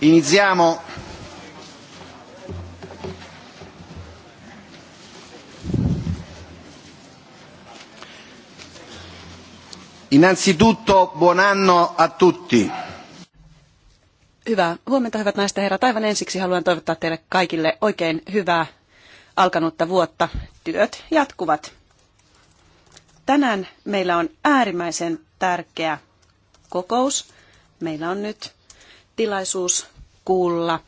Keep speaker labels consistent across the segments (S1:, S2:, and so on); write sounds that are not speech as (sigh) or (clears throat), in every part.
S1: Iniziamo. Innanzitutto buon anno a tutti.
S2: Hyvää huomenta, hyvät naiset ja herrat. Aivan ensiksi haluan toivottaa teille kaikille oikein hyvää alkanutta vuotta. Työt jatkuvat. Tänään meillä on äärimmäisen tärkeä kokous. Meillä on nyt tilaisuus kuulla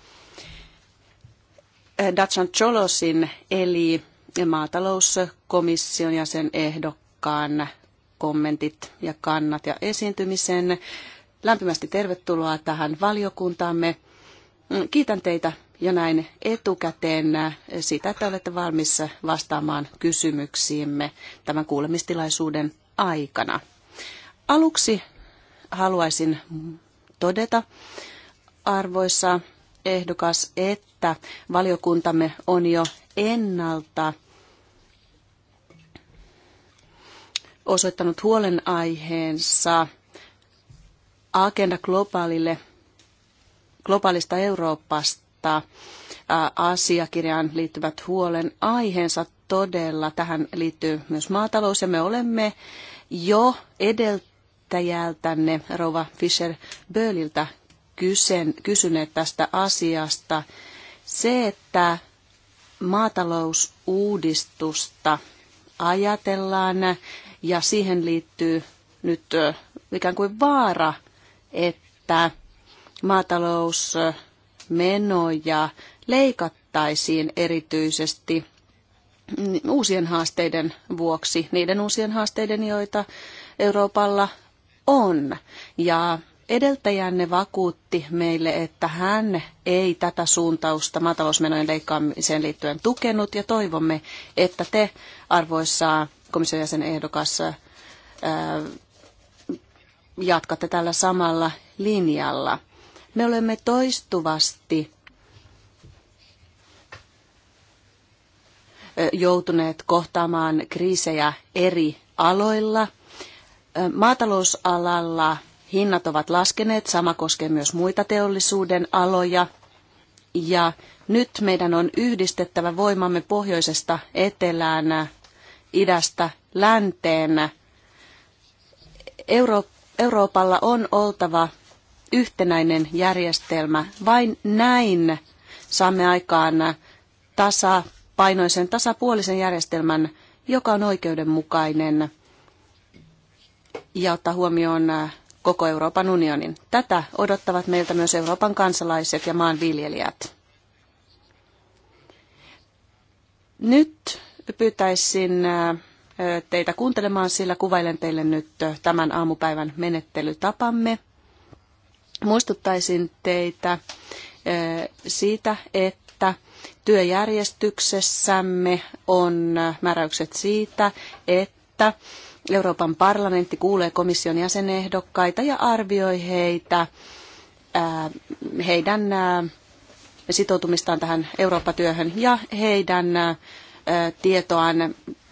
S2: Dacian Cholosin eli maatalouskomission jäsen ehdokkaan kommentit ja kannat ja esiintymisen. Lämpimästi tervetuloa tähän valiokuntaamme. Kiitän teitä jo näin etukäteen siitä, että olette valmis vastaamaan kysymyksiimme tämän kuulemistilaisuuden aikana. Aluksi haluaisin todeta, arvoisa ehdokas, että valiokuntamme on jo ennalta osoittanut huolenaiheensa agenda globaalille, globaalista Euroopasta asiakirjaan liittyvät huolenaiheensa todella. Tähän liittyy myös maatalous ja me olemme jo edeltäjältänne Rova Fischer Bööliltä kysen, kysyneet tästä asiasta. Se, että maatalousuudistusta ajatellaan ja siihen liittyy nyt ikään kuin vaara, että maatalousmenoja leikattaisiin erityisesti uusien haasteiden vuoksi, niiden uusien haasteiden, joita Euroopalla on. Ja edeltäjänne vakuutti meille, että hän ei tätä suuntausta maatalousmenojen leikkaamiseen liittyen tukenut ja toivomme, että te arvoissa komission jäsen ehdokas jatkatte tällä samalla linjalla. Me olemme toistuvasti joutuneet kohtaamaan kriisejä eri aloilla. Maatalousalalla hinnat ovat laskeneet, sama koskee myös muita teollisuuden aloja. Ja nyt meidän on yhdistettävä voimamme pohjoisesta etelään, idästä länteen. Euro- Euroopalla on oltava yhtenäinen järjestelmä. Vain näin saamme aikaan tasapainoisen, tasapuolisen järjestelmän, joka on oikeudenmukainen ja ottaa huomioon koko Euroopan unionin. Tätä odottavat meiltä myös Euroopan kansalaiset ja maanviljelijät. Nyt pyytäisin äh, teitä kuuntelemaan, sillä kuvailen teille nyt äh, tämän aamupäivän menettelytapamme. Muistuttaisin teitä äh, siitä, että työjärjestyksessämme on määräykset siitä, että Euroopan parlamentti kuulee komission jäsenehdokkaita ja arvioi heitä, äh, heidän äh, sitoutumistaan tähän Eurooppa-työhön ja heidän äh, tietoaan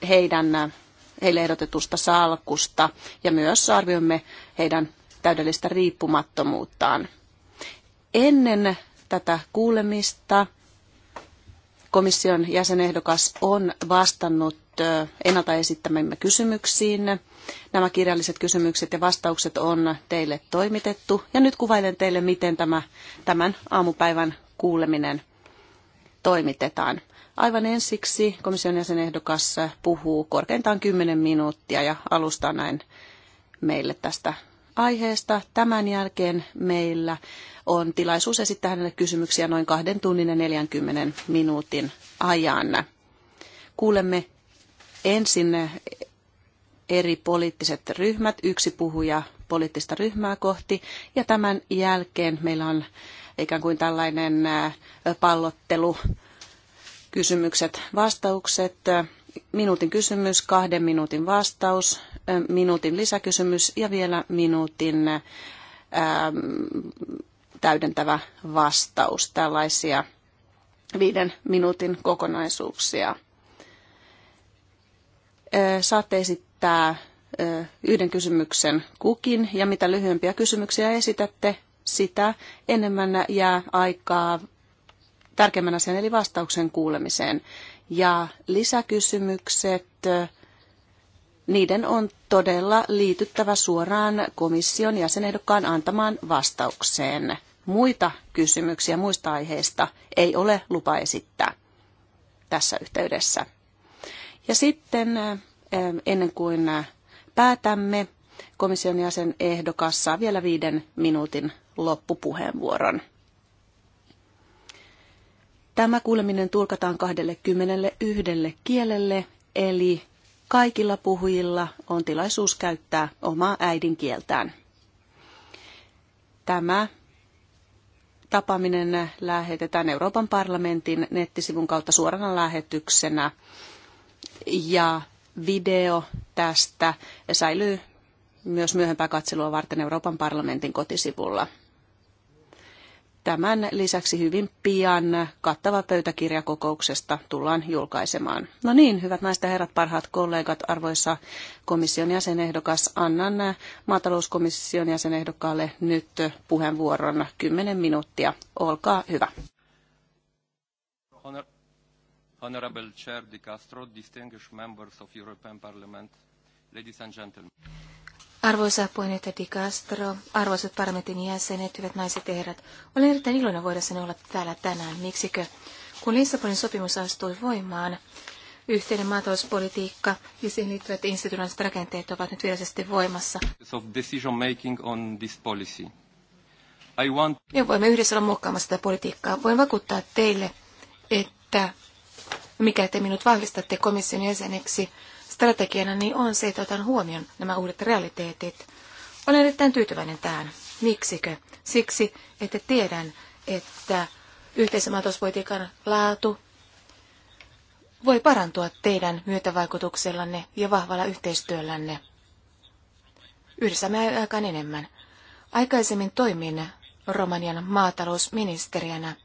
S2: heidän, heille ehdotetusta salkusta ja myös arvioimme heidän täydellistä riippumattomuuttaan. Ennen tätä kuulemista komission jäsenehdokas on vastannut ennalta esittämämme kysymyksiin. Nämä kirjalliset kysymykset ja vastaukset on teille toimitettu. Ja nyt kuvailen teille, miten tämä, tämän aamupäivän kuuleminen toimitetaan. Aivan ensiksi komission jäsenehdokas puhuu korkeintaan 10 minuuttia ja alustaa näin meille tästä aiheesta. Tämän jälkeen meillä on tilaisuus esittää hänelle kysymyksiä noin kahden tunnin ja 40 minuutin ajan. Kuulemme ensin eri poliittiset ryhmät, yksi puhuja poliittista ryhmää kohti, ja tämän jälkeen meillä on ikään kuin tällainen pallottelu, kysymykset, vastaukset, minuutin kysymys, kahden minuutin vastaus, minuutin lisäkysymys ja vielä minuutin täydentävä vastaus, tällaisia viiden minuutin kokonaisuuksia. Saatte esittää yhden kysymyksen kukin, ja mitä lyhyempiä kysymyksiä esitätte, sitä enemmän jää aikaa tärkeimmän asian eli vastauksen kuulemiseen. Ja lisäkysymykset niiden on todella liityttävä suoraan komission jäsenehdokkaan antamaan vastaukseen. Muita kysymyksiä muista aiheista ei ole lupa esittää tässä yhteydessä. Ja sitten eh, ennen kuin päätämme, komission jäsen ehdokas saa vielä viiden minuutin loppupuheenvuoron. Tämä kuuleminen tulkataan 21 kielelle, eli kaikilla puhujilla on tilaisuus käyttää omaa äidinkieltään. Tämä tapaaminen lähetetään Euroopan parlamentin nettisivun kautta suorana lähetyksenä ja video tästä säilyy myös myöhempää katselua varten Euroopan parlamentin kotisivulla. Tämän lisäksi hyvin pian kattava pöytäkirjakokouksesta tullaan julkaisemaan. No niin, hyvät naiset ja herrat, parhaat kollegat, arvoisa komission jäsenehdokas, annan maatalouskomission jäsenehdokkaalle nyt puheenvuoron 10 minuuttia. Olkaa hyvä.
S1: Honor, honorable Chair de Castro, distinguished members of European Parliament, ladies and gentlemen.
S3: Arvoisa puheenjohtaja Di Castro, arvoisat parlamentin jäsenet, hyvät naiset ja herrat, olen erittäin iloinen voidessani olla täällä tänään. Miksikö? Kun Lissabonin sopimus astui voimaan, yhteinen maatalouspolitiikka ja siihen liittyvät instituutioiden rakenteet ovat nyt virallisesti voimassa. Want... Ja voimme yhdessä olla muokkaamassa tätä politiikkaa. Voin vakuuttaa teille, että mikä te minut vahvistatte komission jäseneksi, strategiana niin on se, että otan huomioon nämä uudet realiteetit. Olen erittäin tyytyväinen tähän. Miksikö? Siksi, että tiedän, että yhteisömaatospolitiikan laatu voi parantua teidän myötävaikutuksellanne ja vahvalla yhteistyöllänne. Yhdessä me aikaan enemmän. Aikaisemmin toimin Romanian maatalousministeriönä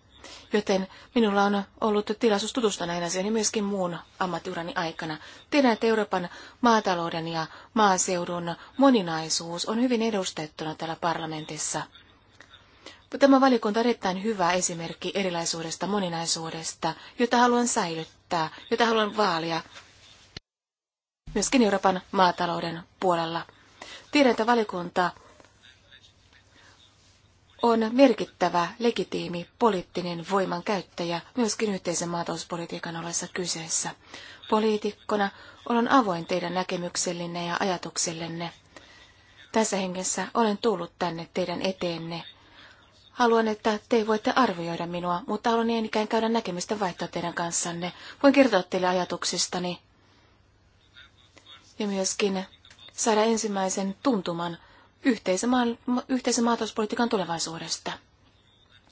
S3: joten minulla on ollut tilaisuus tutustua näihin asioihin myöskin muun ammattiurani aikana. Tiedän, että Euroopan maatalouden ja maaseudun moninaisuus on hyvin edustettuna täällä parlamentissa. Tämä valikunta on erittäin hyvä esimerkki erilaisuudesta, moninaisuudesta, jota haluan säilyttää, jota haluan vaalia myöskin Euroopan maatalouden puolella. Tiedän, että valikunta on merkittävä, legitiimi poliittinen voimankäyttäjä myöskin yhteisen maatalouspolitiikan ollessa kyseessä. Poliitikkona olen avoin teidän näkemyksellenne ja ajatuksellenne. Tässä hengessä olen tullut tänne teidän eteenne. Haluan, että te voitte arvioida minua, mutta haluan niin ikään käydä näkemysten vaihtoa teidän kanssanne. Voin kertoa teille ajatuksistani ja myöskin saada ensimmäisen tuntuman yhteisen, maatalouspolitiikan tulevaisuudesta.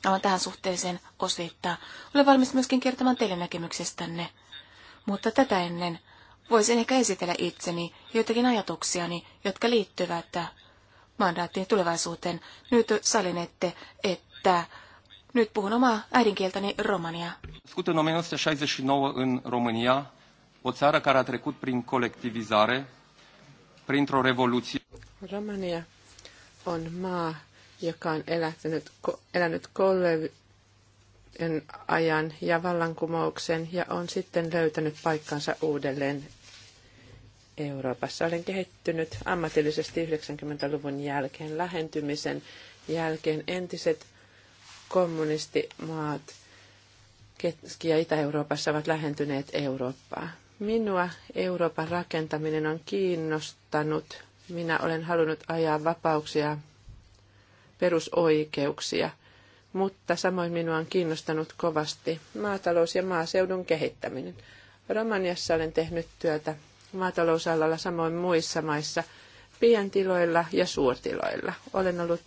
S3: Aivan tähän suhteeseen osittaa. Olen valmis myöskin kertomaan teille näkemyksestänne. Mutta tätä ennen voisin ehkä esitellä itseni joitakin ajatuksiani, jotka liittyvät mandaattiin tulevaisuuteen. Nyt salinette, että nyt puhun omaa äidinkieltäni romania.
S1: Kuten 1969 în Romania, o țară care a trecut prin colectivizare, printr-o revoluție.
S4: Romania on maa, joka on elähtynyt, elänyt kolmen ajan ja vallankumouksen ja on sitten löytänyt paikkansa uudelleen Euroopassa. Olen kehittynyt ammatillisesti 90-luvun jälkeen lähentymisen jälkeen entiset kommunistimaat Keski- ja Itä-Euroopassa ovat lähentyneet Eurooppaa. Minua Euroopan rakentaminen on kiinnostanut minä olen halunnut ajaa vapauksia, perusoikeuksia, mutta samoin minua on kiinnostanut kovasti maatalous ja maaseudun kehittäminen. Romaniassa olen tehnyt työtä maatalousalalla samoin muissa maissa pientiloilla ja suurtiloilla. Olen ollut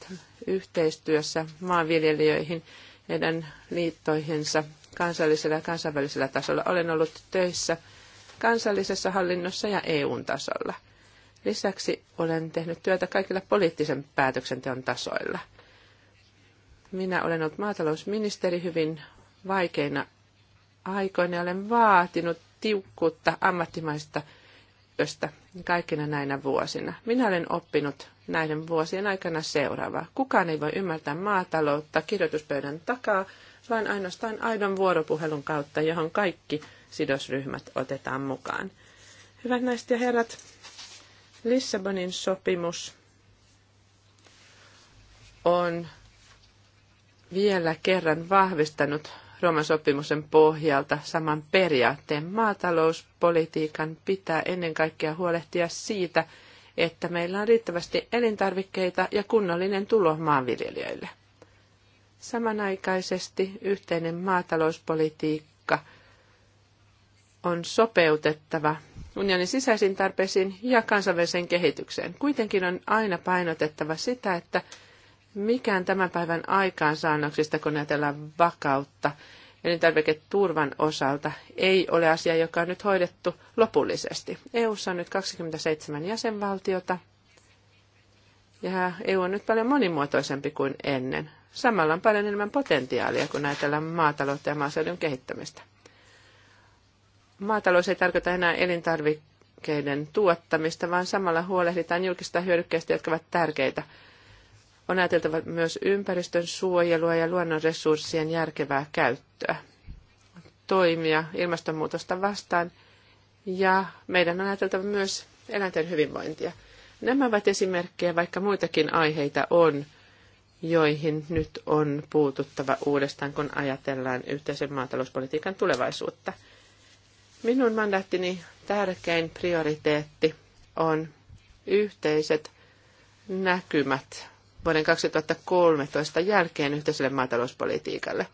S4: yhteistyössä maanviljelijöihin, heidän liittoihinsa kansallisella ja kansainvälisellä tasolla. Olen ollut töissä kansallisessa hallinnossa ja eu tasolla – Lisäksi olen tehnyt työtä kaikilla poliittisen päätöksenteon tasoilla. Minä olen ollut maatalousministeri hyvin vaikeina aikoina ja olen vaatinut tiukkuutta ammattimaista työstä kaikkina näinä vuosina. Minä olen oppinut näiden vuosien aikana seuraavaa. Kukaan ei voi ymmärtää maataloutta kirjoituspöydän takaa, vaan ainoastaan aidon vuoropuhelun kautta, johon kaikki sidosryhmät otetaan mukaan. Hyvät naiset ja herrat, Lissabonin sopimus on vielä kerran vahvistanut Rooman sopimuksen pohjalta saman periaatteen. Maatalouspolitiikan pitää ennen kaikkea huolehtia siitä, että meillä on riittävästi elintarvikkeita ja kunnollinen tulo maanviljelijöille. Samanaikaisesti yhteinen maatalouspolitiikka on sopeutettava unionin sisäisiin tarpeisiin ja kansainväliseen kehitykseen. Kuitenkin on aina painotettava sitä, että mikään tämän päivän aikaansaannoksista, kun ajatellaan vakautta elintarviketurvan osalta, ei ole asia, joka on nyt hoidettu lopullisesti. EU:ssa on nyt 27 jäsenvaltiota, ja EU on nyt paljon monimuotoisempi kuin ennen. Samalla on paljon enemmän potentiaalia, kun ajatellaan maataloutta ja maaseudun kehittämistä. Maatalous ei tarkoita enää elintarvikkeiden tuottamista, vaan samalla huolehditaan julkista hyödykkeistä, jotka ovat tärkeitä. On ajateltava myös ympäristön suojelua ja luonnonresurssien järkevää käyttöä. Toimia ilmastonmuutosta vastaan ja meidän on ajateltava myös eläinten hyvinvointia. Nämä ovat esimerkkejä, vaikka muitakin aiheita on, joihin nyt on puututtava uudestaan, kun ajatellaan yhteisen maatalouspolitiikan tulevaisuutta. Minun mandaattini tärkein prioriteetti on yhteiset näkymät vuoden 2013 jälkeen yhteiselle maatalouspolitiikalle.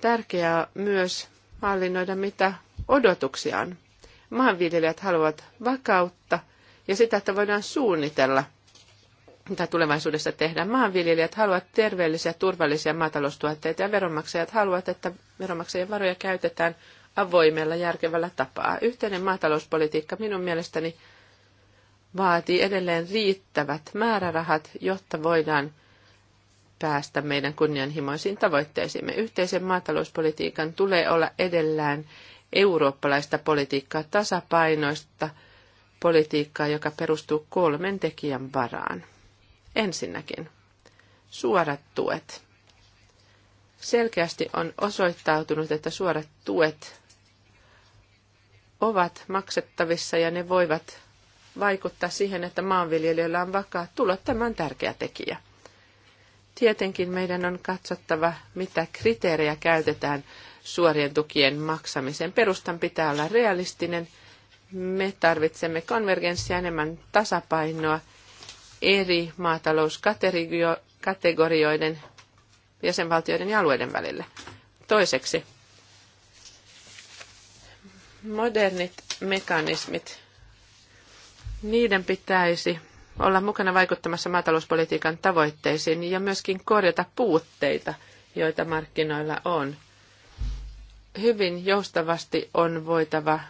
S4: Tärkeää myös hallinnoida, mitä odotuksia on. Maanviljelijät haluavat vakautta ja sitä, että voidaan suunnitella, mitä tulevaisuudessa tehdään. Maanviljelijät haluavat terveellisiä, turvallisia maataloustuotteita ja veronmaksajat haluavat, että veronmaksajien varoja käytetään – avoimella järkevällä tapaa. Yhteinen maatalouspolitiikka minun mielestäni vaatii edelleen riittävät määrärahat, jotta voidaan päästä meidän kunnianhimoisiin tavoitteisiimme. Yhteisen maatalouspolitiikan tulee olla edellään eurooppalaista politiikkaa, tasapainoista politiikkaa, joka perustuu kolmen tekijän varaan. Ensinnäkin suorat tuet. Selkeästi on osoittautunut, että suorat tuet ovat maksettavissa ja ne voivat vaikuttaa siihen, että maanviljelijöillä on vakaa tulo. Tämä on tärkeä tekijä. Tietenkin meidän on katsottava, mitä kriteerejä käytetään suorien tukien maksamiseen. Perustan pitää olla realistinen. Me tarvitsemme konvergenssia enemmän tasapainoa eri maatalouskategorioiden jäsenvaltioiden ja alueiden välillä. Toiseksi, modernit mekanismit, niiden pitäisi olla mukana vaikuttamassa maatalouspolitiikan tavoitteisiin ja myöskin korjata puutteita, joita markkinoilla on. Hyvin joustavasti on voitava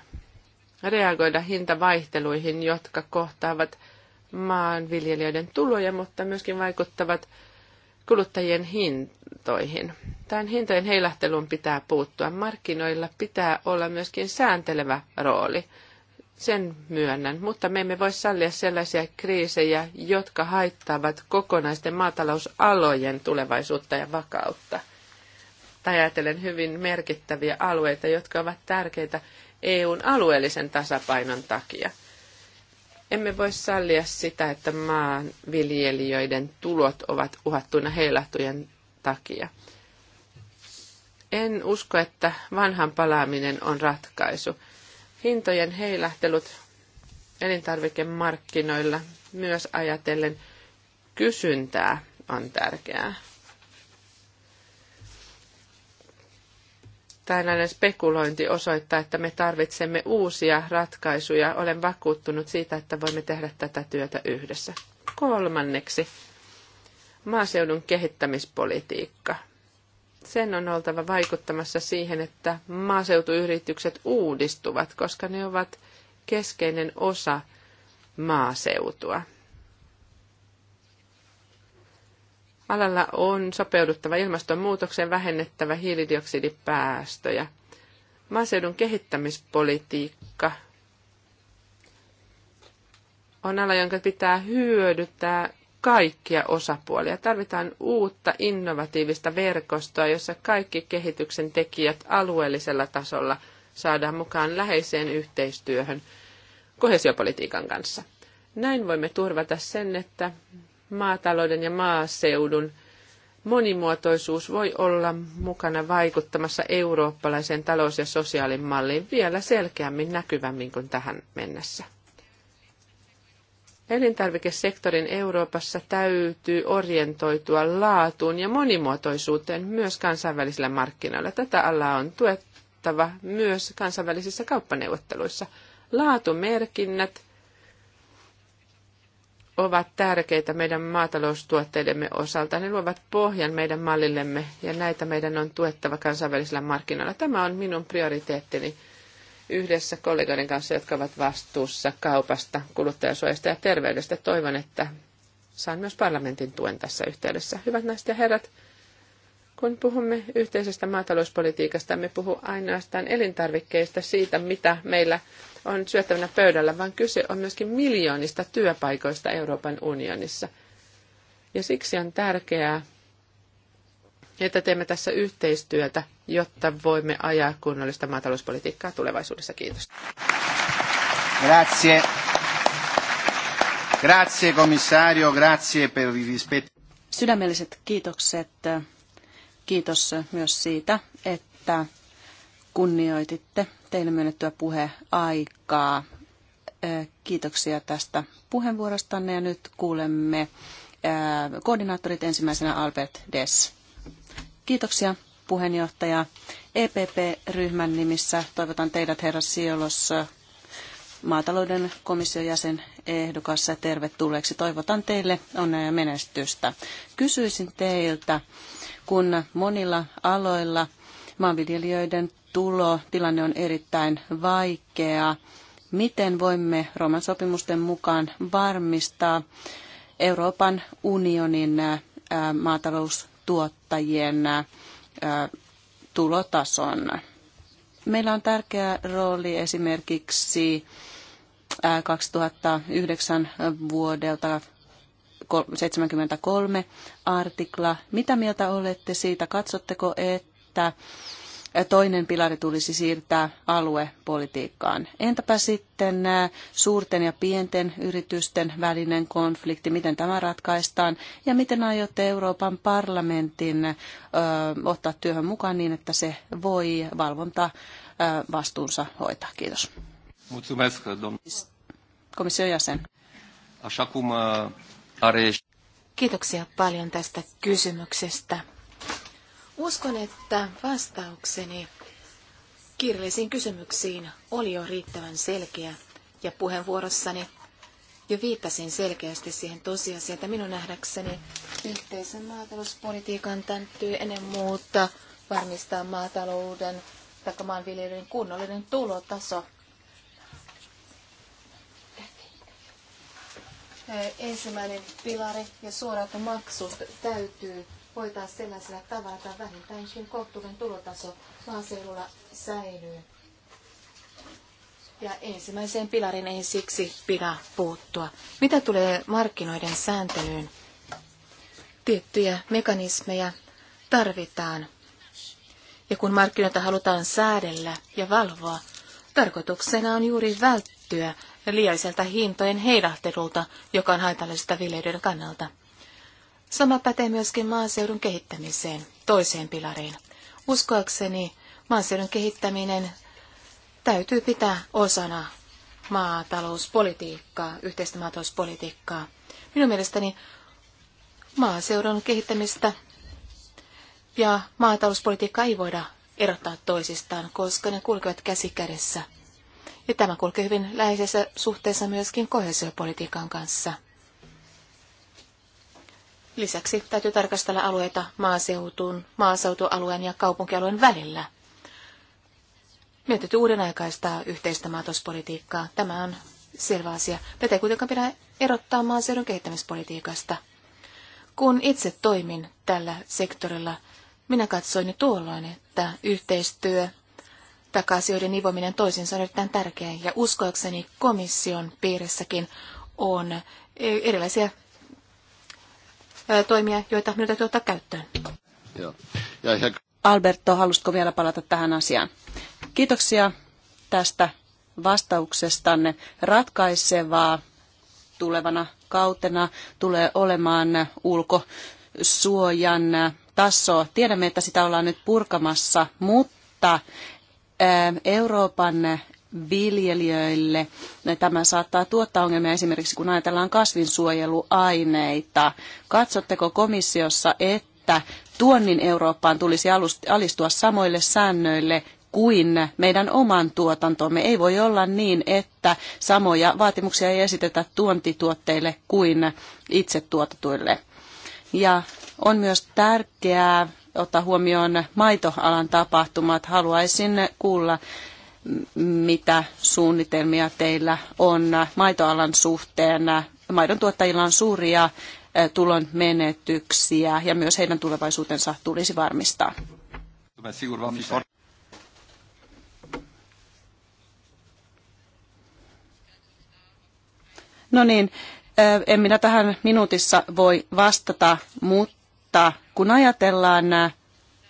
S4: reagoida hintavaihteluihin, jotka kohtaavat maanviljelijöiden tuloja, mutta myöskin vaikuttavat kuluttajien hintoihin. Tämän hintojen heilahteluun pitää puuttua. Markkinoilla pitää olla myöskin sääntelevä rooli. Sen myönnän, mutta me emme voi sallia sellaisia kriisejä, jotka haittaavat kokonaisten maatalousalojen tulevaisuutta ja vakautta. Tai ajatellen hyvin merkittäviä alueita, jotka ovat tärkeitä EUn alueellisen tasapainon takia. Emme voi sallia sitä, että maanviljelijöiden tulot ovat uhattuina heilahtujen takia. En usko, että vanhan palaaminen on ratkaisu. Hintojen heilahtelut elintarvikemarkkinoilla myös ajatellen kysyntää on tärkeää. tällainen spekulointi osoittaa, että me tarvitsemme uusia ratkaisuja. Olen vakuuttunut siitä, että voimme tehdä tätä työtä yhdessä. Kolmanneksi, maaseudun kehittämispolitiikka. Sen on oltava vaikuttamassa siihen, että maaseutuyritykset uudistuvat, koska ne ovat keskeinen osa maaseutua. Alalla on sopeuduttava ilmastonmuutokseen, vähennettävä hiilidioksidipäästöjä. Maaseudun kehittämispolitiikka on ala, jonka pitää hyödyttää kaikkia osapuolia. Tarvitaan uutta innovatiivista verkostoa, jossa kaikki kehityksen tekijät alueellisella tasolla saadaan mukaan läheiseen yhteistyöhön kohesiopolitiikan kanssa. Näin voimme turvata sen, että maatalouden ja maaseudun monimuotoisuus voi olla mukana vaikuttamassa eurooppalaiseen talous- ja sosiaalimalliin vielä selkeämmin näkyvämmin kuin tähän mennessä. Elintarvikesektorin Euroopassa täytyy orientoitua laatuun ja monimuotoisuuteen myös kansainvälisillä markkinoilla. Tätä alaa on tuettava myös kansainvälisissä kauppaneuvotteluissa. Laatumerkinnät ovat tärkeitä meidän maataloustuotteidemme osalta. Ne luovat pohjan meidän mallillemme ja näitä meidän on tuettava kansainvälisellä markkinoilla. Tämä on minun prioriteettini yhdessä kollegoiden kanssa, jotka ovat vastuussa kaupasta, kuluttajasuojasta ja terveydestä. Toivon, että saan myös parlamentin tuen tässä yhteydessä. Hyvät naiset ja herrat, kun puhumme yhteisestä maatalouspolitiikasta, me puhu ainoastaan elintarvikkeista siitä, mitä meillä on syöttävänä pöydällä, vaan kyse on myöskin miljoonista työpaikoista Euroopan unionissa. Ja siksi on tärkeää, että teemme tässä yhteistyötä, jotta voimme ajaa kunnollista maatalouspolitiikkaa tulevaisuudessa. Kiitos.
S2: Grazie. Grazie, Commissario. Grazie per il Sydämelliset kiitokset Kiitos myös siitä, että kunnioititte teille myönnettyä puheaikaa. Kiitoksia tästä puheenvuorostanne ja nyt kuulemme äh, koordinaattorit ensimmäisenä Albert Des. Kiitoksia puheenjohtaja. EPP-ryhmän nimissä toivotan teidät herra Siolos maatalouden komission jäsen ehdokassa tervetulleeksi. Toivotan teille onnea ja menestystä. Kysyisin teiltä, kun monilla aloilla maanviljelijöiden tulo, tilanne on erittäin vaikea. Miten voimme Rooman sopimusten mukaan varmistaa Euroopan unionin maataloustuottajien tulotason? Meillä on tärkeä rooli esimerkiksi 2009 vuodelta 73 artikla. Mitä mieltä olette siitä? Katsotteko, että toinen pilari tulisi siirtää aluepolitiikkaan. Entäpä sitten suurten ja pienten yritysten välinen konflikti, miten tämä ratkaistaan ja miten aiotte Euroopan parlamentin ö, ottaa työhön mukaan niin, että se voi valvonta ö, vastuunsa hoitaa. Kiitos. Komission jäsen. Așa cum Kiitoksia paljon tästä kysymyksestä.
S3: Uskon, että vastaukseni kirjallisiin kysymyksiin oli jo riittävän selkeä ja puheenvuorossani jo viittasin selkeästi siihen tosiasiaan, että minun nähdäkseni yhteisen maatalouspolitiikan täytyy ennen muuta varmistaa maatalouden tai maanviljelyn kunnollinen tulotaso – ensimmäinen pilari ja suorat maksut täytyy hoitaa sellaisella tavalla, että vähintäänkin kohtuullinen tulotaso maaseudulla säilyy. Ja ensimmäiseen pilarin ei siksi pidä puuttua. Mitä tulee markkinoiden sääntelyyn? Tiettyjä mekanismeja tarvitaan. Ja kun markkinoita halutaan säädellä ja valvoa, tarkoituksena on juuri välttää välttyä liialliselta hintojen heilahtelulta, joka on haitallista viljelyiden kannalta. Sama pätee myöskin maaseudun kehittämiseen, toiseen pilariin. Uskoakseni maaseudun kehittäminen täytyy pitää osana maatalouspolitiikkaa, yhteistä maatalouspolitiikkaa. Minun mielestäni maaseudun kehittämistä ja maatalouspolitiikkaa ei voida erottaa toisistaan, koska ne kulkevat käsi kädessä. Ja tämä kulkee hyvin läheisessä suhteessa myöskin kohesiopolitiikan kanssa. Lisäksi täytyy tarkastella alueita maaseutun, maaseutualueen ja kaupunkialueen välillä. Mietitty uuden aikaista yhteistä maatalouspolitiikkaa. Tämä on selvä asia. Tätä ei kuitenkaan pidä erottaa maaseudun kehittämispolitiikasta. Kun itse toimin tällä sektorilla, minä katsoin tuolloin, että yhteistyö taka-asioiden nivominen toisiinsa on erittäin tärkeää, ja uskoakseni komission piirissäkin on e, erilaisia e, toimia, joita meidän täytyy ottaa käyttöön.
S2: Alberto, halusitko vielä palata tähän asiaan? Kiitoksia tästä vastauksestanne. Ratkaisevaa tulevana kautena tulee olemaan ulkosuojan taso. Tiedämme, että sitä ollaan nyt purkamassa, mutta Ähm, Euroopan viljelijöille. Tämä saattaa tuottaa ongelmia esimerkiksi, kun ajatellaan kasvinsuojeluaineita. Katsotteko komissiossa, että tuonnin Eurooppaan tulisi alistua samoille säännöille kuin meidän oman tuotantomme. Ei voi olla niin, että samoja vaatimuksia ei esitetä tuontituotteille kuin itse tuotetuille. Ja on myös tärkeää ottaa huomioon maitoalan tapahtumat. Haluaisin kuulla, mitä suunnitelmia teillä on maitoalan suhteen. Maidon tuottajilla on suuria tulon menetyksiä ja myös heidän tulevaisuutensa tulisi varmistaa. No niin, en minä tähän minuutissa voi vastata, mutta mutta kun ajatellaan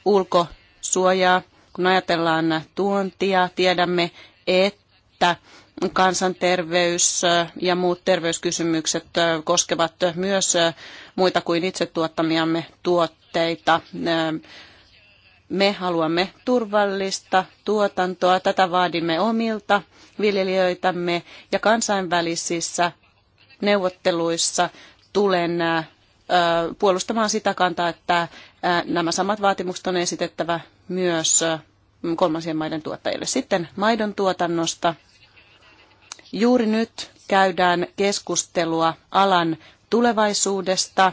S2: ulkosuojaa, kun ajatellaan tuontia, tiedämme, että kansanterveys ja muut terveyskysymykset koskevat myös muita kuin itse tuottamiamme tuotteita. Me haluamme turvallista tuotantoa, tätä vaadimme omilta viljelijöitämme ja kansainvälisissä neuvotteluissa tulen puolustamaan sitä kantaa, että nämä samat vaatimukset on esitettävä myös kolmansien maiden tuottajille. Sitten maidon tuotannosta. Juuri nyt käydään keskustelua alan tulevaisuudesta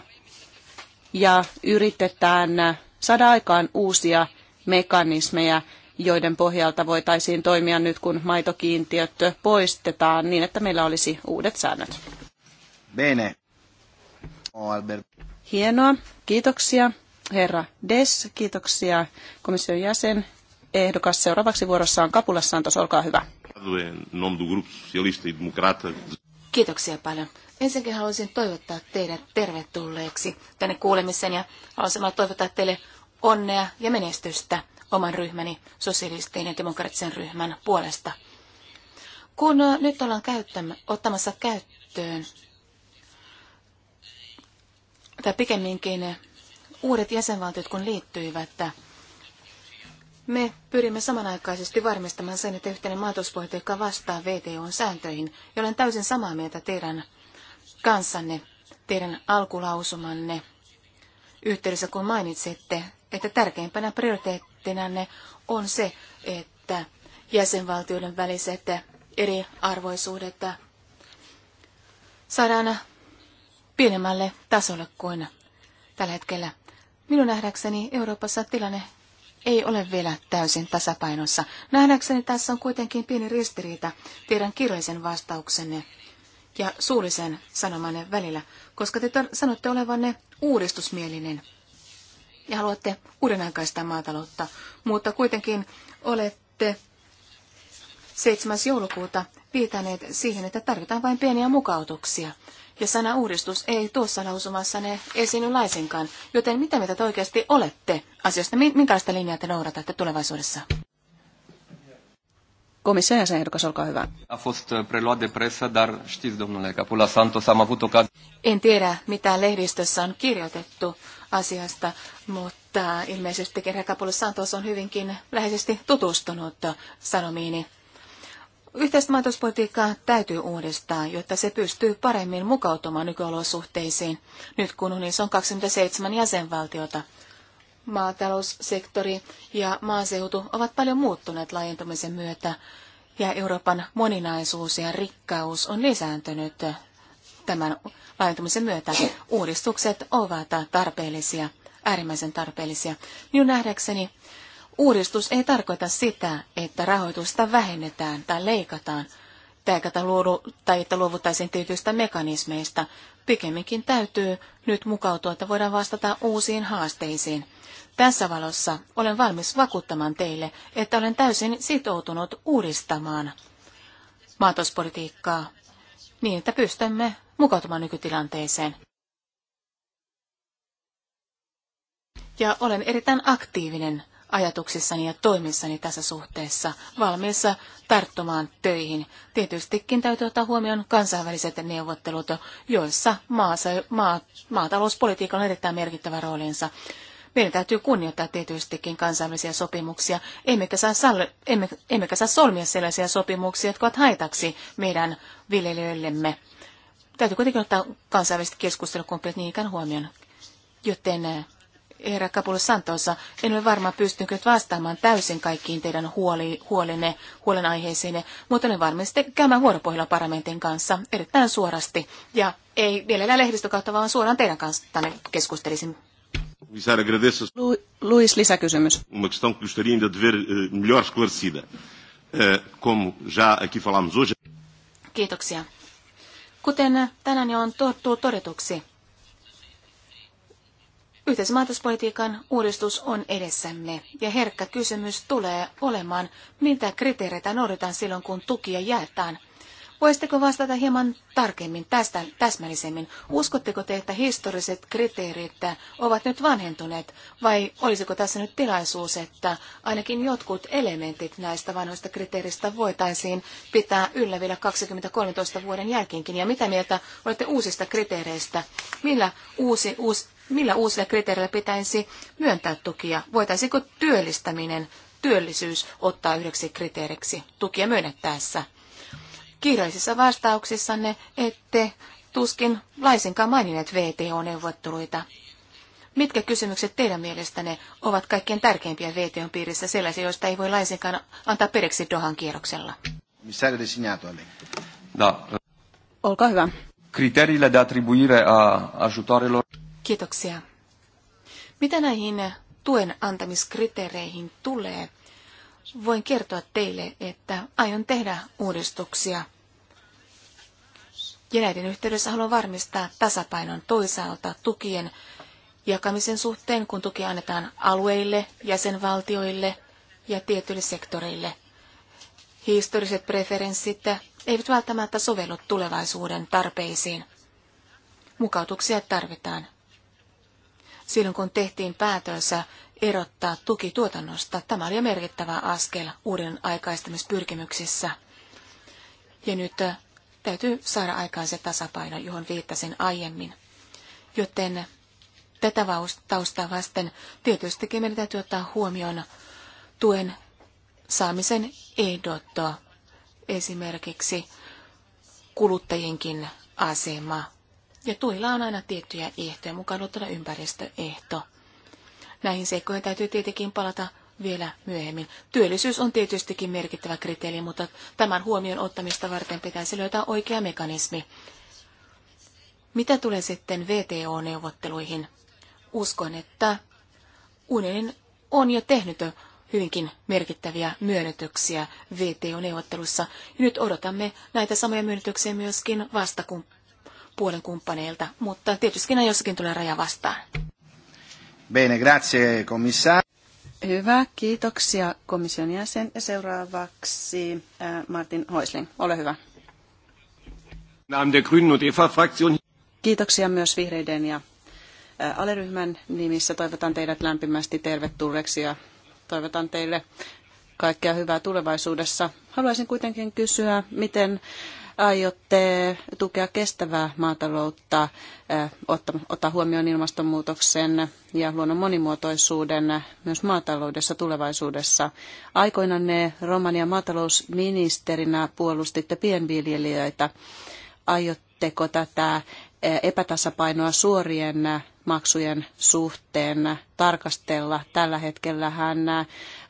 S2: ja yritetään saada aikaan uusia mekanismeja, joiden pohjalta voitaisiin toimia nyt, kun maitokiintiöt poistetaan niin, että meillä olisi uudet säännöt. Bene. Albert. Hienoa, kiitoksia herra Des, kiitoksia komission jäsen. Ehdokas seuraavaksi vuorossa on Kapula Santos, olkaa hyvä.
S1: E
S2: kiitoksia paljon.
S3: Ensinnäkin haluaisin toivottaa teidät tervetulleeksi tänne kuulemisen ja haluaisin toivottaa teille onnea ja menestystä oman ryhmäni, sosialistien ja demokraattisen ryhmän puolesta. Kun nyt ollaan käyttämä, ottamassa käyttöön tai pikemminkin uudet jäsenvaltiot kun liittyivät, me pyrimme samanaikaisesti varmistamaan sen, että yhteinen maatalouspolitiikka vastaa VTOn sääntöihin, ja olen täysin samaa mieltä teidän kanssanne, teidän alkulausumanne yhteydessä, kun mainitsitte, että tärkeimpänä prioriteettinanne on se, että jäsenvaltioiden väliset eriarvoisuudet saadaan pienemmälle tasolle kuin tällä hetkellä. Minun nähdäkseni Euroopassa tilanne ei ole vielä täysin tasapainossa. Nähdäkseni tässä on kuitenkin pieni ristiriita teidän kirjallisen vastauksenne ja suullisen sanomanne välillä, koska te sanotte olevanne uudistusmielinen ja haluatte uudenaikaista maataloutta, mutta kuitenkin olette 7. joulukuuta viitaneet siihen, että tarvitaan vain pieniä mukautuksia ja sana uudistus ei tuossa lausumassa ne esiinny laisinkaan. Joten mitä mieltä te oikeasti olette asiasta? Minkälaista linjaa te noudatatte tulevaisuudessa? Komissio Komission ehdokas, olkaa hyvä.
S1: A fost uh, preluat de presa dar știți, domnule Capula Santos, am avut
S3: En tiedä, mitä lehdistössä on kirjoitettu asiasta, mutta ilmeisesti Capulo Santos on hyvinkin läheisesti tutustunut sanomiini Yhteistä maatalouspolitiikkaa täytyy uudistaa, jotta se pystyy paremmin mukautumaan nykyolosuhteisiin, nyt kun unissa on 27 jäsenvaltiota. Maataloussektori ja maaseutu ovat paljon muuttuneet laajentumisen myötä, ja Euroopan moninaisuus ja rikkaus on lisääntynyt tämän laajentumisen myötä. Uudistukset ovat tarpeellisia, äärimmäisen tarpeellisia. Minun nähdäkseni Uudistus ei tarkoita sitä, että rahoitusta vähennetään tai leikataan, tai että luovuttaisiin tietyistä mekanismeista. Pikemminkin täytyy nyt mukautua, että voidaan vastata uusiin haasteisiin. Tässä valossa olen valmis vakuuttamaan teille, että olen täysin sitoutunut uudistamaan maatospolitiikkaa niin, että pystymme mukautumaan nykytilanteeseen. Ja olen erittäin aktiivinen ajatuksissani ja toimissani tässä suhteessa valmiissa tarttumaan töihin. Tietystikin täytyy ottaa huomioon kansainväliset neuvottelut, joissa maassa, maa, maatalouspolitiikalla on erittäin merkittävä roolinsa. Meidän täytyy kunnioittaa tietystikin kansainvälisiä sopimuksia, emmekä saa, sal- emme, emmekä saa solmia sellaisia sopimuksia, jotka ovat haitaksi meidän viljelijöillemme. Täytyy kuitenkin ottaa kansainväliset keskustelukumppanit niin ikään huomioon, joten herra Kapulo Santosa, en ole varma pystynkö vastaamaan täysin kaikkiin teidän huoli, huolenne, huolenaiheisiinne, mutta olen varma sitten käymään vuoropohjalla parlamentin kanssa erittäin suorasti. Ja ei mielellään lehdistö kautta, vaan suoraan teidän kanssa tänne keskustelisin.
S1: Lu, Luis, lisäkysymys. Uma questão que gostaria de ver eh, melhor esclarecida. Eh, como já aqui falámos hoje.
S3: Kiitoksia. Kuten tänään jo on tottu todetuksi, Yhteismaatalouspolitiikan uudistus on edessämme ja herkkä kysymys tulee olemaan, mitä kriteereitä noudatetaan silloin, kun tukia jaetaan. Voisitteko vastata hieman tarkemmin tästä täsmällisemmin? Uskotteko te, että historiset kriteerit ovat nyt vanhentuneet vai olisiko tässä nyt tilaisuus, että ainakin jotkut elementit näistä vanhoista kriteeristä voitaisiin pitää yllä vielä 2013 vuoden jälkeenkin? Ja mitä mieltä olette uusista kriteereistä? Millä uusi, uusi millä uusilla kriteereillä pitäisi myöntää tukia? Voitaisiinko työllistäminen, työllisyys ottaa yhdeksi kriteeriksi tukia myönnettäessä? Kirjallisissa vastauksissanne ette tuskin laisinkaan maininneet VTO-neuvotteluita. Mitkä kysymykset teidän mielestänne ovat kaikkein tärkeimpiä VTOn piirissä sellaisia, joista ei voi laisinkaan antaa periksi Dohan kierroksella? Da. Olkaa hyvä.
S1: Criteriile de attribuire a ajutoarelor
S3: Kiitoksia. Mitä näihin tuen antamiskriteereihin tulee, voin kertoa teille, että aion tehdä uudistuksia. Ja näiden yhteydessä haluan varmistaa tasapainon toisaalta tukien jakamisen suhteen, kun tuki annetaan alueille, jäsenvaltioille ja tietyille sektoreille. Historiset preferenssit eivät välttämättä sovellu tulevaisuuden tarpeisiin. Mukautuksia tarvitaan silloin, kun tehtiin päätönsä erottaa tuki tuotannosta. Tämä oli jo merkittävä askel uuden aikaistamispyrkimyksissä. Ja nyt äh, täytyy saada aikaan se tasapaino, johon viittasin aiemmin. Joten tätä taustaa vasten tietystikin meidän täytyy ottaa huomioon tuen saamisen ehdottoa esimerkiksi kuluttajienkin asema ja tuilla on aina tiettyjä ehtoja, mukaan ottana ympäristöehto. Näihin seikkoihin täytyy tietenkin palata vielä myöhemmin. Työllisyys on tietystikin merkittävä kriteeri, mutta tämän huomion ottamista varten pitäisi löytää oikea mekanismi. Mitä tulee sitten VTO-neuvotteluihin? Uskon, että unionin on jo tehnyt hyvinkin merkittäviä myönnytyksiä VTO-neuvottelussa. nyt odotamme näitä samoja myönnytyksiä myöskin vastakum- puolen kumppaneilta, mutta tietysti jossakin tulee raja vastaan.
S1: Bene, grazie
S2: komissaari. Hyvä, kiitoksia komission jäsen. Ja seuraavaksi äh, Martin Hoisling, ole hyvä. Kiitoksia myös vihreiden ja äh, aleryhmän nimissä. Toivotan teidät lämpimästi tervetulleeksi ja toivotan teille kaikkea hyvää tulevaisuudessa. Haluaisin kuitenkin kysyä, miten aiotte tukea kestävää maataloutta, ottaa huomioon ilmastonmuutoksen ja luonnon monimuotoisuuden myös maataloudessa tulevaisuudessa. Aikoinaan ne Romanian maatalousministerinä puolustitte pienviljelijöitä. Aiotteko tätä epätasapainoa suorien maksujen suhteen tarkastella. Tällä hetkellä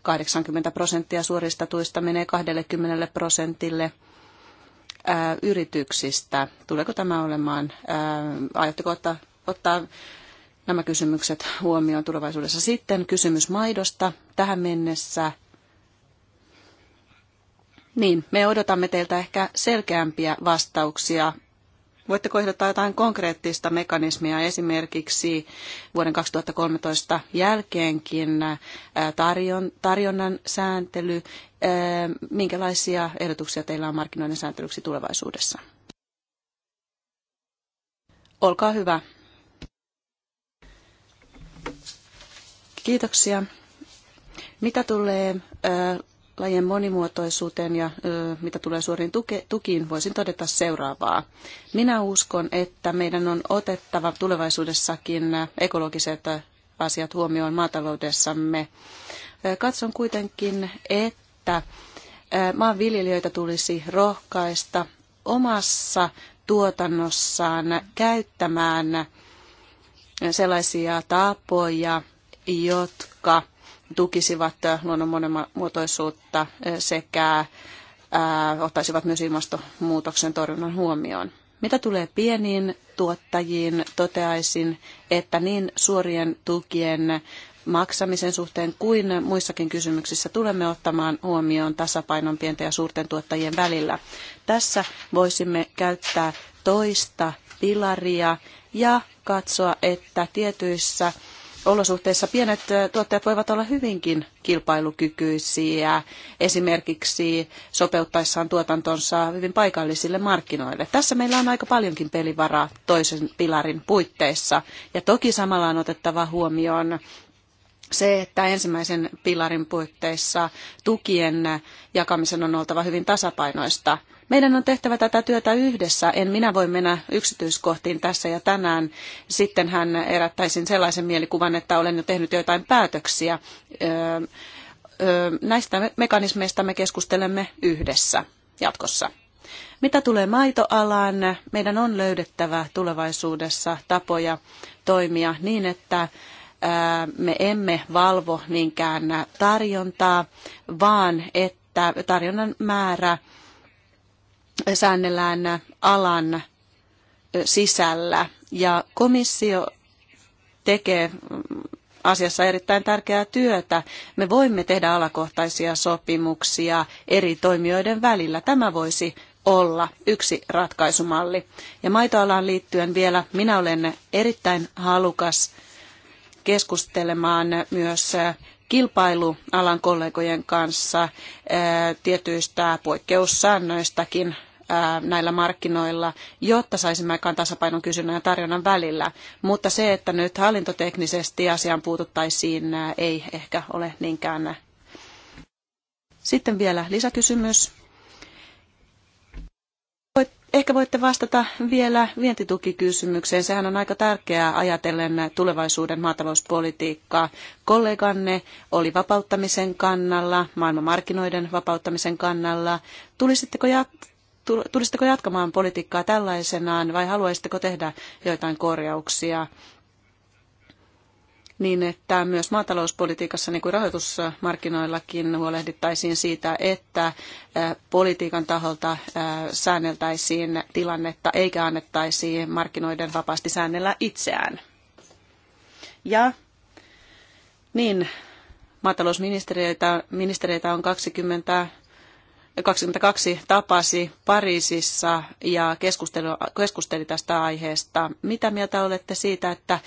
S2: 80 prosenttia suorista tuista menee 20 prosentille yrityksistä. Tuleeko tämä olemaan, aiotteko ottaa, ottaa nämä kysymykset huomioon tulevaisuudessa? Sitten kysymys maidosta. Tähän mennessä niin, me odotamme teiltä ehkä selkeämpiä vastauksia Voitteko ehdottaa jotain konkreettista mekanismia esimerkiksi vuoden 2013 jälkeenkin tarjon, tarjonnan sääntely? Minkälaisia ehdotuksia teillä on markkinoiden sääntelyksi tulevaisuudessa? Olkaa hyvä. Kiitoksia. Mitä tulee lajien monimuotoisuuteen ja ö, mitä tulee suoriin tuke, tukiin, voisin todeta seuraavaa. Minä uskon, että meidän on otettava tulevaisuudessakin ekologiset asiat huomioon maataloudessamme. Katson kuitenkin, että maanviljelijöitä tulisi rohkaista omassa tuotannossaan käyttämään sellaisia tapoja, jotka – tukisivat äh, luonnon monimuotoisuutta äh, sekä äh, ottaisivat myös ilmastonmuutoksen torjunnan huomioon. Mitä tulee pieniin tuottajiin, toteaisin, että niin suorien tukien maksamisen suhteen kuin muissakin kysymyksissä tulemme ottamaan huomioon tasapainon pienten ja suurten tuottajien välillä. Tässä voisimme käyttää toista pilaria ja katsoa, että tietyissä olosuhteissa pienet tuottajat voivat olla hyvinkin kilpailukykyisiä esimerkiksi sopeuttaessaan tuotantonsa hyvin paikallisille markkinoille. Tässä meillä on aika paljonkin pelivaraa toisen pilarin puitteissa ja toki samalla on otettava huomioon se, että ensimmäisen pilarin puitteissa tukien jakamisen on oltava hyvin tasapainoista – meidän on tehtävä tätä työtä yhdessä. En minä voi mennä yksityiskohtiin tässä ja tänään. Sitten hän erättäisin sellaisen mielikuvan, että olen jo tehnyt joitain päätöksiä. Näistä mekanismeista me keskustelemme yhdessä jatkossa. Mitä tulee maitoalaan, meidän on löydettävä tulevaisuudessa tapoja toimia niin, että me emme valvo niinkään tarjontaa, vaan että tarjonnan määrä säännellään alan sisällä. Ja komissio tekee mm, asiassa erittäin tärkeää työtä. Me voimme tehdä alakohtaisia sopimuksia eri toimijoiden välillä. Tämä voisi olla yksi ratkaisumalli. Ja maitoalaan liittyen vielä minä olen erittäin halukas keskustelemaan myös kilpailu alan kollegojen kanssa tietyistä poikkeussäännöistäkin näillä markkinoilla, jotta saisimme aikaan tasapainon kysynnän ja tarjonnan välillä. Mutta se, että nyt hallintoteknisesti asiaan puututtaisiin, ei ehkä ole niinkään. Sitten vielä lisäkysymys. Ehkä voitte vastata vielä vientitukikysymykseen. Sehän on aika tärkeää ajatellen tulevaisuuden maatalouspolitiikkaa. Kolleganne oli vapauttamisen kannalla, maailmanmarkkinoiden vapauttamisen kannalla. Tulisitteko, jat- tulisitteko jatkamaan politiikkaa tällaisenaan vai haluaisitteko tehdä joitain korjauksia? niin että myös maatalouspolitiikassa, niin kuin rahoitusmarkkinoillakin, huolehdittaisiin siitä, että politiikan taholta säänneltäisiin tilannetta eikä annettaisi markkinoiden vapaasti säännellä itseään. Ja niin, maatalousministeriöitä ministeriöitä on 20 22 tapasi Pariisissa ja keskusteli, keskusteli tästä aiheesta. Mitä mieltä olette siitä, että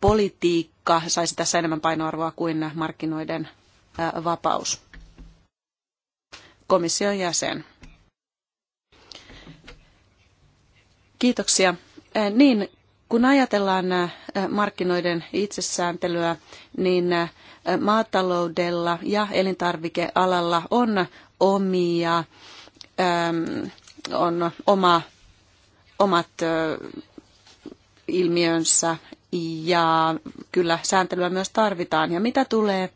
S2: politiikka saisi tässä enemmän painoarvoa kuin markkinoiden vapaus? Komission jäsen. Kiitoksia. Niin, kun ajatellaan markkinoiden itsesääntelyä, niin maataloudella ja elintarvikealalla on omia, ähm, on oma, omat ilmiönsä ja kyllä sääntelyä myös tarvitaan. Ja mitä tulee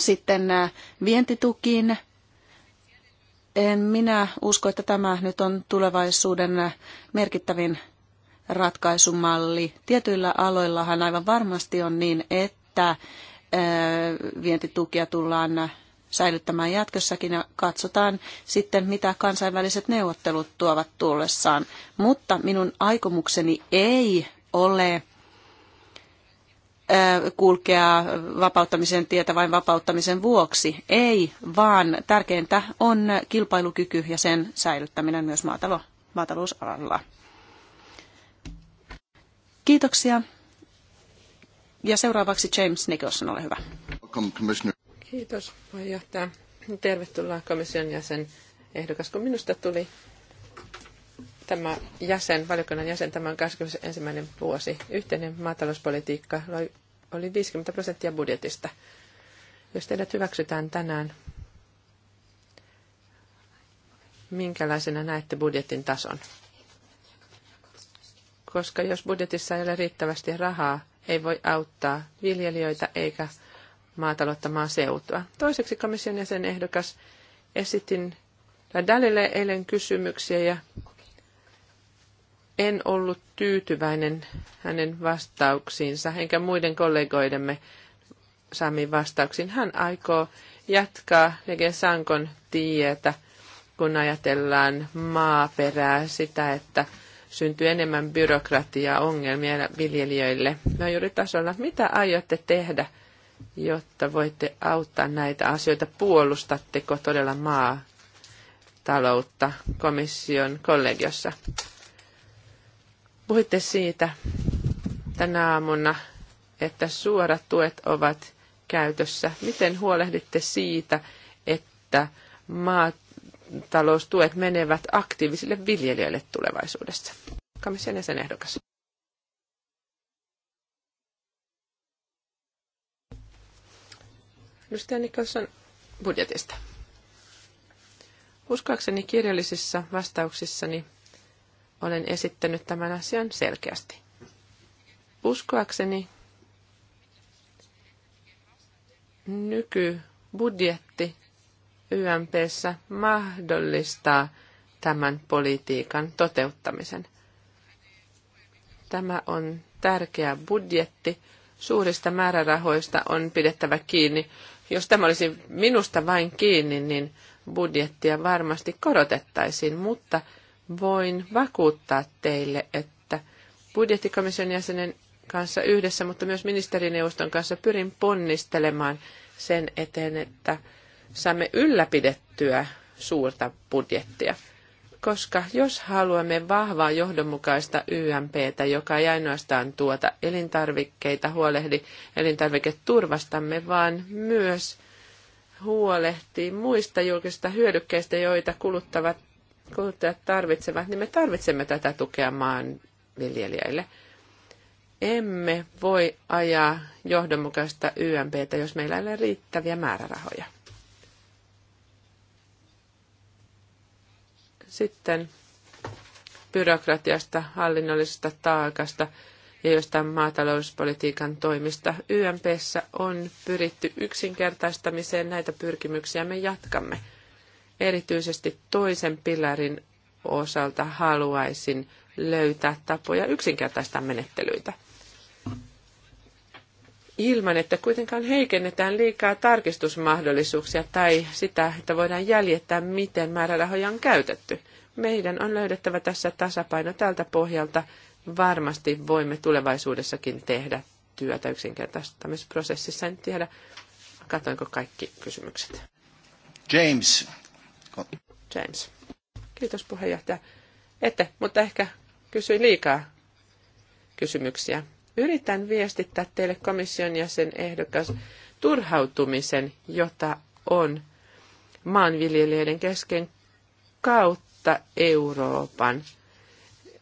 S2: sitten äh, vientitukiin, en minä usko, että tämä nyt on tulevaisuuden äh, merkittävin ratkaisumalli. Tietyillä aloillahan aivan varmasti on niin, että äh, vientitukia tullaan säilyttämään jatkossakin ja katsotaan sitten, mitä kansainväliset neuvottelut tuovat tullessaan. Mutta minun aikomukseni ei ole kulkea vapauttamisen tietä vain vapauttamisen vuoksi. Ei, vaan tärkeintä on kilpailukyky ja sen säilyttäminen myös maatalo, maatalousalalla.
S4: Kiitoksia. Ja seuraavaksi James Nicholson, ole hyvä. Kiitos puheenjohtaja. Tervetuloa komission jäsen ehdokas, kun minusta tuli tämä jäsen, valiokunnan jäsen, tämä on 21. vuosi. Yhteinen maatalouspolitiikka oli 50 prosenttia budjetista. Jos teidät hyväksytään tänään, minkälaisena näette budjetin tason? Koska jos budjetissa ei ole riittävästi rahaa, ei voi auttaa viljelijöitä eikä maataloutta maaseutua. Toiseksi komission jäsen ehdokas esitin Dalille eilen kysymyksiä ja en ollut tyytyväinen hänen vastauksiinsa, enkä muiden kollegoidemme saamiin vastauksiin. Hän aikoo jatkaa Lege Sankon tietä, kun ajatellaan maaperää sitä, että syntyy enemmän byrokratiaa ongelmia viljelijöille. No juuri tasolla, mitä aiotte tehdä – jotta voitte auttaa näitä asioita? Puolustatteko todella maa taloutta komission kollegiossa? Puhuitte siitä tänä aamuna, että suorat tuet ovat käytössä. Miten huolehditte siitä, että maataloustuet menevät aktiivisille viljelijöille tulevaisuudessa? Komission jäsenehdokas. Edustaja Nicholson budjetista. Uskoakseni kirjallisissa vastauksissani olen esittänyt tämän asian selkeästi. Uskoakseni nykybudjetti YMPssä mahdollistaa tämän politiikan toteuttamisen. Tämä on tärkeä budjetti. Suurista määrärahoista on pidettävä kiinni jos tämä olisi minusta vain kiinni, niin budjettia varmasti korotettaisiin, mutta voin vakuuttaa teille, että budjettikomission jäsenen kanssa yhdessä, mutta myös ministerineuvoston kanssa pyrin ponnistelemaan sen eteen, että saamme ylläpidettyä suurta budjettia koska jos haluamme vahvaa johdonmukaista YMPtä, joka ei ainoastaan tuota elintarvikkeita, huolehdi elintarviketurvastamme, vaan myös huolehtii muista julkisista hyödykkeistä, joita kuluttavat, kuluttajat tarvitsevat, niin me tarvitsemme tätä tukea maanviljelijöille. Emme voi ajaa johdonmukaista YMPtä, jos meillä ei ole riittäviä määrärahoja. Sitten byrokratiasta, hallinnollisesta taakasta ja jostain maatalouspolitiikan toimista. YMPssä on pyritty yksinkertaistamiseen, näitä pyrkimyksiä me jatkamme. Erityisesti toisen pilarin osalta haluaisin löytää tapoja yksinkertaistaa menettelyitä ilman, että kuitenkaan heikennetään liikaa tarkistusmahdollisuuksia tai sitä, että voidaan jäljittää, miten määrärahoja on käytetty. Meidän on löydettävä tässä tasapaino tältä pohjalta. Varmasti voimme tulevaisuudessakin tehdä työtä yksinkertaistamisprosessissa. En tiedä, katoinko kaikki kysymykset. James. James. Kiitos puheenjohtaja. Ette, mutta ehkä kysyin liikaa kysymyksiä. Yritän viestittää teille komission jäsen ehdokas turhautumisen, jota on maanviljelijöiden kesken kautta Euroopan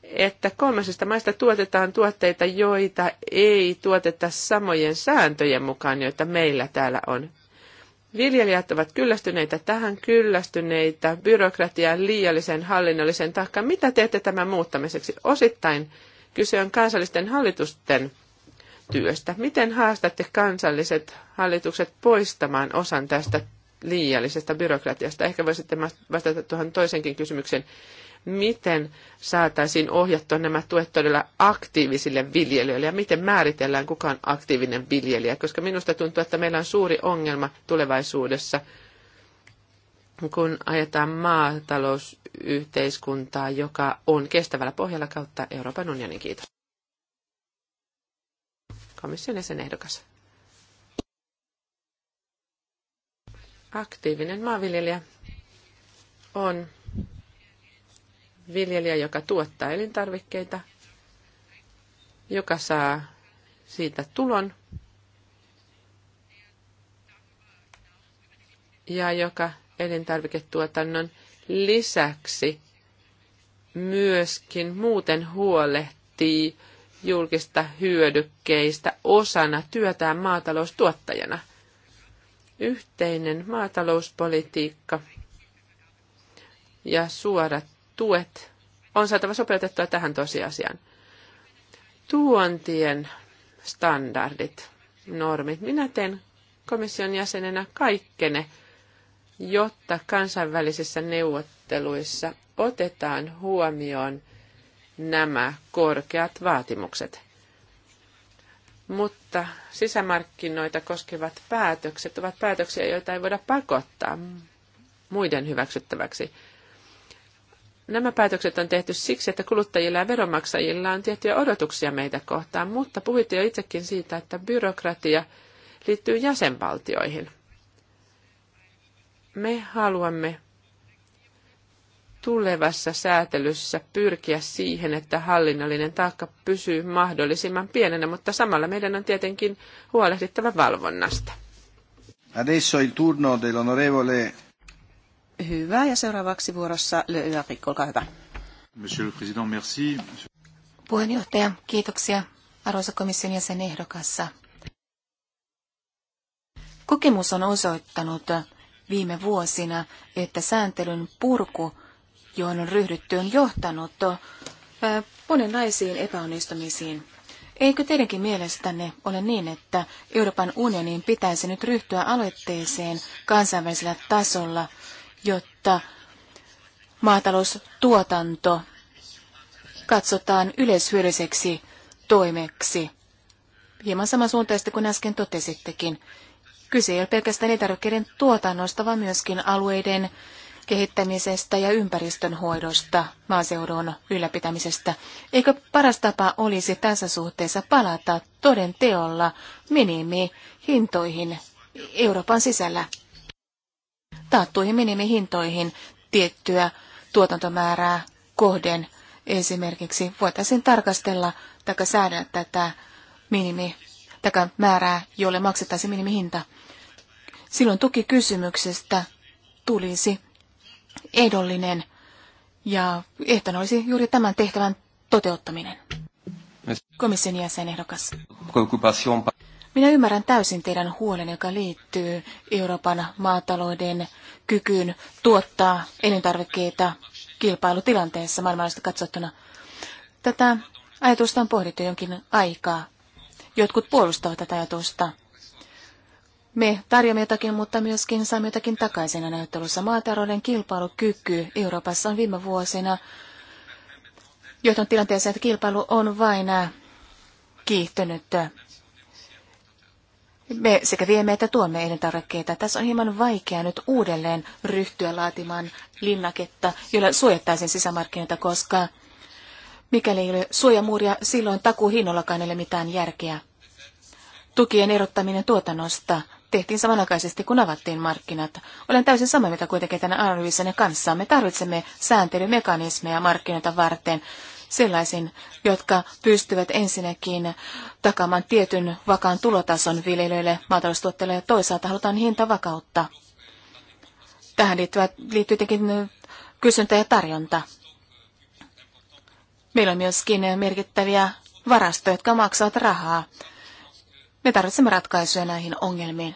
S4: että kolmasista maista tuotetaan tuotteita, joita ei tuoteta samojen sääntöjen mukaan, joita meillä täällä on. Viljelijät ovat kyllästyneitä tähän, kyllästyneitä byrokratian liiallisen hallinnollisen taakkaan. Mitä teette tämän muuttamiseksi? Osittain Kyse on kansallisten hallitusten työstä. Miten haastatte kansalliset hallitukset poistamaan osan tästä liiallisesta byrokratiasta? Ehkä voisitte vastata tuohon toisenkin kysymykseen. Miten saataisiin ohjattua nämä tuet todella aktiivisille viljelijöille ja miten määritellään kuka on aktiivinen viljelijä? Koska minusta tuntuu, että meillä on suuri ongelma tulevaisuudessa, kun ajetaan maatalous yhteiskuntaa, joka on kestävällä pohjalla kautta Euroopan unionin. Kiitos. Komission jäsenehdokas. Aktiivinen maanviljelijä on viljelijä, joka tuottaa elintarvikkeita, joka saa siitä tulon ja joka elintarviketuotannon lisäksi myöskin muuten huolehtii julkista hyödykkeistä osana työtään maataloustuottajana. Yhteinen maatalouspolitiikka ja suorat tuet on saatava sopeutettua tähän tosiasiaan. Tuontien standardit, normit. Minä teen komission jäsenenä kaikkene, jotta kansainvälisissä neuvotteluissa otetaan huomioon nämä korkeat vaatimukset. Mutta sisämarkkinoita koskevat päätökset ovat päätöksiä, joita ei voida pakottaa muiden hyväksyttäväksi. Nämä päätökset on tehty siksi, että kuluttajilla ja veronmaksajilla on tiettyjä odotuksia meitä kohtaan, mutta puhuitte jo itsekin siitä, että byrokratia liittyy jäsenvaltioihin – me haluamme tulevassa säätelyssä pyrkiä siihen, että hallinnollinen taakka pysyy mahdollisimman pienenä, mutta samalla meidän on tietenkin huolehdittava valvonnasta.
S1: Adesso il turno dell'onorevole.
S2: Hyvä, ja seuraavaksi vuorossa Le Yaric, olkaa hyvä.
S4: Monsieur le Président, merci.
S2: Puheenjohtaja,
S3: kiitoksia arvoisa komission jäsen ehdokassa. Kokemus on osoittanut, viime vuosina, että sääntelyn purku, johon on ryhdytty, on johtanut monenlaisiin epäonnistumisiin. Eikö teidänkin mielestänne ole niin, että Euroopan unionin pitäisi nyt ryhtyä aloitteeseen kansainvälisellä tasolla, jotta maataloustuotanto katsotaan yleishyödylliseksi toimeksi? Hieman samansuuntaista kuin äsken totesittekin. Kyse ei ole pelkästään elintarvikkeiden tuotannosta, vaan myöskin alueiden kehittämisestä ja ympäristön hoidosta, maaseudun ylläpitämisestä. Eikö paras tapa olisi tässä suhteessa palata toden teolla minimihintoihin Euroopan sisällä? Taattuihin minimihintoihin tiettyä tuotantomäärää kohden esimerkiksi voitaisiin tarkastella tai säädellä tätä minimi, tai määrää, jolle maksettaisiin minimihinta. Silloin tukikysymyksestä tulisi ehdollinen ja ehtona olisi juuri tämän tehtävän toteuttaminen. Komission jäsenehdokas. Minä ymmärrän täysin teidän huolen, joka liittyy Euroopan maatalouden kykyyn tuottaa elintarvikkeita kilpailutilanteessa maailmanlaista katsottuna. Tätä ajatusta on pohdittu jonkin aikaa. Jotkut puolustavat tätä ajatusta me tarjomme jotakin, mutta myöskin saamme jotakin takaisin näyttelyssä. Maatalouden kilpailukyky Euroopassa on viime vuosina johtanut tilanteeseen, että kilpailu on vain kiihtynyt. Me sekä viemme että tuomme elintarvikkeita. Tässä on hieman vaikea nyt uudelleen ryhtyä laatimaan linnaketta, jolla suojattaisiin sisämarkkinoita, koska mikäli ei ole suojamuuria, silloin hinnollakaan ei ole mitään järkeä tukien erottaminen tuotannosta tehtiin samanaikaisesti, kun avattiin markkinat. Olen täysin samaa mieltä kuitenkin tänä analyysinne kanssa. Me tarvitsemme sääntelymekanismeja markkinoita varten sellaisin, jotka pystyvät ensinnäkin takaamaan tietyn vakaan tulotason viljelijöille, maataloustuotteille ja toisaalta halutaan hintavakautta. Tähän liittyy, liittyy tietenkin kysyntä ja tarjonta. Meillä on myöskin merkittäviä varastoja, jotka maksavat rahaa. Me tarvitsemme ratkaisuja näihin ongelmiin.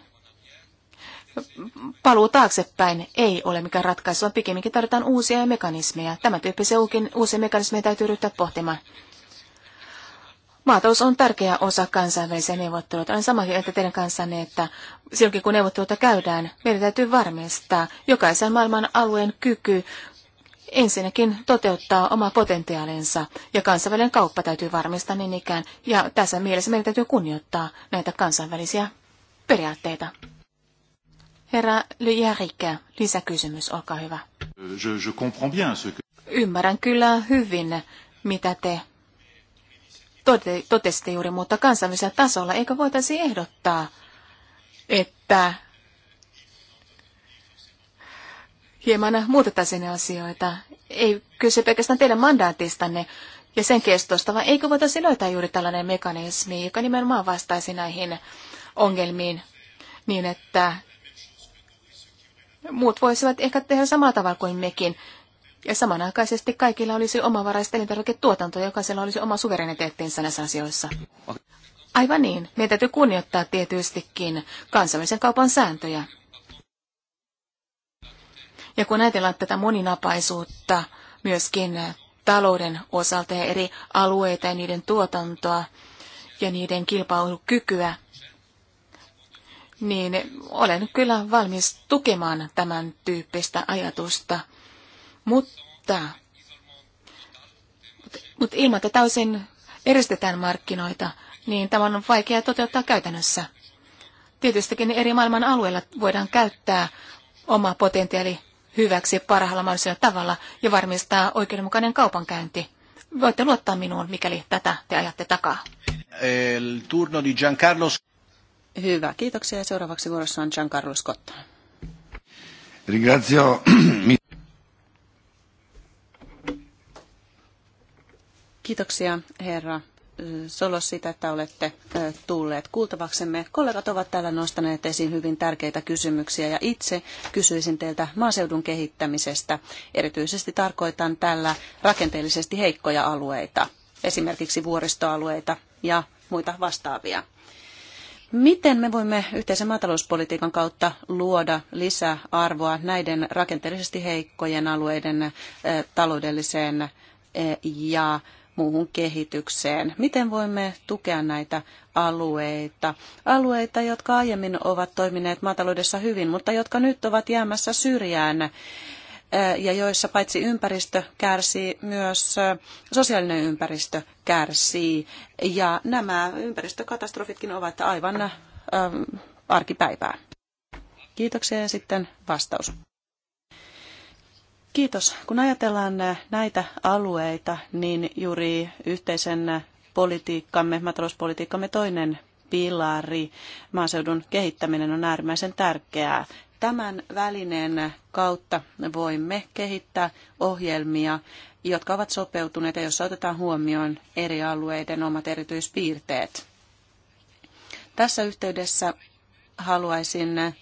S3: Paluu taaksepäin ei ole mikään ratkaisu, vaan pikemminkin tarvitaan uusia mekanismeja. Tämän tyyppisiä uusia mekanismeja täytyy ryhtyä pohtimaan. Maatalous on tärkeä osa kansainvälisiä neuvotteluita. Olen samaa mieltä teidän kanssanne, että silloin kun neuvotteluita käydään, meidän täytyy varmistaa jokaisen maailman alueen kyky ensinnäkin toteuttaa oma potentiaalinsa ja kansainvälinen kauppa täytyy varmistaa niin ikään. Ja tässä mielessä meidän täytyy kunnioittaa näitä kansainvälisiä periaatteita. Herra Lyjärikkä, lisäkysymys, olkaa hyvä. Je,
S1: je comprends bien ce que...
S3: Ymmärrän kyllä hyvin, mitä te tote, totesitte juuri, mutta kansainvälisellä tasolla eikö voitaisi ehdottaa, että hieman muutettaisiin asioita ei kyse pelkästään teidän mandaatistanne ja sen kestosta, vaan eikö voitaisiin löytää juuri tällainen mekanismi, joka nimenomaan vastaisi näihin ongelmiin niin, että muut voisivat ehkä tehdä samalla tavalla kuin mekin. Ja samanaikaisesti kaikilla olisi omavaraiset elintarviketuotanto, jokaisella olisi oma suvereniteettinsä näissä asioissa. Aivan niin. Meidän täytyy kunnioittaa tietystikin kansainvälisen kaupan sääntöjä. Ja kun ajatellaan tätä moninapaisuutta myöskin talouden osalta ja eri alueita ja niiden tuotantoa ja niiden kilpailukykyä, niin olen kyllä valmis tukemaan tämän tyyppistä ajatusta. Mutta, mutta ilman, että täysin eristetään markkinoita, niin tämä on vaikea toteuttaa käytännössä. Tietystikin eri maailman alueilla voidaan käyttää oma potentiaali hyväksi parhaalla mahdollisella tavalla ja varmistaa oikeudenmukainen kaupankäynti. Voitte luottaa minuun, mikäli tätä te
S2: ajatte takaa.
S1: El turno di Giancarlo.
S2: Hyvä, kiitoksia. Seuraavaksi vuorossa on Giancarlo Scotta.
S1: Ringrazio. (clears throat)
S2: Kiitoksia, herra Solos sitä, että olette tulleet kuultavaksemme. Kollegat ovat täällä nostaneet esiin hyvin tärkeitä kysymyksiä ja itse kysyisin teiltä maaseudun kehittämisestä. Erityisesti tarkoitan tällä rakenteellisesti heikkoja alueita, esimerkiksi vuoristoalueita ja muita vastaavia. Miten me voimme yhteisen maatalouspolitiikan kautta luoda lisäarvoa näiden rakenteellisesti heikkojen alueiden taloudelliseen ja muuhun kehitykseen. Miten voimme tukea näitä alueita? Alueita, jotka aiemmin ovat toimineet maataloudessa hyvin, mutta jotka nyt ovat jäämässä syrjään eh, ja joissa paitsi ympäristö kärsii, myös eh, sosiaalinen ympäristö kärsii. Ja nämä ympäristökatastrofitkin ovat aivan eh, arkipäivää. Kiitoksia ja sitten vastaus. Kiitos. Kun ajatellaan näitä alueita, niin juuri yhteisen politiikkamme, maatalouspolitiikkamme toinen pilari, maaseudun kehittäminen on äärimmäisen tärkeää. Tämän välineen kautta voimme kehittää ohjelmia, jotka ovat sopeutuneita, joissa otetaan huomioon eri alueiden omat erityispiirteet. Tässä yhteydessä haluaisin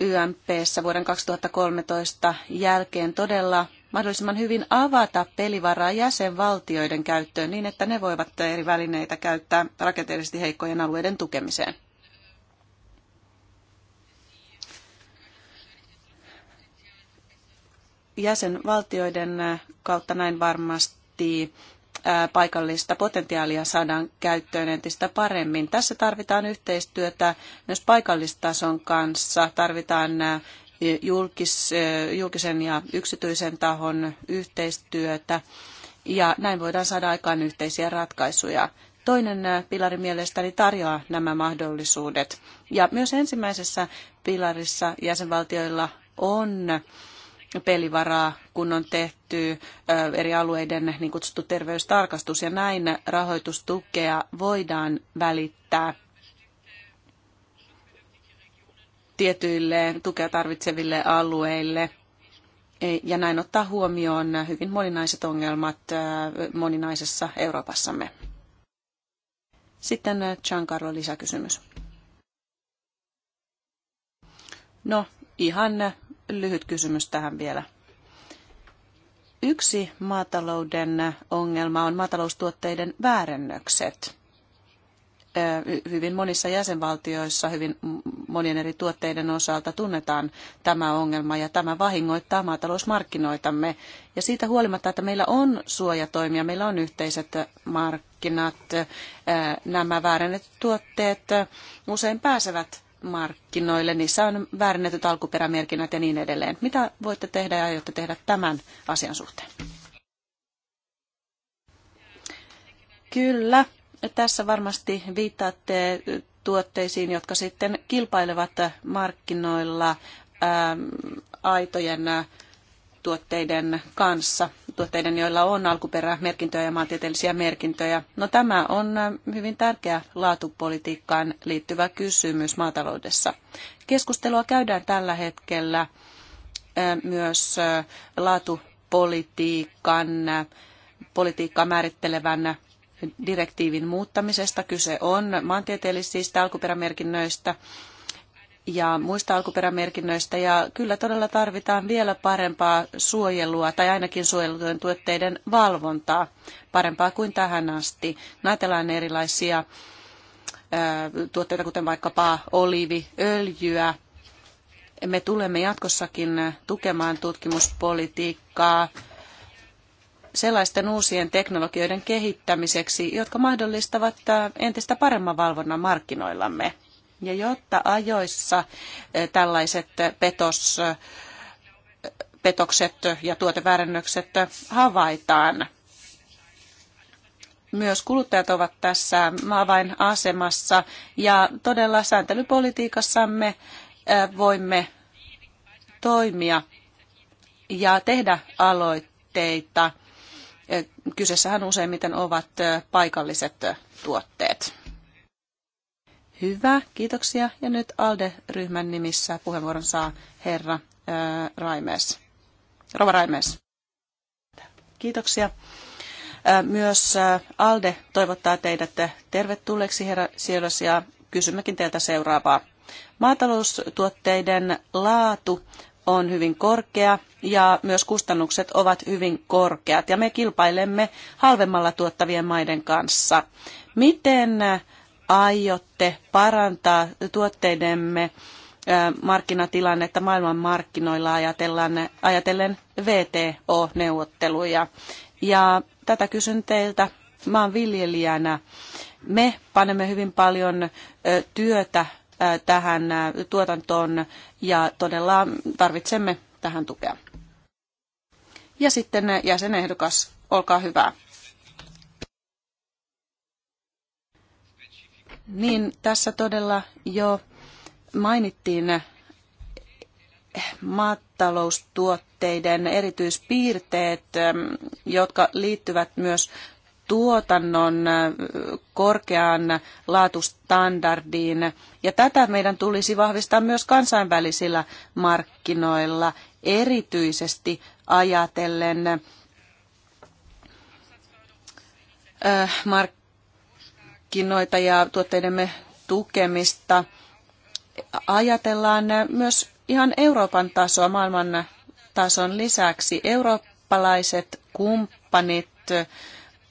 S2: YMPssä vuoden 2013 jälkeen todella mahdollisimman hyvin avata pelivaraa jäsenvaltioiden käyttöön niin, että ne voivat eri välineitä käyttää rakenteellisesti heikkojen alueiden tukemiseen. Jäsenvaltioiden kautta näin varmasti paikallista potentiaalia saadaan käyttöön entistä paremmin. Tässä tarvitaan yhteistyötä myös paikallistason kanssa, tarvitaan julkis, julkisen ja yksityisen tahon yhteistyötä ja näin voidaan saada aikaan yhteisiä ratkaisuja. Toinen pilari mielestäni tarjoaa nämä mahdollisuudet. Ja myös ensimmäisessä pilarissa jäsenvaltioilla on pelivaraa, kun on tehty eri alueiden niin kutsuttu terveystarkastus ja näin rahoitustukea voidaan välittää tietyille tukea tarvitseville alueille e, ja näin ottaa huomioon hyvin moninaiset ongelmat moninaisessa Euroopassamme. Sitten Giancarlo lisäkysymys. No, ihan lyhyt kysymys tähän vielä. Yksi maatalouden ongelma on maataloustuotteiden väärennökset. Hyvin monissa jäsenvaltioissa hyvin monien eri tuotteiden osalta tunnetaan tämä ongelma ja tämä vahingoittaa maatalousmarkkinoitamme. Ja siitä huolimatta, että meillä on suojatoimia, meillä on yhteiset markkinat, nämä väärennetyt tuotteet usein pääsevät markkinoille. Niissä on väärennetyt alkuperämerkinnät ja niin edelleen. Mitä voitte tehdä ja aiotte tehdä tämän asian suhteen? Kyllä, tässä varmasti viittaatte tuotteisiin, jotka sitten kilpailevat markkinoilla aitojen tuotteiden kanssa, tuotteiden, joilla on alkuperämerkintöjä ja maantieteellisiä merkintöjä. No tämä on äh, hyvin tärkeä laatupolitiikkaan liittyvä kysymys maataloudessa. Keskustelua käydään tällä hetkellä äh, myös äh, laatupolitiikan politiikkaa määrittelevän direktiivin muuttamisesta. Kyse on maantieteellisistä alkuperämerkinnöistä ja muista alkuperämerkinnöistä. Ja kyllä todella tarvitaan vielä parempaa suojelua tai ainakin suojelujen tuotteiden valvontaa, parempaa kuin tähän asti. Ajatellaan erilaisia tuotteita, kuten vaikkapa oliiviöljyä. Me tulemme jatkossakin tukemaan tutkimuspolitiikkaa sellaisten uusien teknologioiden kehittämiseksi, jotka mahdollistavat entistä paremman valvonnan markkinoillamme. Ja jotta ajoissa eh, tällaiset petos, eh, petokset ja tuoteväärännökset havaitaan, myös kuluttajat ovat tässä avainasemassa ja todella sääntelypolitiikassamme eh, voimme toimia ja tehdä aloitteita. Kyseessähän useimmiten ovat paikalliset tuotteet. Hyvä, kiitoksia. Ja nyt ALDE-ryhmän nimissä puheenvuoron saa herra ää, Raimees. Rova Kiitoksia. Myös ALDE toivottaa teidät tervetulleeksi, herra Sielos, ja kysymmekin teiltä seuraavaa. Maataloustuotteiden laatu on hyvin korkea ja myös kustannukset ovat hyvin korkeat ja me kilpailemme halvemmalla tuottavien maiden kanssa. Miten aiotte parantaa tuotteidemme markkinatilannetta maailman markkinoilla ajatellen VTO-neuvotteluja. Ja tätä kysyn teiltä maanviljelijänä. Me panemme hyvin paljon työtä tähän tuotantoon ja todella tarvitsemme tähän tukea. Ja sitten jäsenehdokas, olkaa hyvä. Niin, tässä todella jo mainittiin maataloustuotteiden erityispiirteet, ähm, jotka liittyvät myös tuotannon äh, korkeaan laatustandardiin. Ja tätä meidän tulisi vahvistaa myös kansainvälisillä markkinoilla, erityisesti ajatellen äh, markkinoilla markkinoita ja tuotteidemme tukemista. Ajatellaan myös ihan Euroopan tasoa maailman tason lisäksi. Eurooppalaiset kumppanit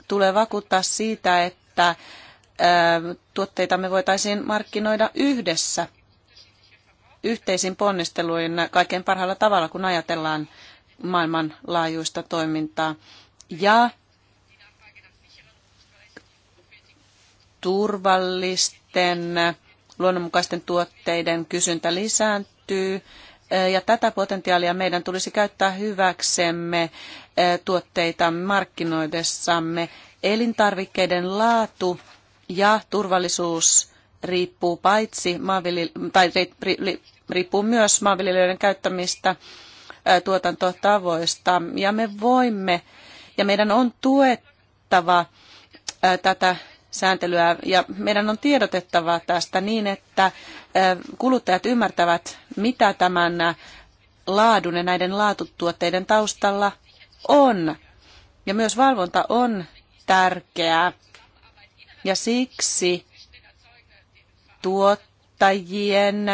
S2: tulee vakuuttaa siitä, että tuotteitamme voitaisiin markkinoida yhdessä yhteisin ponnisteluin kaikkein parhaalla tavalla, kun ajatellaan maailmanlaajuista toimintaa. Ja turvallisten luonnonmukaisten tuotteiden kysyntä lisääntyy. Ja tätä potentiaalia meidän tulisi käyttää hyväksemme tuotteita markkinoidessamme. Elintarvikkeiden laatu ja turvallisuus riippuu paitsi maanvilil- tai riippuu myös maanviljelijöiden käyttämistä tuotantotavoista. Ja me voimme ja meidän on tuettava tätä sääntelyä ja meidän on tiedotettava tästä niin, että kuluttajat ymmärtävät, mitä tämän laadun ja näiden laatutuotteiden taustalla on. Ja myös valvonta on tärkeää. Ja siksi tuottajien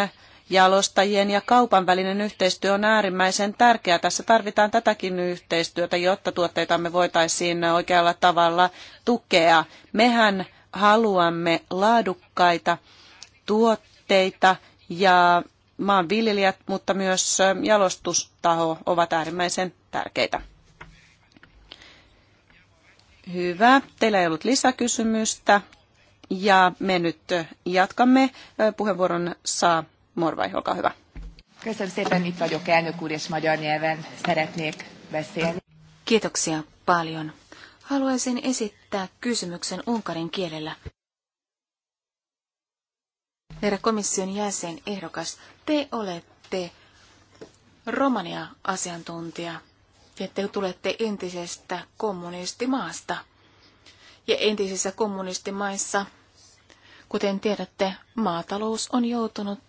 S2: Jalostajien ja kaupan välinen yhteistyö on äärimmäisen tärkeää. Tässä tarvitaan tätäkin yhteistyötä, jotta tuotteitamme voitaisiin oikealla tavalla tukea. Mehän haluamme laadukkaita tuotteita ja maanviljelijät, mutta myös jalostustaho ovat äärimmäisen tärkeitä. Hyvä. Teillä ei ollut lisäkysymystä. Ja me nyt jatkamme. Puheenvuoron saa Morvai, olkaa hyvä.
S3: Köszönöm szépen, itt vagyok elnök úr, és magyar nyelven szeretnék beszélni. Kiitoksia paljon. Haluaisin esittää kysymyksen unkarin kielellä. Herra komission jäsen ehdokas, te olette Romania-asiantuntija ja te tulette entisestä kommunistimaasta. Ja entisissä kommunistimaissa, kuten tiedätte, maatalous on joutunut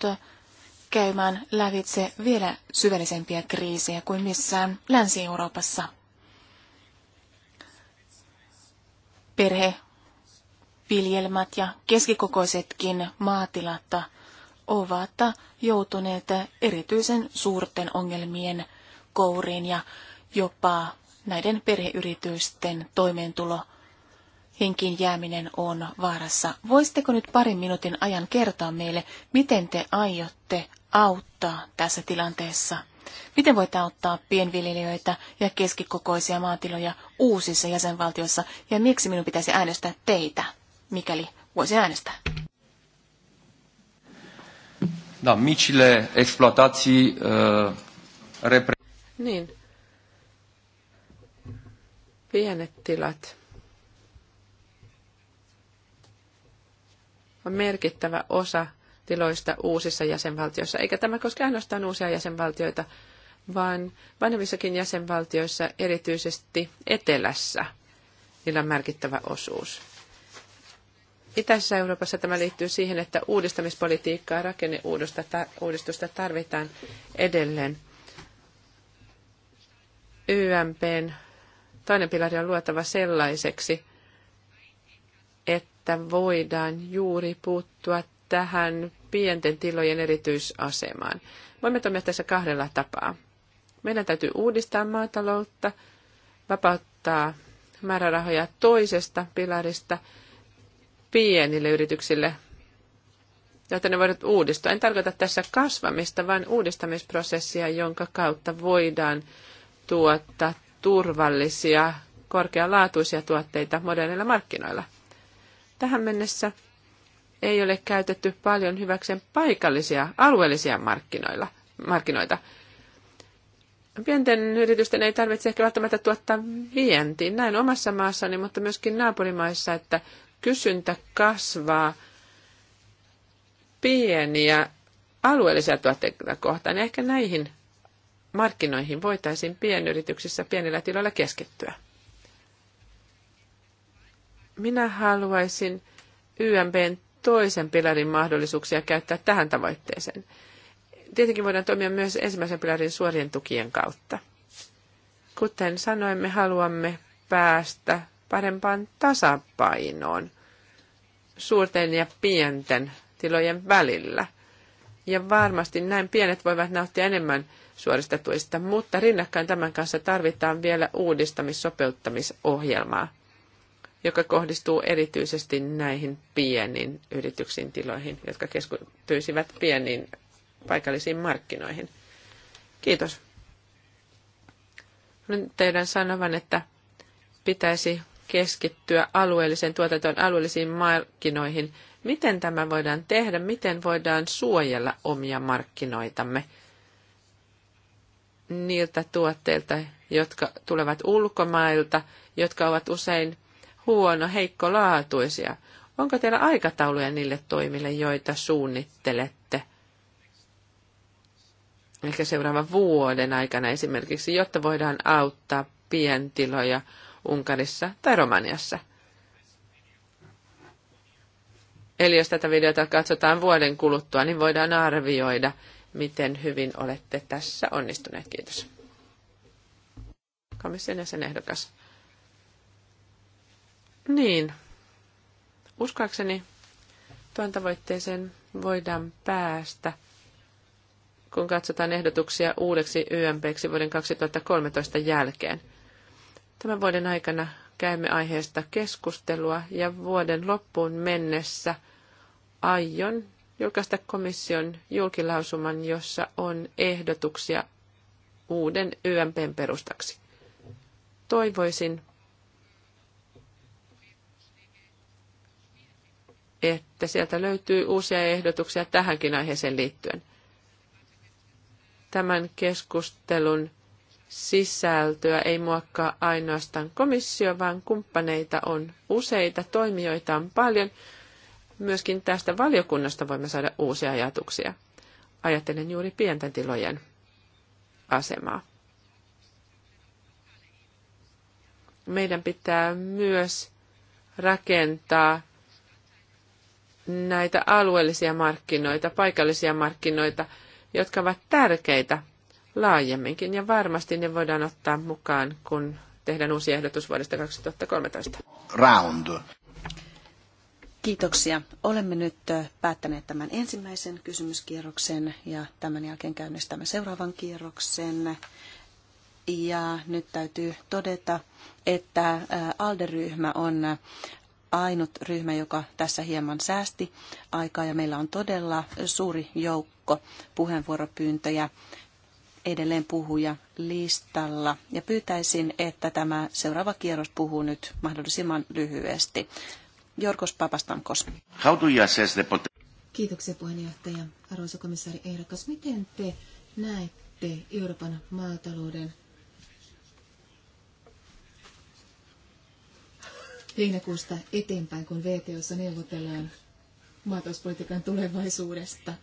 S3: käymään lävitse vielä syvällisempiä kriisejä kuin missään Länsi-Euroopassa. Perhe, viljelmät ja keskikokoisetkin maatilat ovat joutuneet erityisen suurten ongelmien kouriin ja jopa näiden perheyritysten toimeentulo henkiin jääminen on vaarassa. Voisitteko nyt parin minuutin ajan kertoa meille, miten te aiotte auttaa tässä tilanteessa? Miten voit auttaa pienviljelijöitä ja keskikokoisia maatiloja uusissa jäsenvaltioissa ja miksi minun pitäisi äänestää teitä, mikäli voisi äänestää?
S1: Da, micile exploatații uh, repre-
S4: Niin. Pienet tilat on merkittävä osa tiloista uusissa jäsenvaltioissa. Eikä tämä koske ainoastaan uusia jäsenvaltioita, vaan vanhemmissakin jäsenvaltioissa, erityisesti etelässä, niillä on merkittävä osuus. Itäisessä Euroopassa tämä liittyy siihen, että uudistamispolitiikkaa ja rakenneuudistusta tarvitaan edelleen. YMPn toinen pilari on luotava sellaiseksi, että voidaan juuri puuttua tähän pienten tilojen erityisasemaan. Voimme toimia tässä kahdella tapaa. Meidän täytyy uudistaa maataloutta, vapauttaa määrärahoja toisesta pilarista pienille yrityksille, jotta ne voivat uudistua. En tarkoita tässä kasvamista, vaan uudistamisprosessia, jonka kautta voidaan tuottaa turvallisia, korkealaatuisia tuotteita moderneilla markkinoilla. Tähän mennessä ei ole käytetty paljon hyväkseen paikallisia, alueellisia markkinoilla, markkinoita. Pienten yritysten ei tarvitse ehkä välttämättä tuottaa vientiin, näin omassa maassani, mutta myöskin naapurimaissa, että kysyntä kasvaa pieniä alueellisia tuotteita kohtaan. Ja ehkä näihin markkinoihin voitaisiin pienyrityksissä pienillä tiloilla keskittyä. Minä haluaisin YMBn toisen pilarin mahdollisuuksia käyttää tähän tavoitteeseen. Tietenkin voidaan toimia myös ensimmäisen pilarin suorien tukien kautta. Kuten sanoimme, haluamme päästä parempaan tasapainoon suurten ja pienten tilojen välillä. Ja varmasti näin pienet voivat nauttia enemmän suorista tuista, mutta rinnakkain tämän kanssa tarvitaan vielä uudistamisopeuttamisohjelmaa joka kohdistuu erityisesti näihin pieniin yrityksiin tiloihin, jotka keskittyisivät pieniin paikallisiin markkinoihin. Kiitos. Nyt teidän sanovan, että pitäisi keskittyä alueelliseen tuotantoon, alueellisiin markkinoihin. Miten tämä voidaan tehdä? Miten voidaan suojella omia markkinoitamme niiltä tuotteilta, jotka tulevat ulkomailta, jotka ovat usein – huono, heikkolaatuisia. Onko teillä aikatauluja niille toimille, joita suunnittelette? Ehkä seuraavan vuoden aikana esimerkiksi, jotta voidaan auttaa pientiloja Unkarissa tai Romaniassa. Eli jos tätä videota katsotaan vuoden kuluttua, niin voidaan arvioida, miten hyvin olette tässä onnistuneet. Kiitos. Komission jäsen ehdokas. Niin. Uskoakseni tuon tavoitteeseen voidaan päästä, kun katsotaan ehdotuksia uudeksi YMPksi vuoden 2013 jälkeen. Tämän vuoden aikana käymme aiheesta keskustelua ja vuoden loppuun mennessä aion julkaista komission julkilausuman, jossa on ehdotuksia uuden YMPn perustaksi. Toivoisin, että sieltä löytyy uusia ehdotuksia tähänkin aiheeseen liittyen. Tämän keskustelun sisältöä ei muokkaa ainoastaan komissio, vaan kumppaneita on useita, toimijoita on paljon. Myöskin tästä valiokunnasta voimme saada uusia ajatuksia. Ajattelen juuri pienten tilojen asemaa. Meidän pitää myös rakentaa näitä alueellisia markkinoita, paikallisia markkinoita, jotka ovat tärkeitä laajemminkin ja varmasti ne voidaan ottaa mukaan, kun tehdään uusi ehdotus vuodesta 2013.
S1: Round.
S2: Kiitoksia. Olemme nyt päättäneet tämän ensimmäisen kysymyskierroksen ja tämän jälkeen käynnistämme seuraavan kierroksen. Ja nyt täytyy todeta, että alderyhmä on ainut ryhmä, joka tässä hieman säästi aikaa ja meillä on todella suuri joukko puheenvuoropyyntöjä edelleen puhuja listalla. Ja pyytäisin, että tämä seuraava kierros puhuu nyt mahdollisimman lyhyesti. Jorkos Papastankos.
S1: How do you assess the
S2: Kiitoksia puheenjohtaja. Arvoisa komissaari
S3: Ehdokas, miten te näette Euroopan maatalouden heinäkuusta eteenpäin, kun VTOssa neuvotellaan maatalouspolitiikan tulevaisuudesta.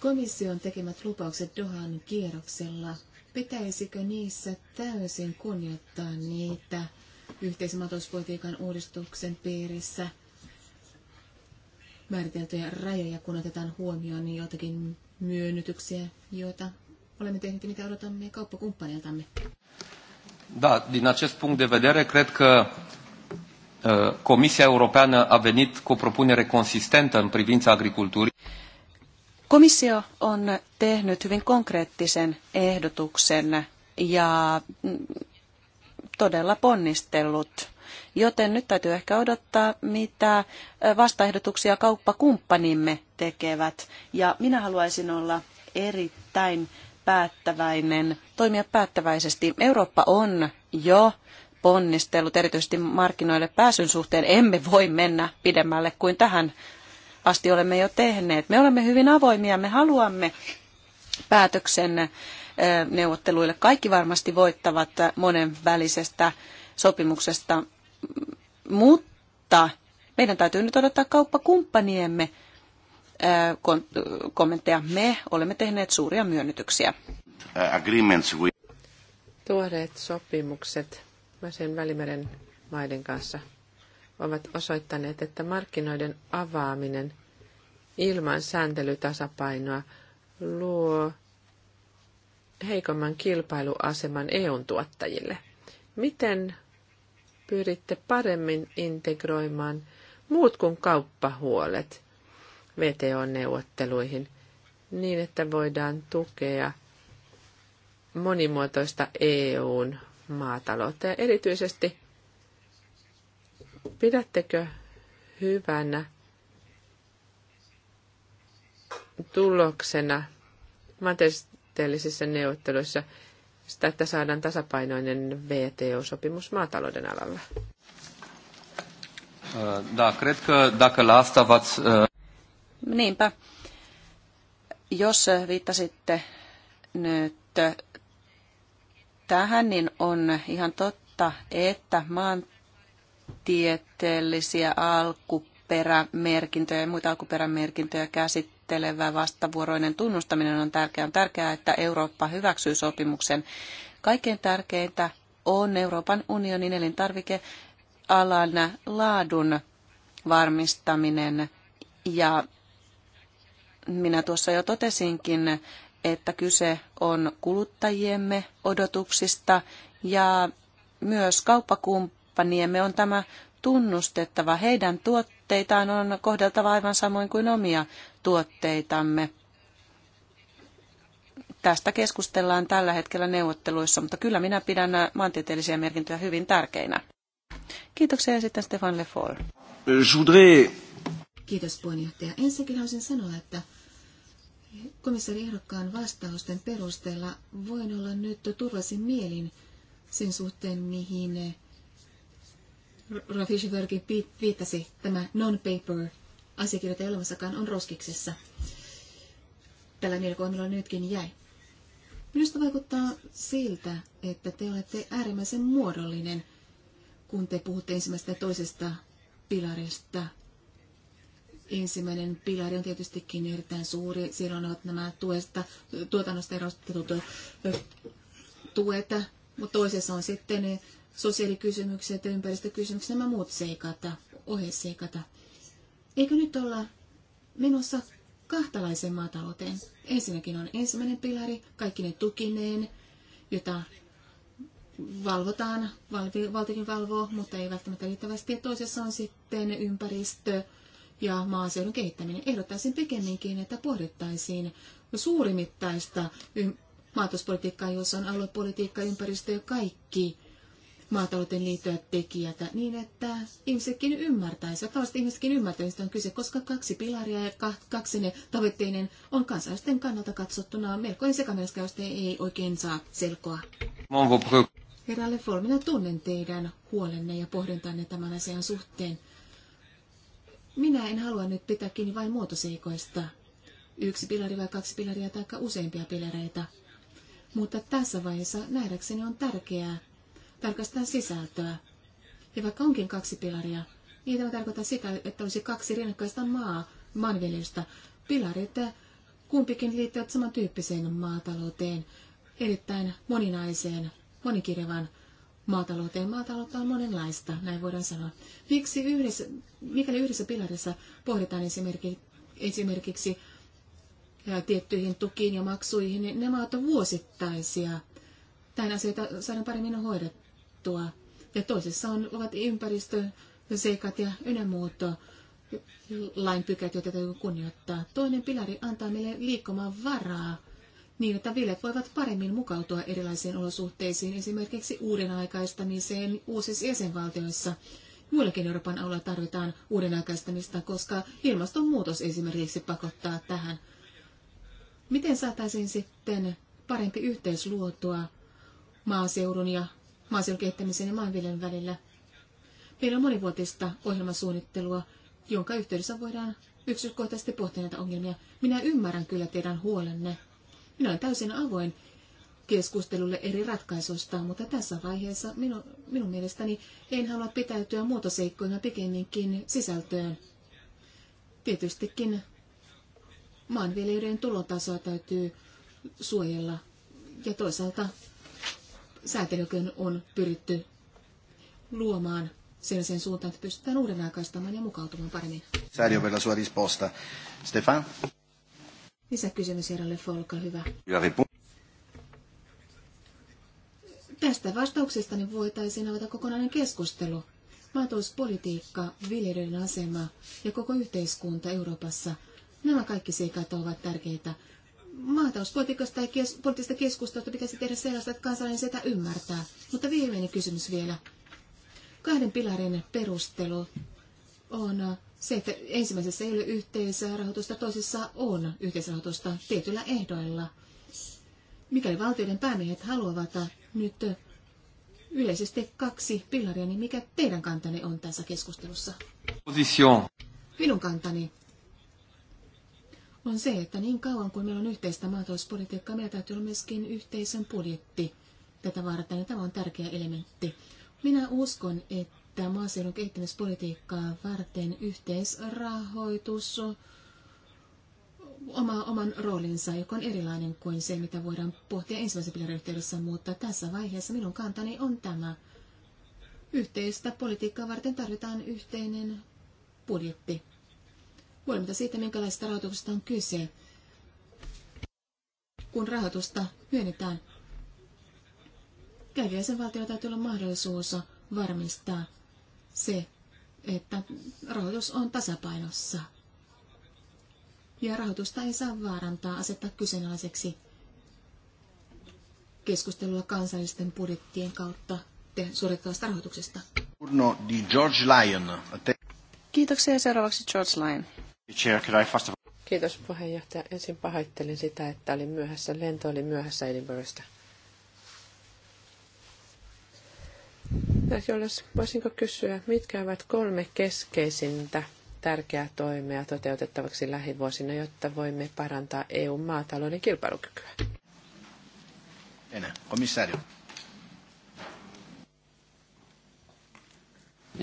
S3: Komission tekemät lupaukset Dohan kierroksella, pitäisikö niissä täysin kunnioittaa niitä yhteisen maatalouspolitiikan uudistuksen piirissä määriteltyjä rajoja, kun otetaan huomioon niin jotakin myönnytyksiä, joita olemme tehneet ja mitä odotamme kauppakumppaneiltamme?
S1: Da, din acest punct de vedere, cred că uh, Comisia Europeană a venit cu o propunere consistentă în privința agriculturii.
S2: Komissio on tehnyt hyvin konkreettisen ehdotuksen ja mm, todella ponnistellut. Joten nyt täytyy ehkä odottaa, mitä vastaehdotuksia kauppakumppanimme tekevät. Ja minä haluaisin olla erittäin päättäväinen, toimia päättäväisesti. Eurooppa on jo ponnistellut erityisesti markkinoille pääsyn suhteen. Emme voi mennä pidemmälle kuin tähän asti olemme jo tehneet. Me olemme hyvin avoimia, me haluamme päätöksen neuvotteluille. Kaikki varmasti voittavat monen välisestä sopimuksesta, mutta meidän täytyy nyt odottaa kauppakumppaniemme Äh, kommentteja. Me olemme tehneet suuria myönnytyksiä.
S1: Äh,
S4: Tuoreet sopimukset sen välimeren maiden kanssa ovat osoittaneet, että markkinoiden avaaminen ilman sääntelytasapainoa luo heikomman kilpailuaseman EUn tuottajille. Miten pyritte paremmin integroimaan muut kuin kauppahuolet VTO-neuvotteluihin niin, että voidaan tukea monimuotoista EUn maataloutta. Ja erityisesti pidättekö hyvänä tuloksena materiaalisissa neuvotteluissa sitä, että saadaan tasapainoinen VTO-sopimus maatalouden alalla?
S1: Äh, da, cred că dacă la asta v-ați...
S4: Niinpä,
S2: jos viittasitte nyt tähän, niin on ihan totta, että maantieteellisiä alkuperämerkintöjä ja muita alkuperämerkintöjä käsittelevä vastavuoroinen tunnustaminen on tärkeää. On tärkeää, että Eurooppa hyväksyy sopimuksen. Kaikkein tärkeintä on Euroopan unionin elintarvikealan laadun varmistaminen ja minä tuossa jo totesinkin, että kyse on kuluttajiemme odotuksista ja myös kauppakumppaniemme on tämä tunnustettava. Heidän tuotteitaan on kohdeltava aivan samoin kuin omia tuotteitamme. Tästä keskustellaan tällä hetkellä neuvotteluissa, mutta kyllä minä pidän maantieteellisiä merkintöjä hyvin tärkeinä. Kiitoksia ja sitten Stefan Lefort.
S3: Kiitos puheenjohtaja. Ensinnäkin haluaisin sanoa, että Komissaariehdokkaan vastausten perusteella voin olla nyt turvallisin mielin sen suhteen, mihin eh, Rafishbergin viittasi, tämä non-paper asiakirjoita ei olemassakaan on roskiksessa. Tällä mielikuva nytkin jäi. Minusta vaikuttaa siltä, että te olette äärimmäisen muodollinen, kun te puhutte ensimmäisestä ja toisesta pilarista Ensimmäinen pilari on tietystikin erittäin suuri. Siellä on nämä tuesta, tuotannosta erostetut tuet, mutta toisessa on sitten sosiaalikysymykset, ympäristökysymykset, nämä muut seikat, oheseikat. Eikö nyt olla menossa kahtalaisen maatalouteen? Ensinnäkin on ensimmäinen pilari, kaikki ne tukineen, jota valvotaan, valtikin valvoo, mutta ei välttämättä riittävästi. toisessa on sitten ympäristö, ja maaseudun kehittäminen. Ehdottaisin pikemminkin, että pohdittaisiin suurimittaista maatalouspolitiikkaa, jossa on aluepolitiikka, ympäristö ja kaikki maatalouteen liittyvät tekijät, niin että ihmisetkin ymmärtäisivät, tavalliset ihmisetkin ymmärtäisivät, on kyse, koska kaksi pilaria ja kaksi ne tavoitteinen on kansalaisten kannalta katsottuna melkoinen sekamelska, josta ei oikein saa selkoa. Herra Lefol, minä tunnen teidän huolenne ja pohdintanne tämän asian suhteen. Minä en halua nyt pitää kiinni vain muotoseikoista. Yksi pilari vai kaksi pilaria tai useampia pilareita. Mutta tässä vaiheessa nähdäkseni on tärkeää tarkastaa sisältöä. Ja vaikka onkin kaksi pilaria, niin tämä tarkoittaa sitä, että olisi kaksi rinnakkaista maa, maanviljelystä. Pilarit kumpikin liittyvät samantyyppiseen maatalouteen, erittäin moninaiseen, monikirjavan maatalouteen. Maataloutta on monenlaista, näin voidaan sanoa. Miksi yhdessä, mikäli yhdessä pilarissa pohditaan esimerkiksi, esimerkiksi tiettyihin tukiin ja maksuihin, niin maat ovat vuosittaisia. Tämän asioita saadaan paremmin hoidettua. Ja toisessa on, ovat ympäristöseikat ja ynnä muuta lainpykät, joita täytyy kunnioittaa. Toinen pilari antaa meille liikkumaan varaa niin, että viljat voivat paremmin mukautua erilaisiin olosuhteisiin, esimerkiksi uuden aikaistamiseen uusissa jäsenvaltioissa. Muillakin Euroopan alueilla tarvitaan uuden aikaistamista, koska ilmastonmuutos esimerkiksi pakottaa tähän. Miten saataisiin sitten parempi yhteys luotua maaseudun ja maaseudun kehittämisen ja maanviljelyn välillä? Meillä on monivuotista ohjelmasuunnittelua, jonka yhteydessä voidaan yksityiskohtaisesti pohtia näitä ongelmia. Minä ymmärrän kyllä teidän huolenne minä olen täysin avoin keskustelulle eri ratkaisuista, mutta tässä vaiheessa minu, minun mielestäni en halua pitäytyä muotoseikkoina pikemminkin sisältöön. Tietystikin maanviljelijöiden tulotasoa täytyy suojella ja toisaalta säätelykön on pyritty luomaan sen, sen suuntaan, että pystytään uudenaikaistamaan ja mukautumaan paremmin.
S1: per la sua risposta. Stefan?
S3: Lisäkysymys herralle Folka, hyvä. Tästä vastauksesta niin voitaisiin avata kokonainen keskustelu. Maatalouspolitiikka, viljelijöiden asema ja koko yhteiskunta Euroopassa, nämä kaikki seikat ovat tärkeitä. Maatalouspolitiikasta ja kes- poliittisesta keskustelusta pitäisi tehdä sellaista, että kansalainen sitä ymmärtää. Mutta viimeinen kysymys vielä. Kahden pilarin perustelu on se, että ensimmäisessä ei ole yhteisrahoitusta, toisessa on yhteisrahoitusta tietyillä ehdoilla. Mikäli valtioiden päämiehet haluavat nyt yleisesti kaksi pilaria, niin mikä teidän kantanne on tässä keskustelussa? Position. Minun kantani on se, että niin kauan kuin meillä on yhteistä maatalouspolitiikkaa, meillä täytyy olla myöskin yhteisen budjetti tätä varten. Tämä on tärkeä elementti. Minä uskon, että käyttää maaseudun kehittämispolitiikkaa varten yhteisrahoitus oma, oman roolinsa, joka on erilainen kuin se, mitä voidaan pohtia ensimmäisen pilarin yhteydessä, mutta tässä vaiheessa minun kantani on tämä. Yhteistä politiikkaa varten tarvitaan yhteinen budjetti. Huolimatta siitä, minkälaisesta rahoituksesta on kyse, kun rahoitusta myönnetään, käyviäisen valtiolla täytyy olla mahdollisuus varmistaa, se, että rahoitus on tasapainossa. Ja rahoitusta ei saa vaarantaa asettaa kyseenalaiseksi keskustelulla kansallisten budjettien kautta suorittavasta rahoituksesta.
S1: di George Lyon.
S4: Kiitoksia seuraavaksi George Lyon. Kiitos puheenjohtaja. Ensin pahoittelin sitä, että olin myöhässä. Lento oli myöhässä Edinburghista. Jos voisinko kysyä, mitkä ovat kolme keskeisintä tärkeää toimea toteutettavaksi lähivuosina, jotta voimme parantaa EU-maatalouden kilpailukykyä? Enää, komissario.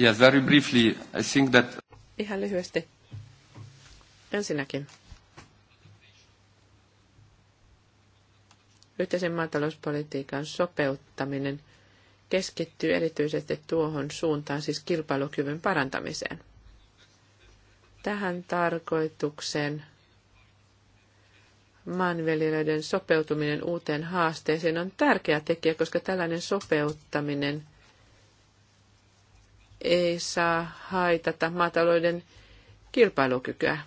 S1: Yes, very briefly, I think
S4: that... Ihan lyhyesti. Ensinnäkin. Yhteisen maatalouspolitiikan sopeuttaminen – keskittyy erityisesti tuohon suuntaan, siis kilpailukyvyn parantamiseen. Tähän tarkoitukseen maanviljelijöiden sopeutuminen uuteen haasteeseen on tärkeä tekijä, koska tällainen sopeuttaminen ei saa haitata maatalouden kilpailukykyä.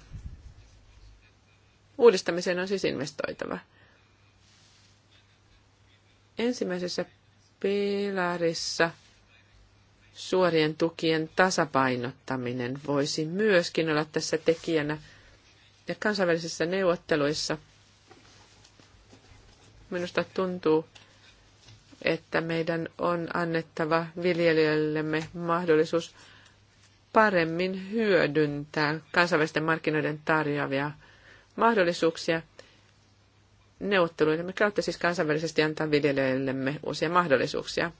S4: Uudistamiseen on siis investoitava. Ensimmäisessä pilarissa suorien tukien tasapainottaminen voisi myöskin olla tässä tekijänä. Ja kansainvälisissä neuvotteluissa minusta tuntuu, että meidän on annettava viljelijöillemme mahdollisuus paremmin hyödyntää kansainvälisten markkinoiden tarjoavia mahdollisuuksia – neuvotteluidemme kautta siis kansainvälisesti antaa viljelijöillemme uusia mahdollisuuksia.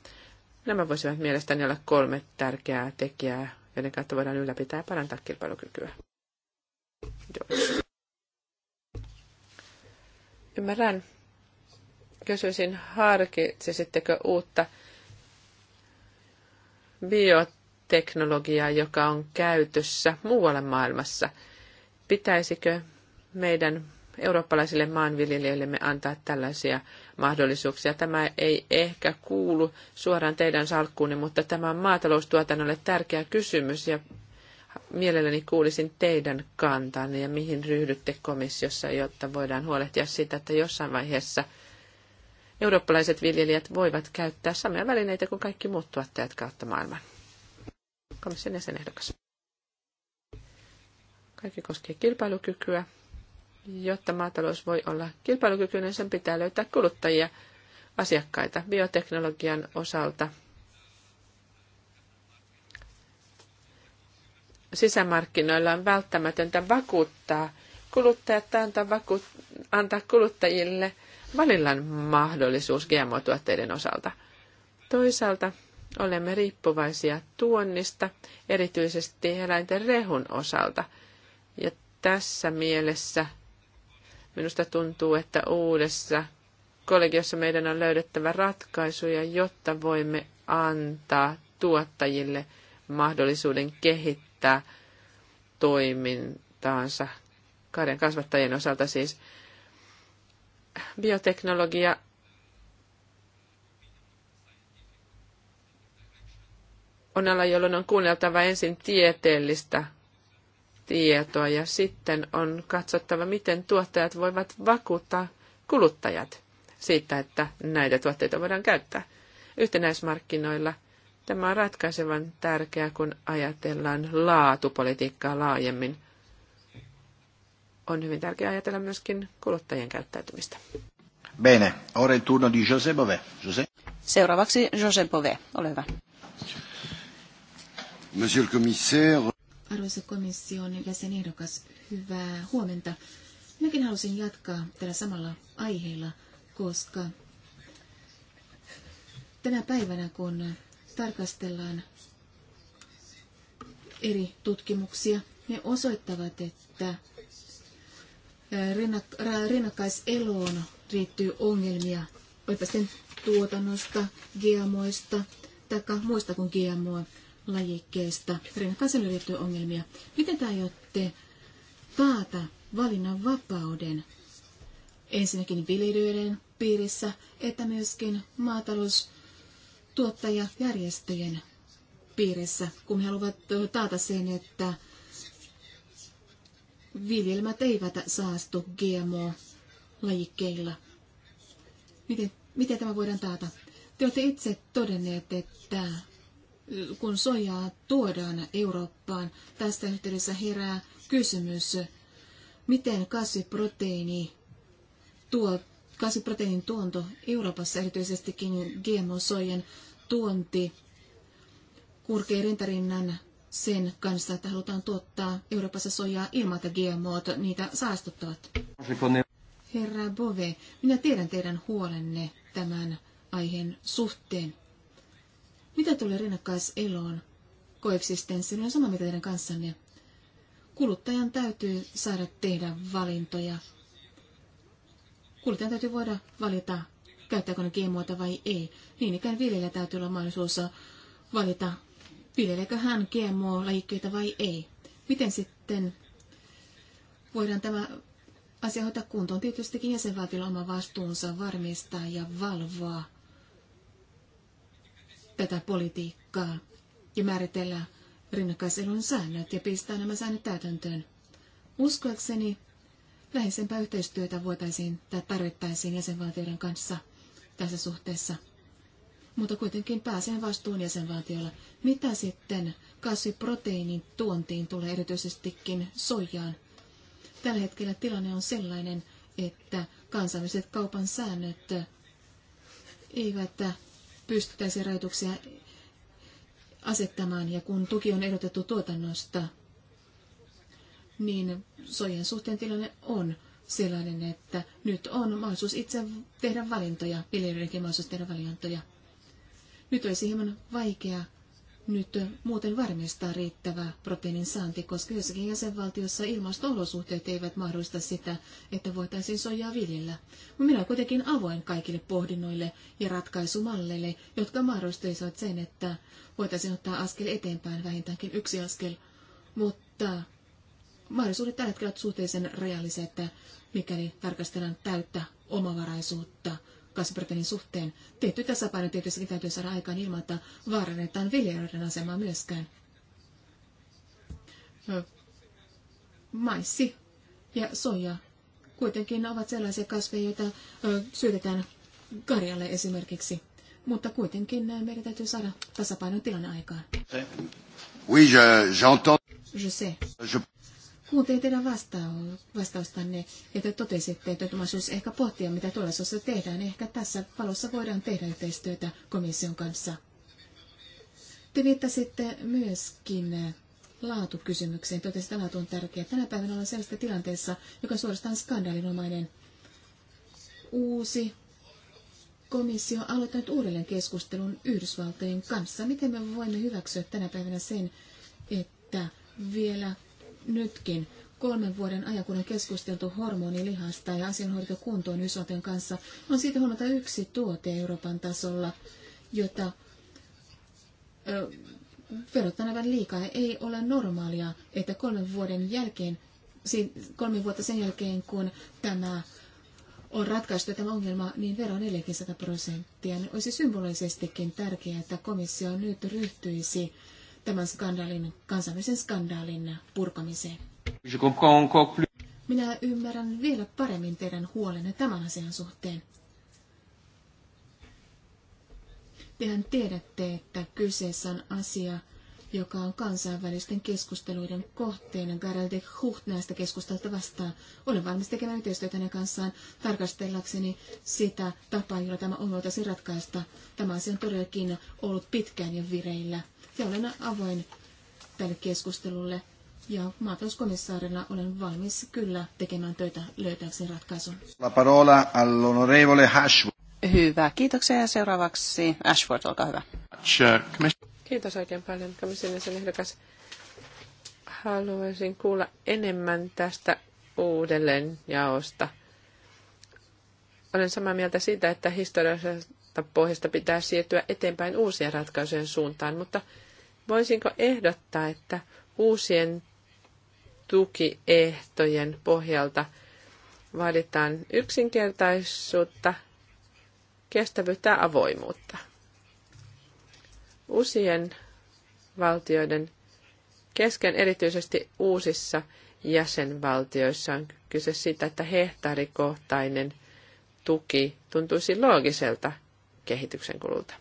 S4: Nämä voisivat mielestäni olla kolme tärkeää tekijää, joiden kautta voidaan ylläpitää ja parantaa kilpailukykyä. Ymmärrän. Kysyisin, harkitsisitteko uutta bioteknologiaa, joka on käytössä muualla maailmassa? Pitäisikö meidän eurooppalaisille maanviljelijöillemme antaa tällaisia mahdollisuuksia. Tämä ei ehkä kuulu suoraan teidän salkkuunne, mutta tämä on maataloustuotannolle tärkeä kysymys ja mielelläni kuulisin teidän kantanne ja mihin ryhdytte komissiossa, jotta voidaan huolehtia siitä, että jossain vaiheessa eurooppalaiset viljelijät voivat käyttää samoja välineitä kuin kaikki muut tuottajat kautta maailman. Komission jäsenehdokas. Kaikki koskee kilpailukykyä, Jotta maatalous voi olla kilpailukykyinen, sen pitää löytää kuluttajia, asiakkaita bioteknologian osalta. Sisämarkkinoilla on välttämätöntä vakuuttaa kuluttajat tai antaa, vaku- antaa kuluttajille valinnan mahdollisuus GMO-tuotteiden osalta. Toisaalta olemme riippuvaisia tuonnista, erityisesti eläinten rehun osalta. Ja tässä mielessä Minusta tuntuu, että uudessa kollegiossa meidän on löydettävä ratkaisuja, jotta voimme antaa tuottajille mahdollisuuden kehittää toimintaansa karjan kasvattajien osalta siis bioteknologia on ala, jolloin on kuunneltava ensin tieteellistä tietoa ja sitten on katsottava, miten tuottajat voivat vakuuttaa kuluttajat siitä, että näitä tuotteita voidaan käyttää. Yhtenäismarkkinoilla tämä on ratkaisevan tärkeää, kun ajatellaan laatupolitiikkaa laajemmin. On hyvin tärkeää ajatella myöskin kuluttajien käyttäytymistä.
S1: Bene, ora il turno di José Bové. José.
S4: Seuraavaksi
S2: José Bové, ole hyvä.
S1: Monsieur le commissaire.
S3: Arvoisa komission jäsenehdokas, hyvää huomenta. Minäkin halusin jatkaa tällä samalla aiheella, koska tänä päivänä, kun tarkastellaan eri tutkimuksia, ne osoittavat, että rinnakkaiseloon riittyy ongelmia, olipa sen tuotannosta, GMOista tai muista kuin GMO lajikkeista. Renkaaselle liittyy ongelmia. Miten te aiotte taata valinnan vapauden ensinnäkin viljelijöiden piirissä, että myöskin maataloustuottajajärjestöjen piirissä, kun he haluavat taata sen, että viljelmät eivät saastu GMO-lajikkeilla. Miten, miten tämä voidaan taata? Te olette itse todenneet, että kun soijaa tuodaan Eurooppaan, tästä yhteydessä herää kysymys, miten kasviproteiini tuo, kasviproteiinin tuonto Euroopassa, erityisestikin GMO-soijan tuonti, kulkee rintarinnan sen kanssa, että halutaan tuottaa Euroopassa soijaa ilman, että GMOt niitä saastuttavat. Herra Bove, minä tiedän teidän huolenne tämän aiheen suhteen. Mitä tulee rinnakkaiseloon, koeksistenssiin, on sama mitä teidän kanssanne. Kuluttajan täytyy saada tehdä valintoja. Kuluttajan täytyy voida valita, käyttääkö ne GMOta vai ei. Niin ikään viljelijä täytyy olla mahdollisuus valita, viljeleekö hän GMO-lajikkeita vai ei. Miten sitten voidaan tämä asia hoitaa kuntoon? Tietystikin jäsenvaltiolla oma vastuunsa varmistaa ja valvoa tätä politiikkaa ja määritellä rinnakkaiselon säännöt ja pistää nämä säännöt täytäntöön. Uskoakseni läheisempää yhteistyötä voitaisiin tai tarvittaisiin jäsenvaltioiden kanssa tässä suhteessa. Mutta kuitenkin pääsee vastuun jäsenvaltiolla. Mitä sitten kasviproteiinin tuontiin tulee erityisestikin soijaan? Tällä hetkellä tilanne on sellainen, että kansainväliset kaupan säännöt eivät pystyttäisiin rajoituksia asettamaan ja kun tuki on erotettu tuotannosta, niin soijan suhteen tilanne on sellainen, että nyt on mahdollisuus itse tehdä valintoja, viljelijöidenkin mahdollisuus tehdä valintoja. Nyt olisi hieman vaikea nyt muuten varmistaa riittävä proteiinin saanti, koska jossakin jäsenvaltiossa ilmasto-olosuhteet eivät mahdollista sitä, että voitaisiin soijaa viljellä. Minä olen kuitenkin avoin kaikille pohdinnoille ja ratkaisumalleille, jotka mahdollistaisivat sen, että voitaisiin ottaa askel eteenpäin, vähintäänkin yksi askel. Mutta mahdollisuudet tällä hetkellä ovat suhteellisen rajalliset, mikäli tarkastellaan täyttä omavaraisuutta kasvipyrtenin suhteen. Tietty tasapaino tietystikin täytyy saada aikaan ilman, että vaarannetaan viljelijöiden asemaa myöskään. Maissi ja soja kuitenkin ovat sellaisia kasveja, joita syötetään karjalle esimerkiksi. Mutta kuitenkin meidän täytyy saada tasapainon tilanne aikaan.
S1: Oui, je, j'entends. Je sais. Je
S3: ei teidän vasta- vastaustanne, että totesitte, että mahdollisuus ehkä pohtia, mitä tulevaisuudessa tehdään. Ehkä tässä valossa voidaan tehdä yhteistyötä komission kanssa. Te viittasitte myöskin laatukysymykseen. Totesitte, että laatu on tärkeä. Tänä päivänä ollaan sellaista tilanteessa, joka on suorastaan skandaalinomainen. Uusi komissio on aloittanut uudelleen keskustelun Yhdysvaltojen kanssa. Miten me voimme hyväksyä tänä päivänä sen, että vielä nytkin kolmen vuoden ajan, kun on keskusteltu hormonilihasta ja asianhoitokuntoon Ysoten kanssa, on siitä huomata yksi tuote Euroopan tasolla, jota ö, verrattuna aivan liikaa ei ole normaalia, että kolmen vuoden jälkeen, kolme vuotta sen jälkeen, kun tämä on ratkaistu tämä ongelma, niin vero on 400 prosenttia. Olisi symbolisestikin tärkeää, että komissio nyt ryhtyisi tämän skandaalin, kansainvälisen skandaalin purkamiseen. Minä ymmärrän vielä paremmin teidän huolenne tämän asian suhteen. Tehän tiedätte, että kyseessä on asia, joka on kansainvälisten keskusteluiden kohteena. Gerald de Hucht näistä keskusteluista vastaan. Olen valmis tekemään yhteistyötä hänen kanssaan tarkastellakseni sitä tapaa, jolla tämä on voitaisiin ratkaista. Tämä asia on todellakin ollut pitkään jo vireillä ja olen avoin tälle keskustelulle. Ja maatalouskomissaarina olen valmis kyllä tekemään töitä löytääkseni ratkaisun.
S1: La
S2: parola all'onorevole Hashwood.
S4: Hyvä, kiitoksia.
S2: Ja seuraavaksi Ashford, olkaa hyvä.
S4: Kiitos oikein paljon, komission ehdokas. Haluaisin kuulla enemmän tästä uudelleen jaosta. Olen samaa mieltä siitä, että historiallisesta pohjasta pitää siirtyä eteenpäin uusien ratkaisujen suuntaan, mutta – Voisinko ehdottaa, että uusien tukiehtojen pohjalta vaaditaan yksinkertaisuutta, kestävyyttä ja avoimuutta. Uusien valtioiden kesken, erityisesti uusissa jäsenvaltioissa, on kyse siitä, että hehtaarikohtainen tuki tuntuisi loogiselta kehityksen kululta.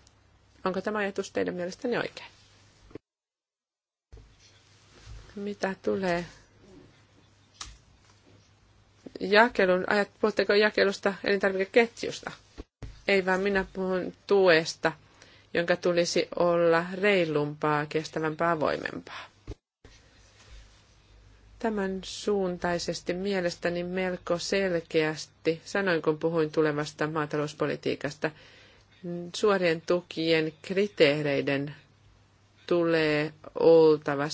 S4: Onko tämä ajatus teidän mielestänne oikein? mitä tulee jakelun, ajat, puhutteko jakelusta elintarvikeketjusta? Ei vaan minä puhun tuesta, jonka tulisi olla reilumpaa, kestävämpää, avoimempaa. Tämän suuntaisesti mielestäni melko selkeästi sanoin, kun puhuin tulevasta maatalouspolitiikasta, suorien tukien kriteereiden tulee oltava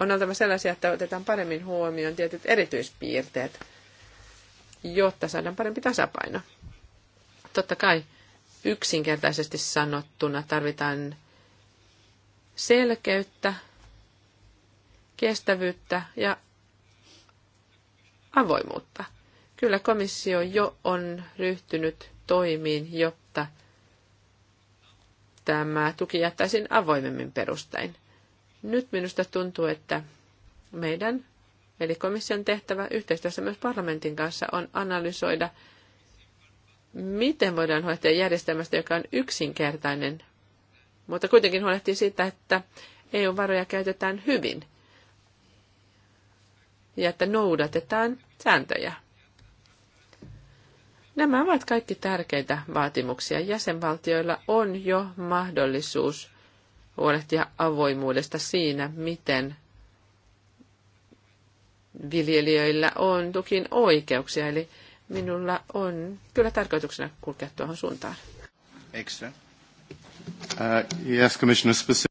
S4: on oltava sellaisia, että otetaan paremmin huomioon tietyt erityispiirteet, jotta saadaan parempi tasapaino. Totta kai yksinkertaisesti sanottuna tarvitaan selkeyttä, kestävyyttä ja avoimuutta. Kyllä komissio jo on ryhtynyt toimiin, jotta tämä tuki jättäisiin avoimemmin perustein. Nyt minusta tuntuu, että meidän, eli komission tehtävä yhteistyössä myös parlamentin kanssa, on analysoida, miten voidaan huolehtia järjestelmästä, joka on yksinkertainen, mutta kuitenkin huolehtii siitä, että EU-varoja käytetään hyvin ja että noudatetaan sääntöjä. Nämä ovat kaikki tärkeitä vaatimuksia. Jäsenvaltioilla on jo mahdollisuus huolehtia avoimuudesta siinä, miten viljelijöillä on tukin oikeuksia. Eli minulla on kyllä tarkoituksena kulkea tuohon suuntaan. Extra.
S1: Uh, yes, commissioner specific.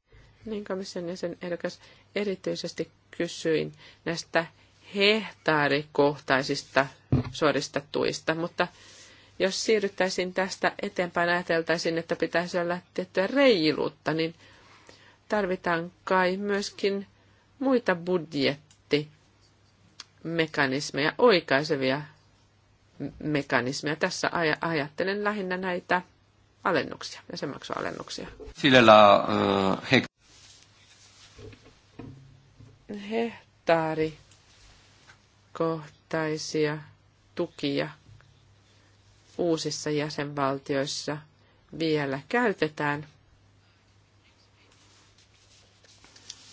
S4: Niin komission jäsen erikas erityisesti kysyin näistä hehtaarikohtaisista suorista tuista, mutta jos siirryttäisiin tästä eteenpäin, ajateltaisiin, että pitäisi olla tiettyä reiluutta, niin tarvitaan kai myöskin muita budjettimekanismeja, oikaisevia mekanismeja. Tässä ajattelen lähinnä näitä alennuksia, jäsenmaksualennuksia.
S1: Sillä uh, eh, hek-
S4: hehtaarikohtaisia tukia uusissa jäsenvaltioissa vielä käytetään –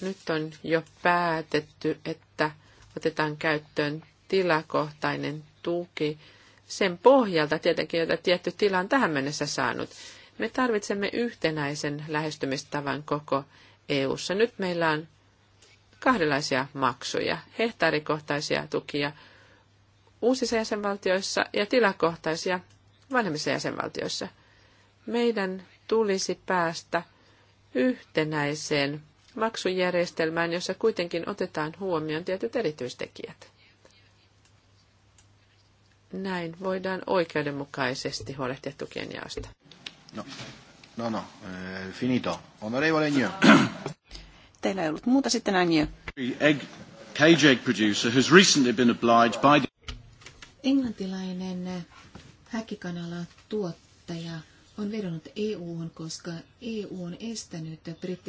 S4: Nyt on jo päätetty, että otetaan käyttöön tilakohtainen tuki sen pohjalta tietenkin, jota tietty tila on tähän mennessä saanut. Me tarvitsemme yhtenäisen lähestymistavan koko EU:ssa. Nyt meillä on kahdenlaisia maksuja, hehtaarikohtaisia tukia uusissa jäsenvaltioissa ja tilakohtaisia vanhemmissa jäsenvaltioissa. Meidän tulisi päästä yhtenäiseen maksujärjestelmään, jossa kuitenkin otetaan huomioon tietyt erityistekijät. Näin voidaan oikeudenmukaisesti huolehtia tukien jaosta. No, no, no. Eh,
S1: finito. Onorevole Njö.
S4: Teillä ei ollut muuta sitten Anjö.
S1: Egg,
S2: cage egg producer has recently been obliged by the... Englantilainen
S3: häkikanala tuottaja on vedonnut EU:hun, koska EU on estänyt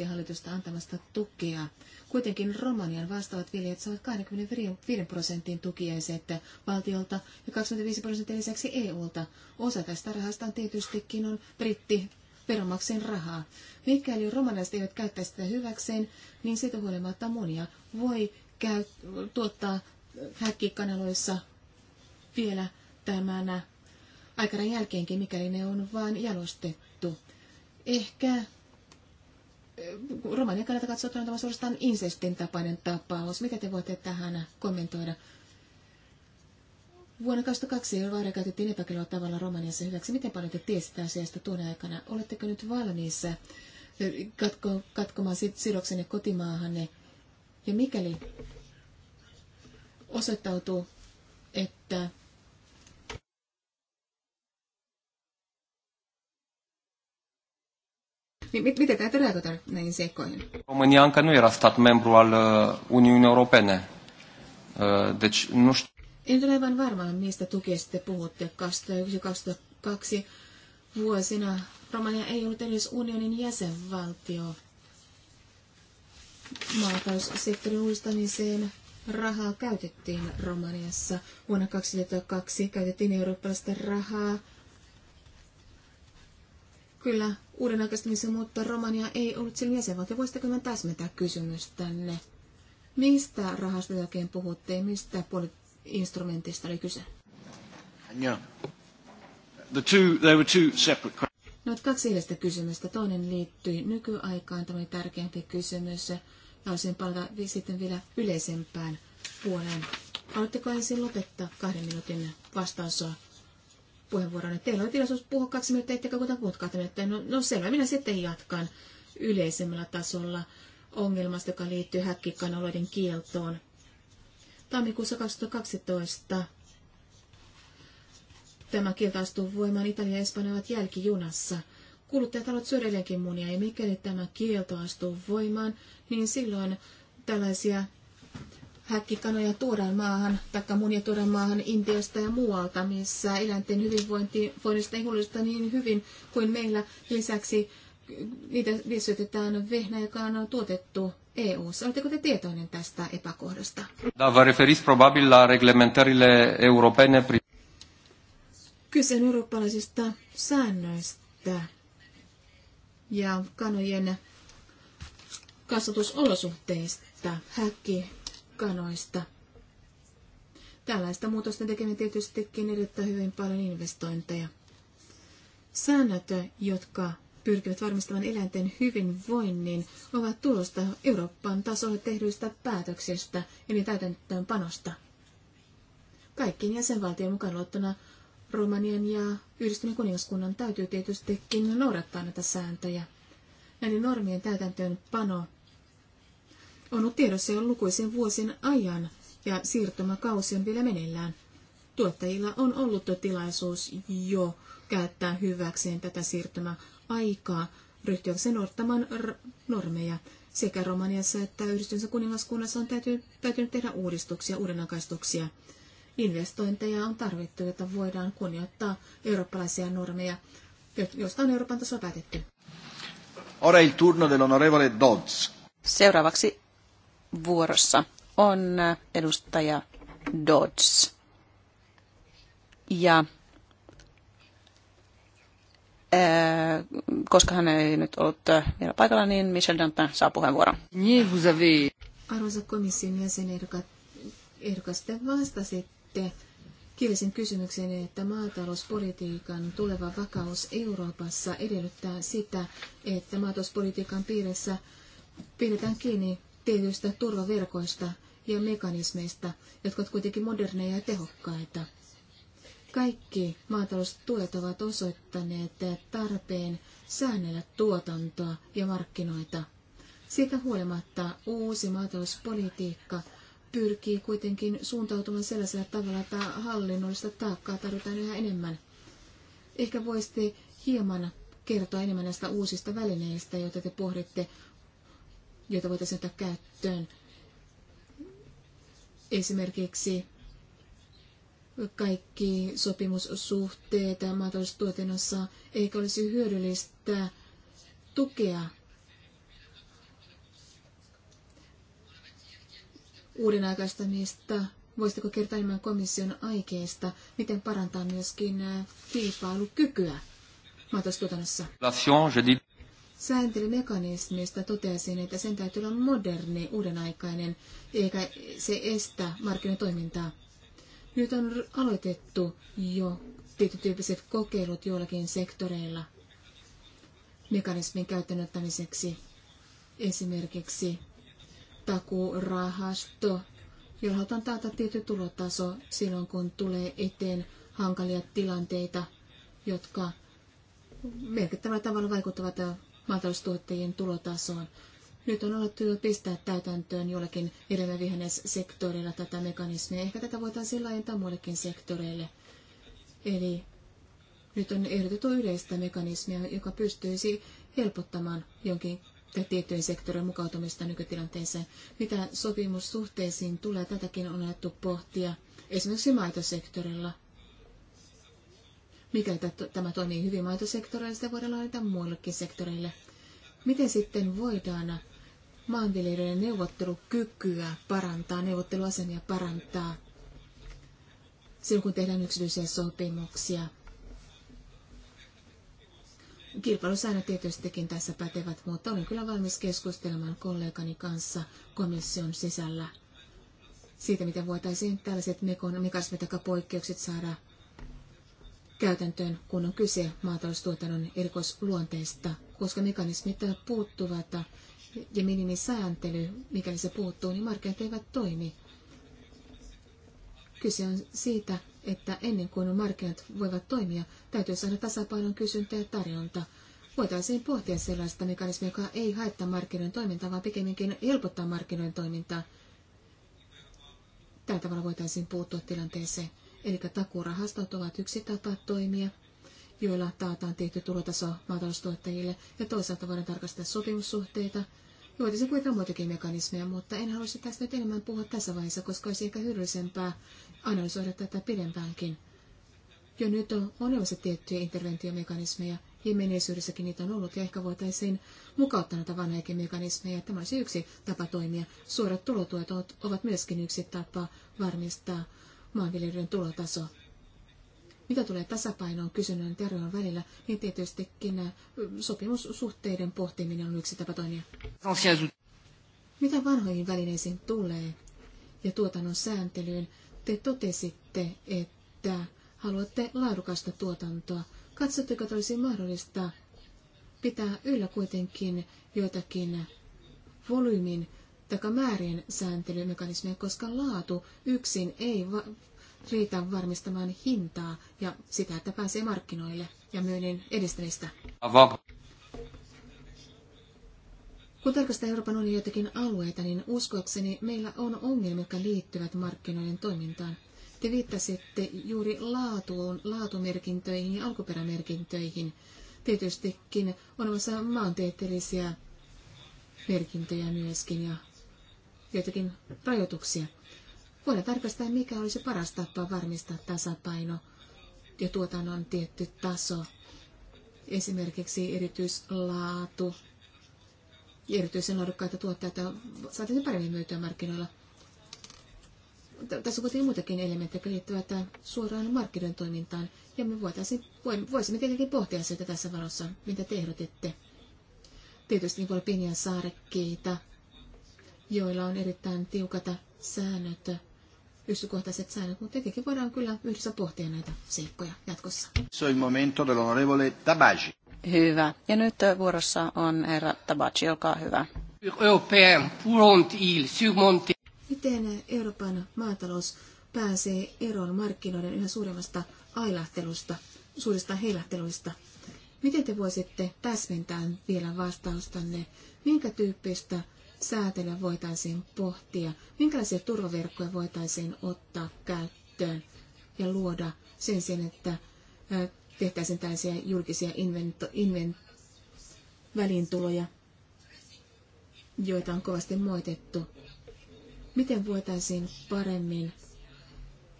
S3: hallitusta antamasta tukea. Kuitenkin Romanian vastaavat viljelijät saavat 25 prosentin tukiaiset valtiolta ja 25 prosentin lisäksi EUlta. Osa tästä rahasta on tietystikin on britti veronmaksajien rahaa. Mikäli romanaiset eivät käyttäisi sitä hyväkseen, niin siitä huolimatta monia voi käy, tuottaa häkkikanaloissa vielä tämänä aikana jälkeenkin, mikäli ne on vain jalostettu. Ehkä eh, romanian kannalta katsottuna tämä suorastaan insestin tapainen tapaus. Mitä te voitte tähän kommentoida? Vuonna 2002 vaaria käytettiin epäkelua tavalla Romaniassa hyväksi. Miten paljon te tiesitte asiasta tuon aikana? Oletteko nyt valmiissa eh, katko, katkomaan sidoksenne kotimaahanne? Ja mikäli osoittautuu, että Niin mit, miten täytyy tuota näihin seikkoihin?
S1: România încă nu era stat membru al uh, Uniunii Europene. Uh, deci nu știu.
S3: En ole aivan varma, mistä tukesta te puhutte 2001-2002 vuosina. Romania ei ollut edes unionin jäsenvaltio. Maataussektorin uudistamiseen rahaa käytettiin Romaniassa. Vuonna 2002 käytettiin eurooppalaista rahaa Kyllä, uuden aikaistamisen, mutta Romania ei ollut silloin jäsenvaltio. Voisitteko mä täsmentää tänne? Mistä rahasta jälkeen puhutte mistä puoli instrumentista oli kyse?
S4: Yeah. The two, there were two separate...
S3: No, kaksi edellistä kysymystä. Toinen liittyi nykyaikaan, tämä oli tärkeämpi kysymys. Ja olisin palata sitten vielä yleisempään puoleen. Haluatteko ensin lopettaa kahden minuutin vastaussoa? puheenvuoron. Teillä oli tilaisuus puhua kaksi minuuttia, ettekä kuten puhut kahta minuuttia. No, no selvä, minä sitten jatkan yleisemmällä tasolla ongelmasta, joka liittyy häkkikanaloiden kieltoon. Tammikuussa 2012 tämä kielto astuu voimaan Italia ja Espanja ovat jälkijunassa. Kuluttajat haluavat syödä edelleenkin munia ja mikäli tämä kielto astuu voimaan, niin silloin tällaisia häkkikanoja tuodaan maahan, taikka munia tuodaan maahan Intiasta ja muualta, missä eläinten hyvinvointi voidaan huolista niin hyvin kuin meillä. Lisäksi niitä syötetään vehnä, joka on tuotettu EU-ssa. Oletteko te tietoinen tästä epäkohdasta?
S1: vă referiți probabil la reglementările europene.
S3: Kyse on eurooppalaisista säännöistä ja kanojen kasvatusolosuhteista. Häkki kanoista. Tällaista muutosten tekeminen tekee erittäin hyvin paljon investointeja. Säännöt, jotka pyrkivät varmistamaan eläinten hyvinvoinnin, ovat tulosta Euroopan tasolle tehdyistä päätöksistä eli täytäntöön panosta. Kaikkien jäsenvaltion mukaan luottuna Romanian ja Yhdistyneen kuningaskunnan täytyy tietystikin noudattaa näitä sääntöjä. Näiden normien täytäntöön pano on ollut tiedossa jo lukuisen vuosien ajan ja siirtymäkausi on vielä meneillään. Tuottajilla on ollut tilaisuus jo käyttää hyväkseen tätä siirtymäaikaa ryhtyäkseen noudattamaan normeja. Sekä Romaniassa että yhdistyneessä kuningaskunnassa on täytynyt, täytynyt tehdä uudistuksia, uudenaikaistuksia. Investointeja on tarvittu, jotta voidaan kunnioittaa eurooppalaisia normeja, joista on Euroopan tasoa päätetty.
S1: Ora il turno dell'onorevole Dodds.
S2: Seuraavaksi vuorossa on edustaja Dodds. Ja äh, koska hän ei nyt ollut vielä paikalla, niin Michel Dantin saa puheenvuoron. Niin,
S3: Arvoisa komission ehdokas, te vastasitte kielisen kysymykseen, että maatalouspolitiikan tuleva vakaus Euroopassa edellyttää sitä, että maatalouspolitiikan piirissä pidetään kiinni tietyistä turvaverkoista ja mekanismeista, jotka ovat kuitenkin moderneja ja tehokkaita. Kaikki maataloustuet ovat osoittaneet tarpeen säännellä tuotantoa ja markkinoita. Siitä huolimatta uusi maatalouspolitiikka pyrkii kuitenkin suuntautumaan sellaisella tavalla, että hallinnollista taakkaa tarvitaan yhä enemmän. Ehkä voisitte hieman kertoa enemmän näistä uusista välineistä, joita te pohditte joita voitaisiin ottaa käyttöön. Esimerkiksi kaikki sopimussuhteet maataloustuotannossa, eikä olisi hyödyllistä tukea uuden aikaistamista. Voisitteko kertoa enemmän komission aikeista, miten parantaa myöskin kilpailukykyä maataloustuotannossa? sääntelymekanismista toteaisin, että sen täytyy olla moderni, uudenaikainen, eikä se estä markkinatoimintaa. Nyt on aloitettu jo tietyn kokeilut joillakin sektoreilla mekanismin käyttöönottamiseksi. Esimerkiksi takurahasto, jolla halutaan taata tietty tulotaso silloin, kun tulee eteen hankalia tilanteita, jotka merkittävällä tavalla vaikuttavat maataloustuottajien tulotasoon. Nyt on alettu jo pistää täytäntöön jollakin edellä vihannessektorilla tätä mekanismia. Ehkä tätä voitaisiin laajentaa muillekin sektoreille. Eli nyt on ehdotettu yleistä mekanismia, joka pystyisi helpottamaan jonkin tai tiettyjen sektorien mukautumista nykytilanteeseen. Mitä sopimussuhteisiin tulee, tätäkin on alettu pohtia, esimerkiksi maitosektorilla – Mikäli tämä toimii hyvinvointisektorilla, sitä voidaan laajentaa muillekin sektoreille. Miten sitten voidaan maanviljelijöiden neuvottelukykyä parantaa, neuvotteluasemia parantaa, silloin kun tehdään yksityisiä sopimuksia? Kilpailusäännöt tietystikin tässä pätevät, mutta olen kyllä valmis keskustelemaan kollegani kanssa komission sisällä siitä, miten voitaisiin tällaiset mekanismit ja poikkeukset saada käytäntöön, kun on kyse maataloustuotannon erikoisluonteesta, koska mekanismit puuttuvat ja minimisääntely, mikäli se puuttuu, niin markkinat eivät toimi. Kyse on siitä, että ennen kuin markkinat voivat toimia, täytyy saada tasapainon kysyntä ja tarjonta. Voitaisiin pohtia sellaista mekanismia, joka ei haittaa markkinoiden toimintaa, vaan pikemminkin helpottaa markkinoiden toimintaa. Tällä tavalla voitaisiin puuttua tilanteeseen. Eli takurahastot ovat yksi tapa toimia, joilla taataan tietty tulotaso maataloustuottajille, ja toisaalta voidaan tarkastella sopimussuhteita, Voitaisiin kuitenkin muitakin mekanismeja, mutta en halusi tästä nyt enemmän puhua tässä vaiheessa, koska olisi ehkä hyödyllisempää analysoida tätä pidempäänkin. Jo nyt on olemassa tiettyjä interventiomekanismeja, ja menneisyydessäkin niitä on ollut, ja ehkä voitaisiin mukauttaa näitä vanhojakin mekanismeja. Tämä olisi yksi tapa toimia. Suorat tulotuet ovat myöskin yksi tapa varmistaa maanviljelijöiden tulotaso. Mitä tulee tasapainoon kysynnän ja tarjonnan välillä, niin tietystikin äh, sopimussuhteiden pohtiminen on yksi tapa toimia. Mitä vanhoihin välineisiin tulee ja tuotannon sääntelyyn, te totesitte, että haluatte laadukasta tuotantoa. Katsotteko, että olisi mahdollista pitää yllä kuitenkin joitakin volyymin tai määrien sääntelymekanismeja, koska laatu yksin ei va- riitä varmistamaan hintaa ja sitä, että pääsee markkinoille ja myynnin edistämistä. Kun tarkastaa Euroopan unionin jotakin alueita, niin uskoakseni meillä on ongelmia, jotka liittyvät markkinoiden toimintaan. Te viittasitte juuri laatuun, laatumerkintöihin ja alkuperämerkintöihin. Tietystikin on olemassa maantieteellisiä merkintöjä myöskin ja joitakin rajoituksia. Voidaan tarkastaa, mikä olisi paras tapa varmistaa tasapaino ja tuotannon tietty taso. Esimerkiksi erityislaatu ja erityisen laadukkaita tuotteita saataisiin paremmin myytyä markkinoilla. Tässä on kuitenkin muitakin elementtejä, jotka liittyvät suoraan markkinoiden toimintaan, ja me voitaisiin, voisimme tietenkin pohtia sitä tässä valossa, mitä te ehdotitte. Tietysti kuin pieniä saarekkeita, joilla on erittäin tiukat säännöt, yksikohtaiset säännöt, mutta tietenkin voidaan kyllä yhdessä pohtia näitä seikkoja jatkossa.
S2: Hyvä. Ja nyt äh, vuorossa on herra Tabaci, olkaa hyvä.
S3: Miten Euroopan maatalous pääsee eroon markkinoiden yhä suuremmasta ailahtelusta, suurista heilahteluista? Miten te voisitte täsmentää vielä vastaustanne, minkä tyyppistä säätelyä voitaisiin pohtia, minkälaisia turvaverkkoja voitaisiin ottaa käyttöön ja luoda sen sijaan, että tehtäisiin tällaisia julkisia invento, invent, välintuloja, joita on kovasti moitettu. Miten voitaisiin paremmin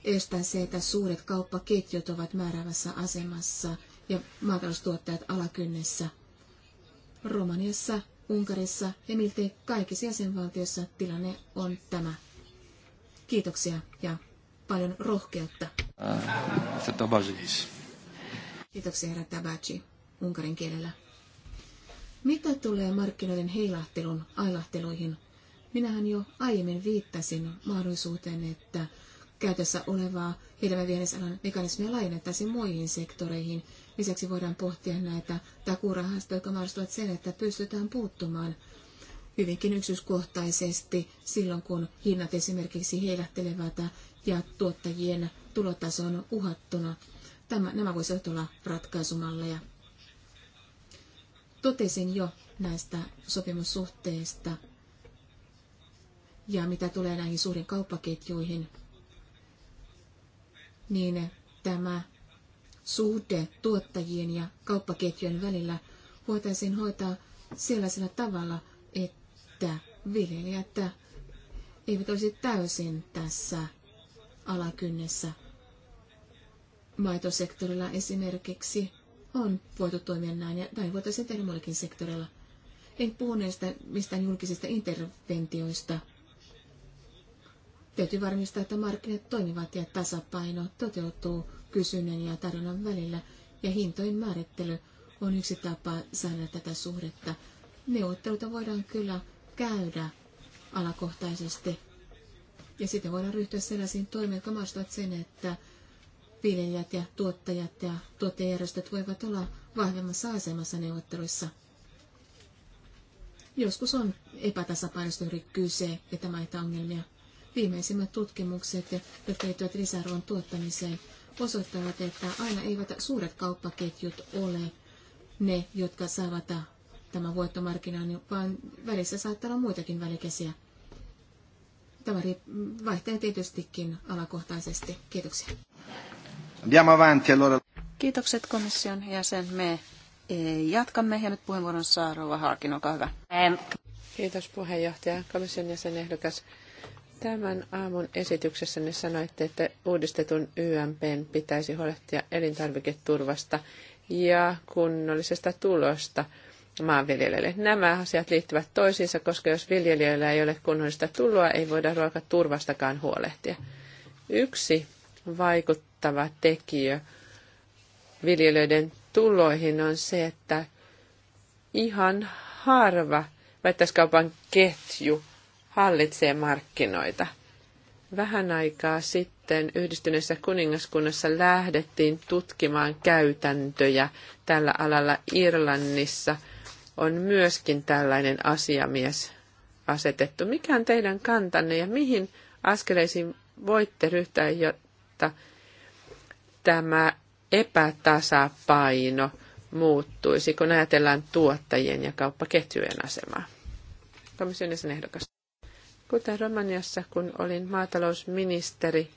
S3: estää se, että suuret kauppaketjut ovat määräävässä asemassa ja maataloustuottajat alakynnessä? Romaniassa Unkarissa ja miltei kaikissa jäsenvaltioissa tilanne on tämä. Kiitoksia ja paljon rohkeutta.
S1: Ah,
S3: Kiitoksia herra Tabaci unkarin kielellä. Mitä tulee markkinoiden heilahtelun ailahteluihin? Minähän jo aiemmin viittasin mahdollisuuteen, että käytössä olevaa hedelmäviennisalan mekanismia laajennettaisiin muihin sektoreihin, Lisäksi voidaan pohtia näitä takurahastoja, jotka mahdollistavat sen, että pystytään puuttumaan hyvinkin yksityiskohtaisesti silloin, kun hinnat esimerkiksi heilahtelevat ja tuottajien tulotaso on uhattuna. Tämä, nämä voisivat olla ratkaisumalleja. Totesin jo näistä sopimussuhteista ja mitä tulee näihin suuriin kauppaketjuihin, niin tämä suhde tuottajien ja kauppaketjujen välillä voitaisiin hoitaa sellaisella tavalla, että viljelijät eivät olisi täysin tässä alakynnessä. Maitosektorilla esimerkiksi on voitu toimia näin, ja näin voitaisiin tehdä muillakin sektorilla. En puhu näistä mistään julkisista interventioista. Täytyy varmistaa, että markkinat toimivat ja tasapaino toteutuu kysynnän ja tarjonnan välillä, ja hintojen määrittely on yksi tapa säännellä tätä suhdetta. Neuvotteluita voidaan kyllä käydä alakohtaisesti, ja sitten voidaan ryhtyä sellaisiin toimiin, jotka mahdollistavat sen, että viljelijät ja tuottajat ja tuottajajärjestöt voivat olla vahvemmassa asemassa neuvotteluissa. Joskus on epätasapainosta juuri kyse ja tämä aiheuttaa ongelmia. Viimeisimmät tutkimukset, jotka liittyvät lisäarvon tuottamiseen, osoittavat, että aina eivät suuret kauppaketjut ole ne, jotka saavat tämän voittomarkkinan, vaan välissä saattaa olla muitakin välikäsiä. Tämä vaihtelee
S2: tietystikin alakohtaisesti. Kiitoksia.
S1: Andiamo avanti allora.
S2: Kiitokset komission jäsen. Me eh, jatkamme ja nyt puheenvuoron saa Rova Haakin, olkaa hyvä.
S4: Kiitos puheenjohtaja, komission jäsen ehdokas. Tämän aamun esityksessäni sanoitte, että uudistetun YMPn pitäisi huolehtia elintarviketurvasta ja kunnollisesta tulosta maanviljelijöille. Nämä asiat liittyvät toisiinsa, koska jos viljelijöillä ei ole kunnollista tuloa, ei voida ruokaturvastakaan huolehtia. Yksi vaikuttava tekijä viljelijöiden tuloihin on se, että ihan harva väittäiskaupan ketju – hallitsee markkinoita. Vähän aikaa sitten yhdistyneessä kuningaskunnassa lähdettiin tutkimaan käytäntöjä tällä alalla Irlannissa. On myöskin tällainen asiamies asetettu. Mikä on teidän kantanne ja mihin askeleisiin voitte ryhtyä, jotta tämä epätasapaino muuttuisi, kun ajatellaan tuottajien ja kauppaketjujen asemaa? Komission ehdokas. Kuten Romaniassa, kun olin maatalousministeri,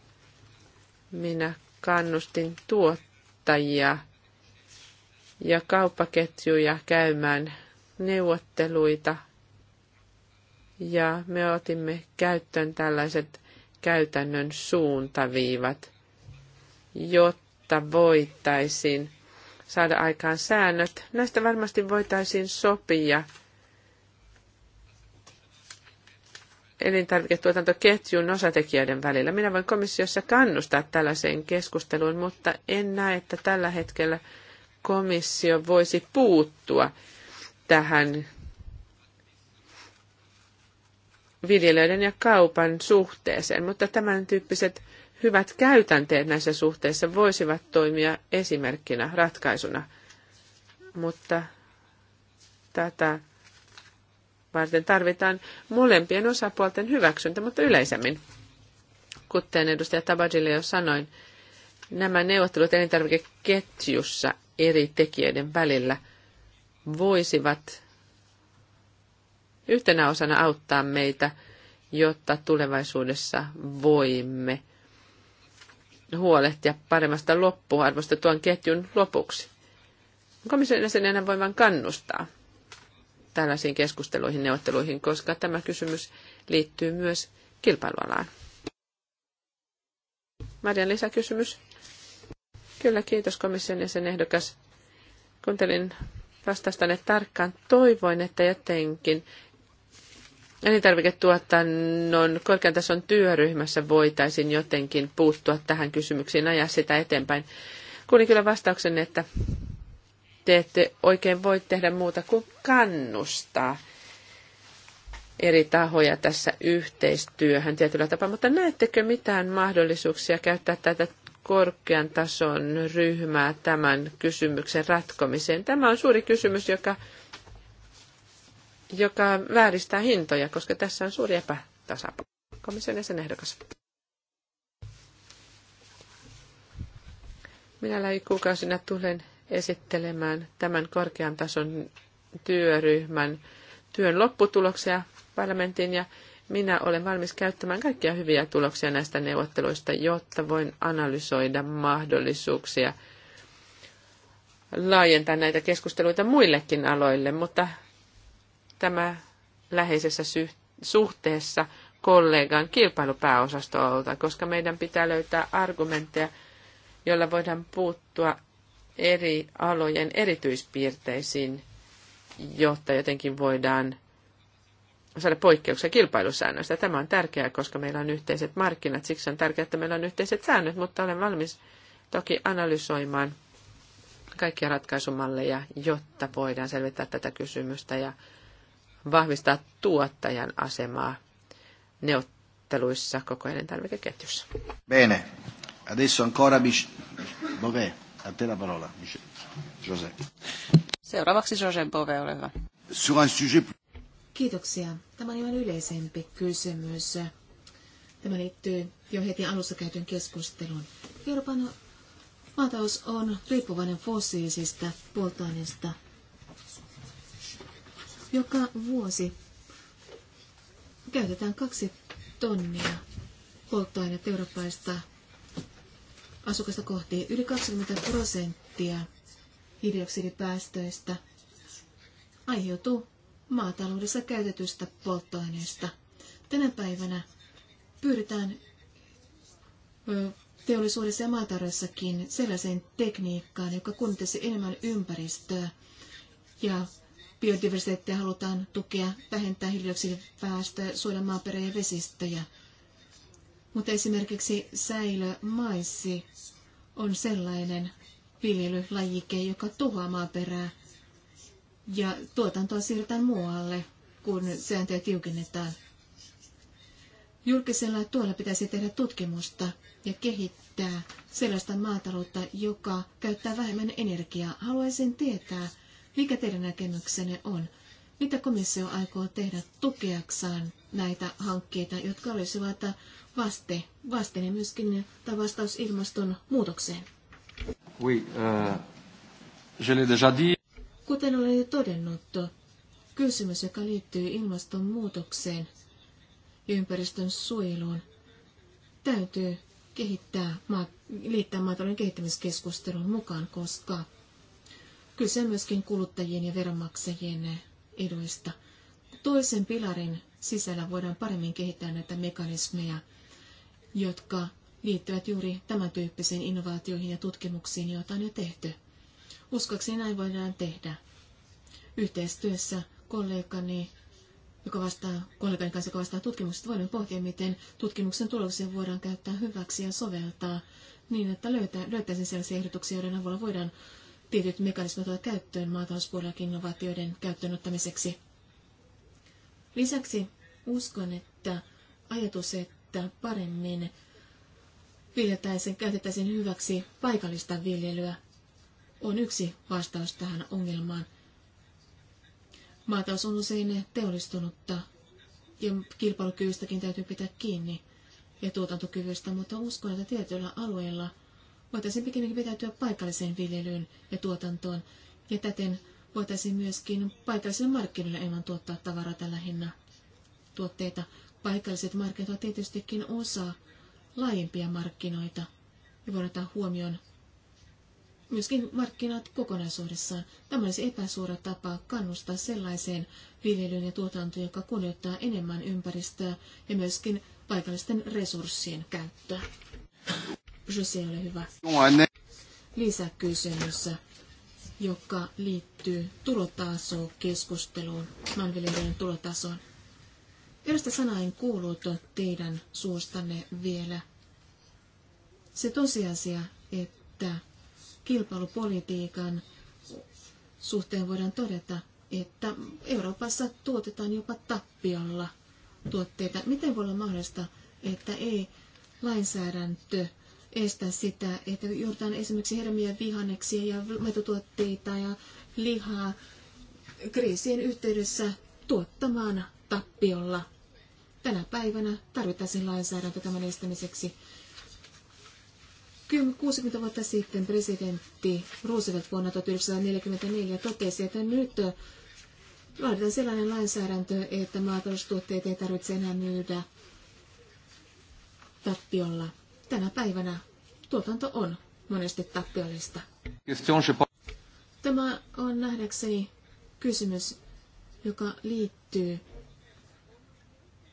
S4: minä kannustin tuottajia ja kauppaketjuja käymään neuvotteluita. Ja me otimme käyttöön tällaiset käytännön suuntaviivat, jotta voitaisiin saada aikaan säännöt. Näistä varmasti voitaisiin sopia elintarviketuotantoketjun osatekijöiden välillä. Minä voin komissiossa kannustaa tällaiseen keskusteluun, mutta en näe, että tällä hetkellä komissio voisi puuttua tähän viljelijöiden ja kaupan suhteeseen, mutta tämän tyyppiset hyvät käytänteet näissä suhteissa voisivat toimia esimerkkinä, ratkaisuna. Mutta tätä varten tarvitaan molempien osapuolten hyväksyntä, mutta yleisemmin. Kuten edustaja Tabajille jo sanoin, nämä neuvottelut elintarvikeketjussa eri tekijöiden välillä voisivat yhtenä osana auttaa meitä, jotta tulevaisuudessa voimme huolehtia paremmasta loppuarvosta tuon ketjun lopuksi. Komission jäsenenä voin vain kannustaa tällaisiin keskusteluihin, neuvotteluihin, koska tämä kysymys liittyy myös kilpailualaan. Marian lisäkysymys. Kyllä, kiitos komission jäsen ehdokas. Kuuntelin vastaustanne tarkkaan. Toivoin, että jotenkin elintarviketuotannon korkean tason työryhmässä voitaisiin jotenkin puuttua tähän kysymykseen, ajaa sitä eteenpäin. Kuulin kyllä vastauksen, että te ette oikein voi tehdä muuta kuin kannustaa eri tahoja tässä yhteistyöhön tietyllä tapaa, mutta näettekö mitään mahdollisuuksia käyttää tätä korkean tason ryhmää tämän kysymyksen ratkomiseen? Tämä on suuri kysymys, joka, joka vääristää hintoja, koska tässä on suuri epätasapaino komission sen ehdokas. Minä lähi kuukausina tulen esittelemään tämän korkean tason työryhmän työn lopputuloksia parlamentin ja minä olen valmis käyttämään kaikkia hyviä tuloksia näistä neuvotteluista, jotta voin analysoida mahdollisuuksia laajentaa näitä keskusteluita muillekin aloille, mutta tämä läheisessä suhteessa kollegan kilpailupääosastolta, koska meidän pitää löytää argumentteja, joilla voidaan puuttua eri alojen erityispiirteisiin, jotta jotenkin voidaan saada poikkeuksia kilpailusäännöistä. Tämä on tärkeää, koska meillä on yhteiset markkinat. Siksi on tärkeää, että meillä on yhteiset säännöt, mutta olen valmis toki analysoimaan kaikkia ratkaisumalleja, jotta voidaan selvittää tätä kysymystä ja vahvistaa tuottajan asemaa neuvotteluissa koko elintarvikeketjussa.
S1: Bene. Adesso ancora bis... Bove. A te la parola, José.
S2: Seuraavaksi José Bove, ole hyvä.
S1: Sur un sujet...
S3: Kiitoksia. Tämä on ihan yleisempi kysymys. Tämä liittyy jo heti alussa käytyn keskusteluun. Euroopan maatalous on riippuvainen fossiilisista polttoaineista. Joka vuosi käytetään kaksi tonnia polttoainetta eurooppalaista asukasta kohti yli 20 prosenttia hiilidioksidipäästöistä aiheutuu maataloudessa käytetystä polttoaineesta. Tänä päivänä pyritään teollisuudessa ja maataloudessakin sellaiseen tekniikkaan, joka kunnioittaisi enemmän ympäristöä ja biodiversiteettiä halutaan tukea, vähentää hiilidioksidipäästöä, suojella maaperä ja vesistöjä – mutta esimerkiksi säilömaissi on sellainen viljelylajike, joka tuhoaa maaperää ja tuotantoa siirretään muualle, kun sääntöjä tiukennetaan. Julkisella tuolla pitäisi tehdä tutkimusta ja kehittää sellaista maataloutta, joka käyttää vähemmän energiaa. Haluaisin tietää, mikä teidän näkemyksenne on. Mitä komissio aikoo tehdä tukeaksaan näitä hankkeita, jotka olisivat vaste, vastine myöskin tai vastaus ilmastonmuutokseen.
S1: Oui, uh, je déjà dit.
S3: Kuten olen jo todennut, kysymys, joka liittyy ilmastonmuutokseen ja ympäristön suojeluun, täytyy kehittää, liittää maatalouden kehittämiskeskusteluun mukaan, koska kyse on myöskin kuluttajien ja veronmaksajien eduista. Toisen pilarin sisällä voidaan paremmin kehittää näitä mekanismeja, jotka liittyvät juuri tämän tyyppisiin innovaatioihin ja tutkimuksiin, joita on jo tehty. Uskoakseni näin voidaan tehdä. Yhteistyössä kollegani, joka vastaa, kollegani kanssa, joka vastaa tutkimuksesta, voimme pohtia, miten tutkimuksen tuloksia voidaan käyttää hyväksi ja soveltaa niin, että löytää, löytäisiin sellaisia ehdotuksia, joiden avulla voidaan tietyt mekanismit ottaa käyttöön maatalouspuolellakin innovaatioiden käyttöönottamiseksi. Lisäksi uskon, että ajatus, että paremmin viljeltäisiin, käytettäisiin hyväksi paikallista viljelyä, on yksi vastaus tähän ongelmaan. Maatalous on usein teollistunutta ja kilpailukyvystäkin täytyy pitää kiinni ja tuotantokyvystä, mutta uskon, että tietyillä alueilla voitaisiin pikemminkin pitäytyä paikalliseen viljelyyn ja tuotantoon ja täten voitaisiin myöskin paikallisille markkinoille enemmän tuottaa tavaraa tällä hinnalla tuotteita. Paikalliset markkinat ovat tietystikin osa laajempia markkinoita ja voidaan ottaa huomioon myöskin markkinat kokonaisuudessaan. Tämä olisi epäsuora tapa kannustaa sellaiseen viljelyyn ja tuotantoon, joka kunnioittaa enemmän ympäristöä ja myöskin paikallisten resurssien käyttöä. Jose, ole hyvä. Niin. Lisäkysymys joka liittyy tulotasoon keskusteluun, maanviljelijöiden tulotasoon. Yhdestä sanaa en kuullut teidän suostanne vielä. Se tosiasia, että kilpailupolitiikan suhteen voidaan todeta, että Euroopassa tuotetaan jopa tappiolla tuotteita. Miten voi olla mahdollista, että ei lainsäädäntö estää sitä, että joudutaan esimerkiksi hermiä vihanneksia ja metotuotteita ja lihaa kriisien yhteydessä tuottamaan tappiolla. Tänä päivänä tarvittaisiin lainsäädäntö tämän estämiseksi. 60 vuotta sitten presidentti Roosevelt vuonna 1944 totesi, että nyt laaditaan sellainen lainsäädäntö, että maataloustuotteita ei tarvitse enää myydä tappiolla. Tänä päivänä tuotanto on monesti tappiollista. Tämä on nähdäkseni kysymys, joka liittyy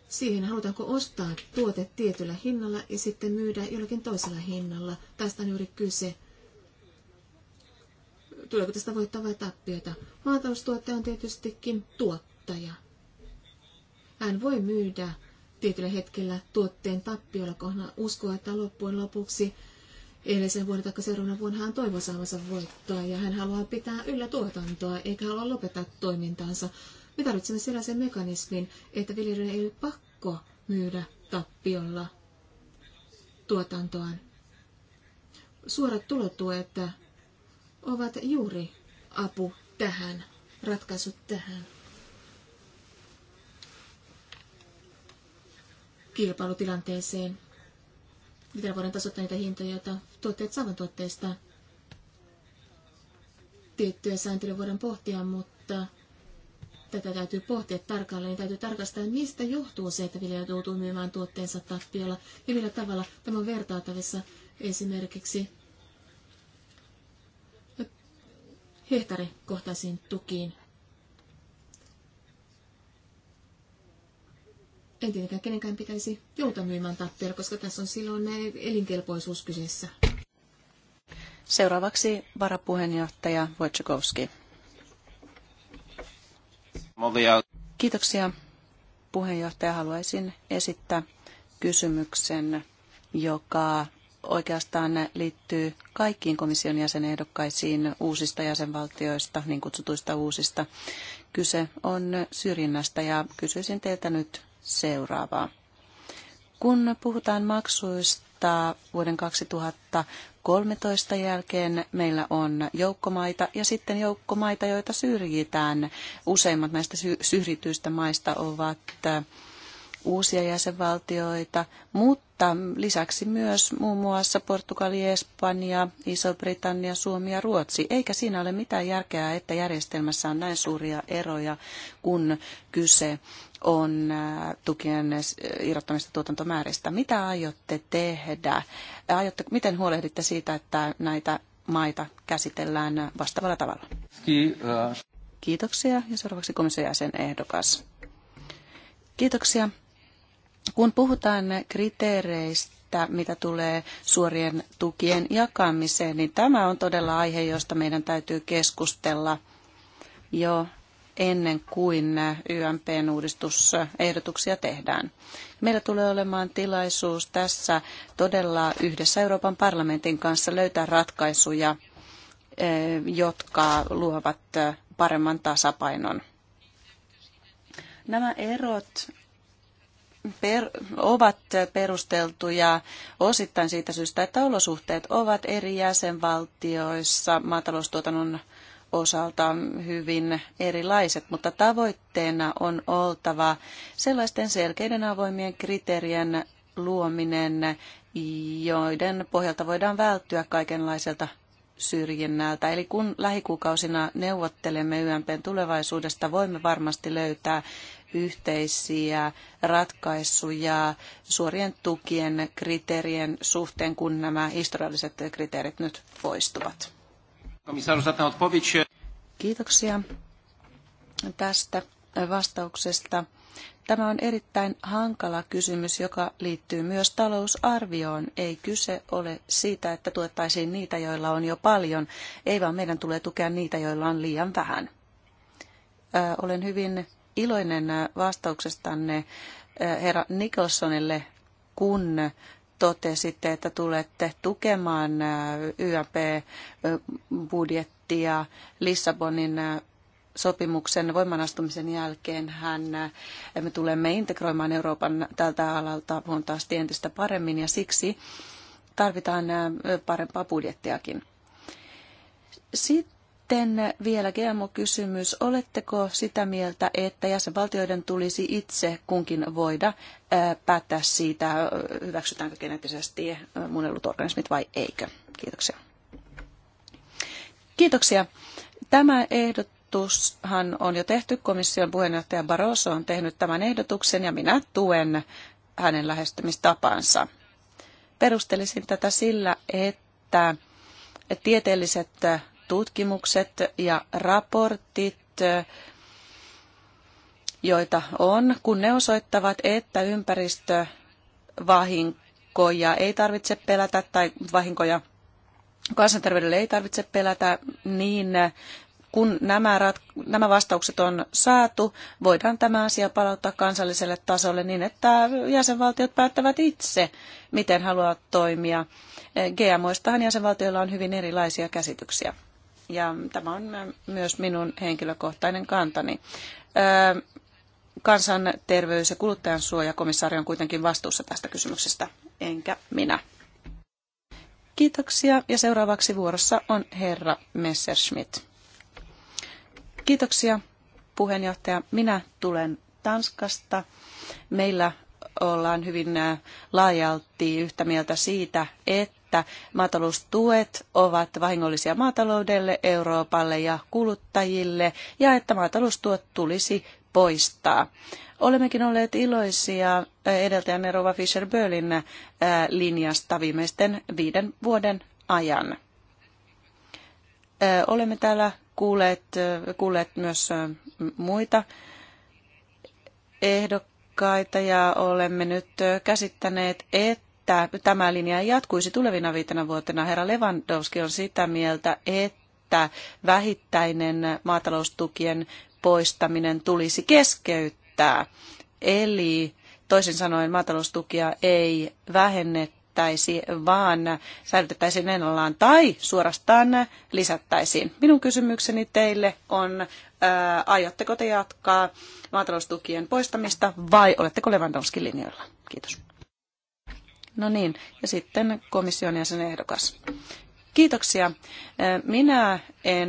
S3: siihen, halutaanko ostaa tuote tietyllä hinnalla ja sitten myydä jollakin toisella hinnalla. Tästä on juuri kyse. Tuleeko tästä voittaa vai tappiota? Maataloustuottaja on tietystikin tuottaja. Hän voi myydä tietyllä hetkellä tuotteen tappiolla, kun hän uskoo, että loppujen lopuksi edellisen vuoden tai seuraavana vuonna hän toivoo saavansa voittoa ja hän haluaa pitää yllä tuotantoa eikä halua lopettaa toimintaansa. Me tarvitsemme sellaisen mekanismin, että viljelijöiden ei ole pakko myydä tappiolla tuotantoaan. Suorat tulotuet ovat juuri apu tähän, ratkaisut tähän. kilpailutilanteeseen. Mitä voidaan tasoittaa niitä hintoja, joita tuotteet samantuotteista. Tiettyä sääntöjä voidaan pohtia, mutta tätä täytyy pohtia tarkalleen. Niin täytyy tarkastaa, mistä johtuu se, että viljelijät joutuu myymään tuotteensa tappiolla ja millä tavalla tämä on vertaatavissa esimerkiksi hehtaarikohtaisiin tukiin. En tietenkään kenenkään pitäisi joutua myymään tappiolla, koska tässä on
S2: silloin elinkelpoisuus kyseessä. Seuraavaksi varapuheenjohtaja Wojciechowski. Kiitoksia puheenjohtaja. Haluaisin esittää kysymyksen, joka oikeastaan liittyy kaikkiin komission jäsenehdokkaisiin uusista jäsenvaltioista, niin kutsutuista uusista. Kyse on syrjinnästä ja kysyisin teiltä nyt seuraavaa. Kun puhutaan maksuista, mutta vuoden 2013 jälkeen meillä on joukkomaita ja sitten joukkomaita, joita syrjitään. Useimmat näistä syrjityistä maista ovat äh, uusia jäsenvaltioita, mutta mutta lisäksi myös muun muassa Portugali, Espanja, Iso-Britannia, Suomi ja Ruotsi. Eikä siinä ole mitään järkeä, että järjestelmässä on näin suuria eroja, kun kyse on äh, tukien irrottamista tuotantomääristä. Mitä aiotte tehdä? Aiotte, miten huolehditte siitä, että näitä maita käsitellään vastaavalla tavalla? Kiitoksia. Ja seuraavaksi komission jäsen ehdokas. Kiitoksia kun puhutaan kriteereistä, mitä tulee suorien tukien jakamiseen, niin tämä on todella aihe, josta meidän täytyy keskustella jo ennen kuin YMPn uudistusehdotuksia tehdään. Meillä tulee olemaan tilaisuus tässä todella yhdessä Euroopan parlamentin kanssa löytää ratkaisuja, eh, jotka luovat paremman tasapainon. Nämä erot per, ovat perusteltuja osittain siitä syystä, että olosuhteet ovat eri jäsenvaltioissa maataloustuotannon osalta hyvin erilaiset, mutta tavoitteena on oltava sellaisten selkeiden avoimien kriteerien luominen, joiden pohjalta voidaan välttyä kaikenlaiselta syrjinnältä. Eli kun lähikuukausina neuvottelemme YMPn tulevaisuudesta, voimme varmasti löytää yhteisiä ratkaisuja suorien tukien kriteerien suhteen, kun nämä historialliset kriteerit nyt poistuvat? Kiitoksia tästä vastauksesta. Tämä on erittäin hankala kysymys, joka liittyy myös talousarvioon. Ei kyse ole siitä, että tuettaisiin niitä, joilla on jo paljon, ei vaan meidän tulee tukea niitä, joilla on liian vähän. Ö, olen hyvin iloinen äh, vastauksestanne äh, herra Nicholsonille, kun totesitte, että tulette tukemaan äh, yap budjettia Lissabonin sopimuksen voimanastumisen jälkeen hän, me tulemme integroimaan Euroopan tältä alalta huomattavasti entistä paremmin ja siksi tarvitaan parempaa budjettiakin. Sitten sitten vielä GMO-kysymys. Oletteko sitä mieltä, että jäsenvaltioiden tulisi itse kunkin voida päättää siitä, hyväksytäänkö geneettisesti munellut organismit vai eikö? Kiitoksia. Kiitoksia. Tämä ehdotushan on jo tehty. Komission puheenjohtaja Barroso on tehnyt tämän ehdotuksen ja minä tuen hänen lähestymistapansa. Perustelisin tätä sillä, että tieteelliset tutkimukset ja raportit, joita on, kun ne osoittavat, että ympäristövahinkoja ei tarvitse pelätä tai vahinkoja kansanterveydelle ei tarvitse pelätä, niin kun nämä, rat, nämä vastaukset on saatu, voidaan tämä asia palauttaa kansalliselle tasolle niin, että jäsenvaltiot päättävät itse, miten haluavat toimia. GMOistahan jäsenvaltioilla on hyvin erilaisia käsityksiä ja tämä on myös minun henkilökohtainen kantani. Kansanterveys- ja kuluttajansuojakomissaari on kuitenkin vastuussa tästä kysymyksestä, enkä minä. Kiitoksia ja seuraavaksi vuorossa on herra Messerschmidt. Kiitoksia puheenjohtaja. Minä tulen Tanskasta. Meillä ollaan hyvin laajalti yhtä mieltä siitä, että että maataloustuet ovat vahingollisia maataloudelle, Euroopalle ja kuluttajille ja että maataloustuot tulisi poistaa. Olemmekin olleet iloisia äh, edeltäjänne Rova Fischer-Böllin äh, linjasta viimeisten viiden vuoden ajan. Äh, olemme täällä kuulleet, kuulleet myös muita ehdokkaita ja olemme nyt käsittäneet, että että tämä linja jatkuisi tulevina viitenä vuotena. Herra Lewandowski on sitä mieltä, että vähittäinen maataloustukien poistaminen tulisi keskeyttää. Eli toisin sanoen maataloustukia ei vähennettäisi, vaan säilytettäisiin ennallaan tai suorastaan lisättäisiin. Minun kysymykseni teille on, ää, aiotteko te jatkaa maataloustukien poistamista vai oletteko Lewandowskin linjoilla? Kiitos. No niin, ja sitten komission ehdokas. Kiitoksia. Minä en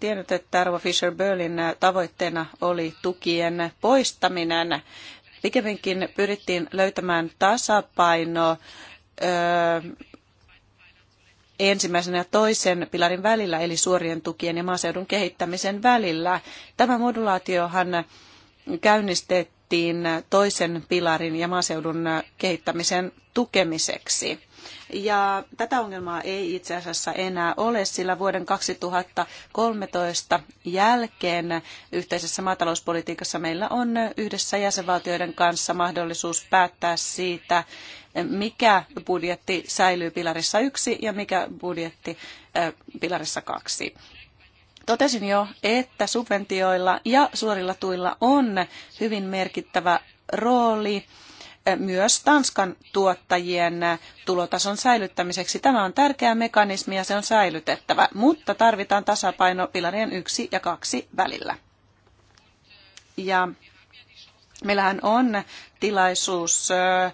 S2: tiennyt, että Arvo Fisher-Berlin tavoitteena oli tukien poistaminen. Pikemminkin pyrittiin löytämään tasapaino ensimmäisen ja toisen pilarin välillä, eli suorien tukien ja maaseudun kehittämisen välillä. Tämä modulaatiohan käynnistettiin tehtiin toisen pilarin ja maaseudun kehittämisen tukemiseksi. Ja tätä ongelmaa ei itse asiassa enää ole, sillä vuoden 2013 jälkeen yhteisessä maatalouspolitiikassa meillä on yhdessä jäsenvaltioiden kanssa mahdollisuus päättää siitä, mikä budjetti säilyy pilarissa yksi ja mikä budjetti äh, pilarissa kaksi. Totesin jo, että subventioilla ja suorilla tuilla on hyvin merkittävä rooli eh, myös Tanskan tuottajien eh, tulotason säilyttämiseksi. Tämä on tärkeä mekanismi ja se on säilytettävä, mutta tarvitaan tasapaino pilarien yksi ja kaksi välillä. Ja meillähän on tilaisuus eh,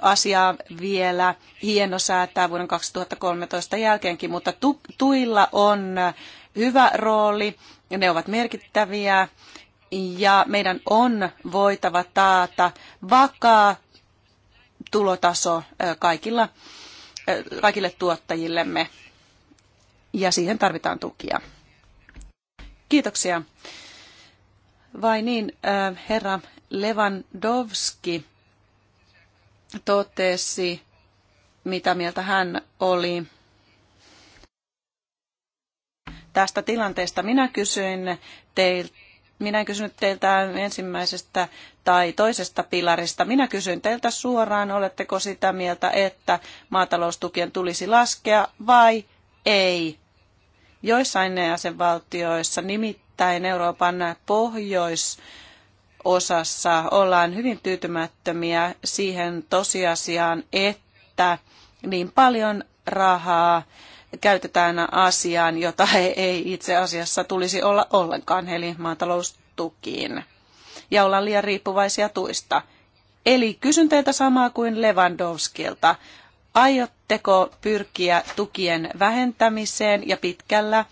S2: asiaa vielä hienosäätää vuoden 2013 jälkeenkin, mutta tuilla on hyvä rooli, ne ovat merkittäviä ja meidän on voitava taata vakaa tulotaso kaikilla, kaikille tuottajillemme ja siihen tarvitaan tukia. Kiitoksia. Vai niin, herra Levandowski totesi, mitä mieltä hän oli tästä tilanteesta. Minä kysyin teiltä minä en kysynyt teiltä ensimmäisestä tai toisesta pilarista. Minä kysyn teiltä suoraan, oletteko sitä mieltä, että maataloustukien tulisi laskea vai ei. Joissain jäsenvaltioissa, nimittäin Euroopan pohjois osassa ollaan hyvin tyytymättömiä siihen tosiasiaan, että niin paljon rahaa käytetään asiaan, jota ei itse asiassa tulisi olla ollenkaan, eli maataloustukiin. Ja ollaan liian riippuvaisia tuista. Eli kysyn teiltä samaa kuin Lewandowskilta. Aiotteko pyrkiä tukien vähentämiseen ja pitkällä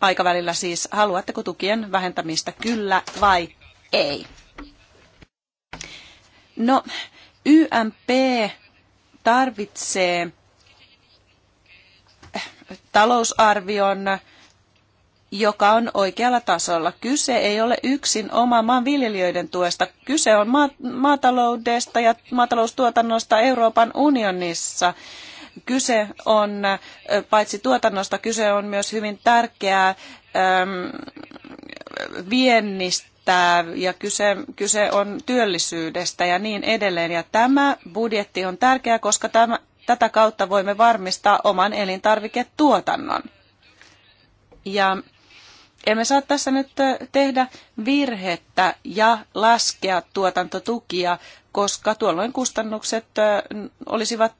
S2: aikavälillä siis, haluatteko tukien vähentämistä kyllä vai ei? No, YMP tarvitsee eh, talousarvion, joka on oikealla tasolla. Kyse ei ole yksin oma maanviljelijöiden tuesta. Kyse on maataloudesta ja maataloustuotannosta Euroopan unionissa. Kyse on eh, paitsi tuotannosta, kyse on myös hyvin tärkeää äm, ehm, viennistä yrittää ja kyse, kyse on työllisyydestä ja niin edelleen. Ja tämä budjetti on tärkeä, koska tämä, tätä kautta voimme varmistaa oman elintarviketuotannon. Ja emme saa tässä nyt tehdä virhettä ja laskea tuotantotukia, koska tuolloin kustannukset olisivat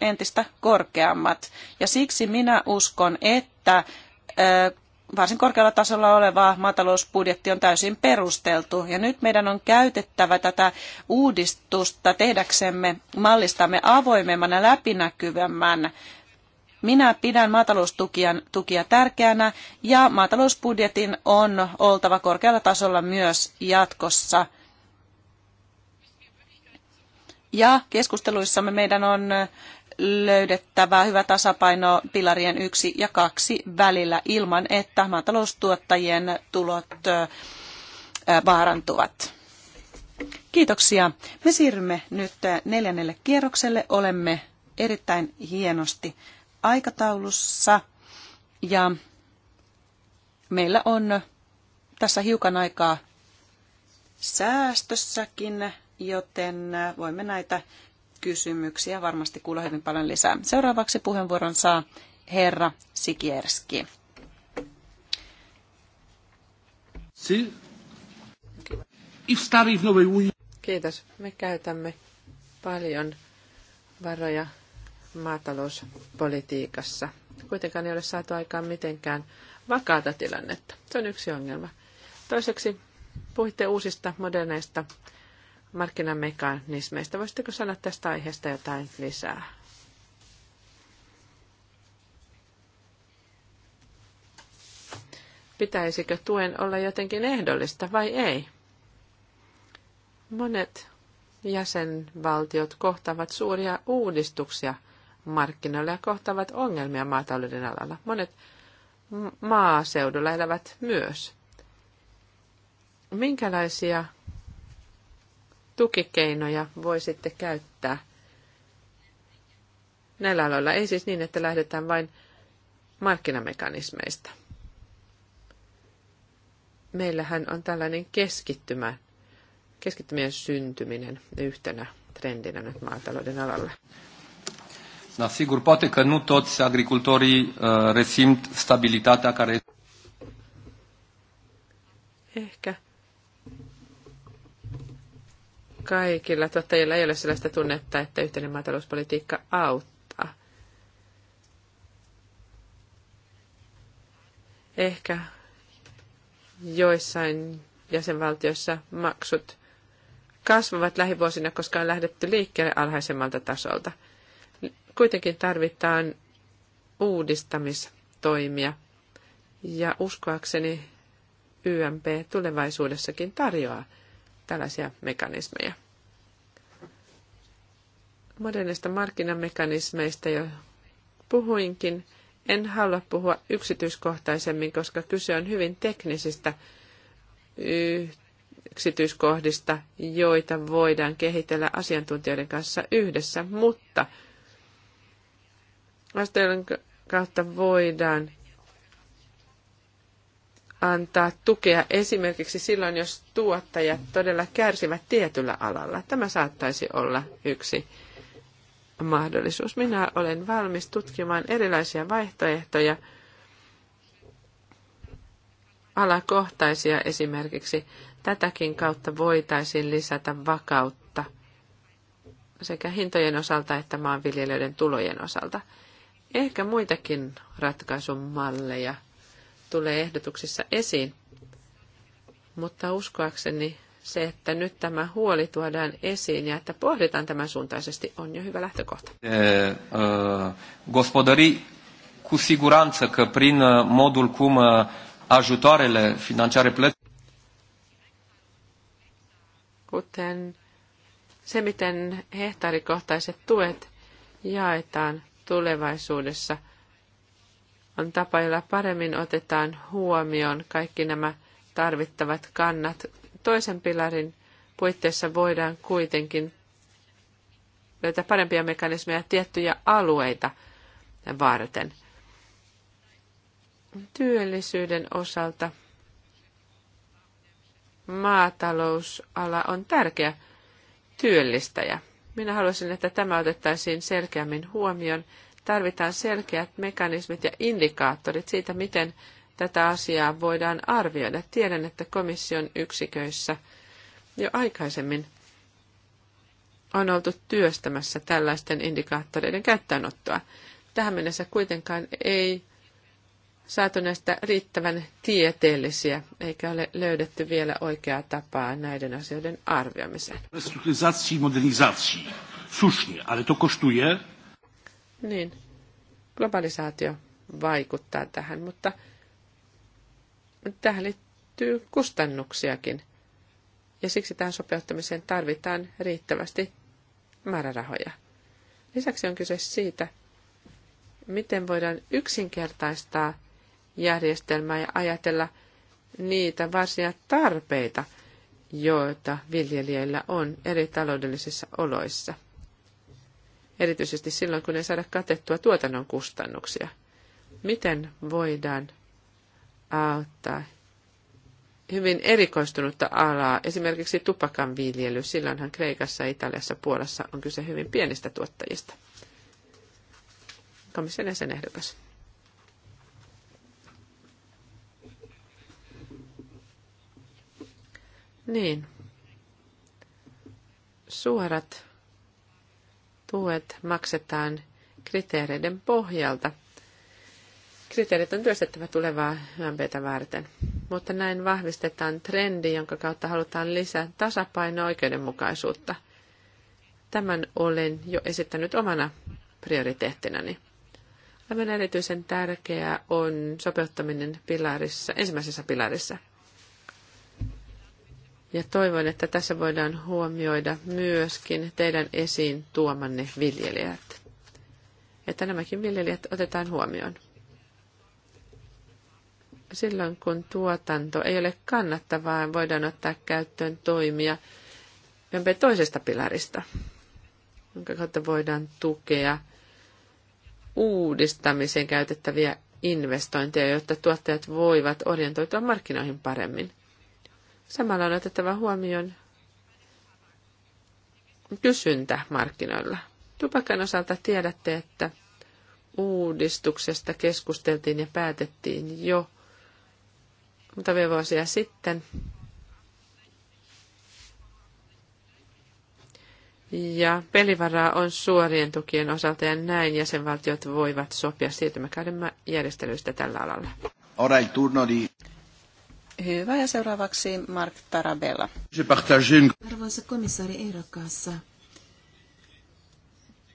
S2: entistä korkeammat. Ja siksi minä uskon, että varsin korkealla tasolla oleva maatalousbudjetti on täysin perusteltu. Ja nyt meidän on käytettävä tätä uudistusta tehdäksemme mallistamme avoimemman ja läpinäkyvämmän. Minä pidän maataloustukia tukia tärkeänä ja maatalousbudjetin on oltava korkealla tasolla myös jatkossa. Ja keskusteluissamme meidän on löydettävä hyvä tasapaino pilarien yksi ja kaksi välillä ilman, että maataloustuottajien tulot vaarantuvat. Kiitoksia. Me siirrymme nyt neljännelle kierrokselle. Olemme erittäin hienosti aikataulussa ja meillä on tässä hiukan aikaa säästössäkin, joten voimme näitä kysymyksiä. Varmasti kuulla hyvin paljon lisää. Seuraavaksi puheenvuoron saa herra Sikierski.
S4: Kiitos. Me käytämme paljon varoja maatalouspolitiikassa. Kuitenkaan ei ole saatu aikaan mitenkään vakaata tilannetta. Se on yksi ongelma. Toiseksi puhuitte uusista moderneista markkinamekanismeista. Voisitteko sanoa tästä aiheesta jotain lisää? Pitäisikö tuen olla jotenkin ehdollista vai ei? Monet jäsenvaltiot kohtavat suuria uudistuksia markkinoilla ja kohtavat ongelmia maatalouden alalla. Monet maaseudulla elävät myös. Minkälaisia tukikeinoja voi sitten käyttää näillä aloilla? Ei siis niin, että lähdetään vain markkinamekanismeista. Meillähän on tällainen keskittymä, keskittymien syntyminen yhtenä trendinä nyt maatalouden alalla.
S1: Da, sigur, poate că nu toți agricultorii uh, resimt stabilitatea care...
S4: Ehkä kaikilla tuottajilla ei ole sellaista tunnetta, että yhteinen maatalouspolitiikka auttaa. Ehkä joissain jäsenvaltioissa maksut kasvavat lähivuosina, koska on lähdetty liikkeelle alhaisemmalta tasolta. Kuitenkin tarvitaan uudistamistoimia ja uskoakseni YMP tulevaisuudessakin tarjoaa tällaisia mekanismeja. Modernista markkinamekanismeista jo puhuinkin. En halua puhua yksityiskohtaisemmin, koska kyse on hyvin teknisistä yksityiskohdista, joita voidaan kehitellä asiantuntijoiden kanssa yhdessä, mutta vastaajan kautta voidaan antaa tukea esimerkiksi silloin, jos tuottajat todella kärsivät tietyllä alalla. Tämä saattaisi olla yksi mahdollisuus. Minä olen valmis tutkimaan erilaisia vaihtoehtoja, alakohtaisia esimerkiksi. Tätäkin kautta voitaisiin lisätä vakautta sekä hintojen osalta että maanviljelijöiden tulojen osalta. Ehkä muitakin ratkaisumalleja – tulee ehdotuksissa esiin. Mutta uskoakseni se, että nyt tämä huoli tuodaan esiin ja että pohditaan tämän suuntaisesti, on jo hyvä lähtökohta.
S1: Eh, eh, Gospodari, cu siguranță că prin eh, modul cum ajutoarele financiare plătite,
S4: kuten se, miten hehtaarikohtaiset tuet jaetaan tulevaisuudessa – on tapa, jolla paremmin otetaan huomioon kaikki nämä tarvittavat kannat. Toisen pilarin puitteissa voidaan kuitenkin löytää parempia mekanismeja tiettyjä alueita varten. Työllisyyden osalta maatalousala on tärkeä työllistäjä. Minä haluaisin, että tämä otettaisiin selkeämmin huomioon tarvitaan selkeät mekanismit ja indikaattorit siitä, miten tätä asiaa voidaan arvioida. Tiedän, että komission yksiköissä jo aikaisemmin on oltu työstämässä tällaisten indikaattoreiden käyttöönottoa. Tähän mennessä kuitenkaan ei saatu näistä riittävän tieteellisiä, eikä ole löydetty vielä oikeaa tapaa näiden asioiden arvioimiseen.
S1: Restrukturyzacji modernizacji. Słusznie, ale to kosztuje
S4: niin, globalisaatio vaikuttaa tähän, mutta tähän liittyy kustannuksiakin. Ja siksi tähän sopeuttamiseen tarvitaan riittävästi määrärahoja. Lisäksi on kyse siitä, miten voidaan yksinkertaistaa järjestelmää ja ajatella niitä varsia tarpeita, joita viljelijöillä on eri taloudellisissa oloissa – erityisesti silloin, kun ei saada katettua tuotannon kustannuksia. Miten voidaan auttaa hyvin erikoistunutta alaa, esimerkiksi tupakan viljely, silloinhan Kreikassa, Italiassa, Puolassa on kyse hyvin pienistä tuottajista. Komission ehdokas. Niin. Suorat tuet maksetaan kriteereiden pohjalta. Kriteerit on työstettävä tulevaa YMPtä varten, mutta näin vahvistetaan trendi, jonka kautta halutaan lisää tasapainoa oikeudenmukaisuutta. Tämän olen jo esittänyt omana prioriteettinani. Aivan erityisen tärkeää on sopeuttaminen pilarissa, ensimmäisessä pilarissa – ja toivon, että tässä voidaan huomioida myöskin teidän esiin tuomanne viljelijät. Että nämäkin viljelijät otetaan huomioon. Silloin kun tuotanto ei ole kannattavaa, voidaan ottaa käyttöön toimia jompeen toisesta pilarista, jonka kautta voidaan tukea uudistamiseen käytettäviä investointeja, jotta tuottajat voivat orientoitua markkinoihin paremmin Samalla on otettava huomioon kysyntä markkinoilla. Tupakan osalta tiedätte, että uudistuksesta keskusteltiin ja päätettiin jo muutamia vuosia sitten. Ja pelivaraa on suorien tukien osalta ja näin jäsenvaltiot voivat sopia siirtymäkauden järjestelyistä tällä alalla. Hyvä, ja seuraavaksi
S2: Mark Tarabella. Arvoisa komissaari ehdokkaassa,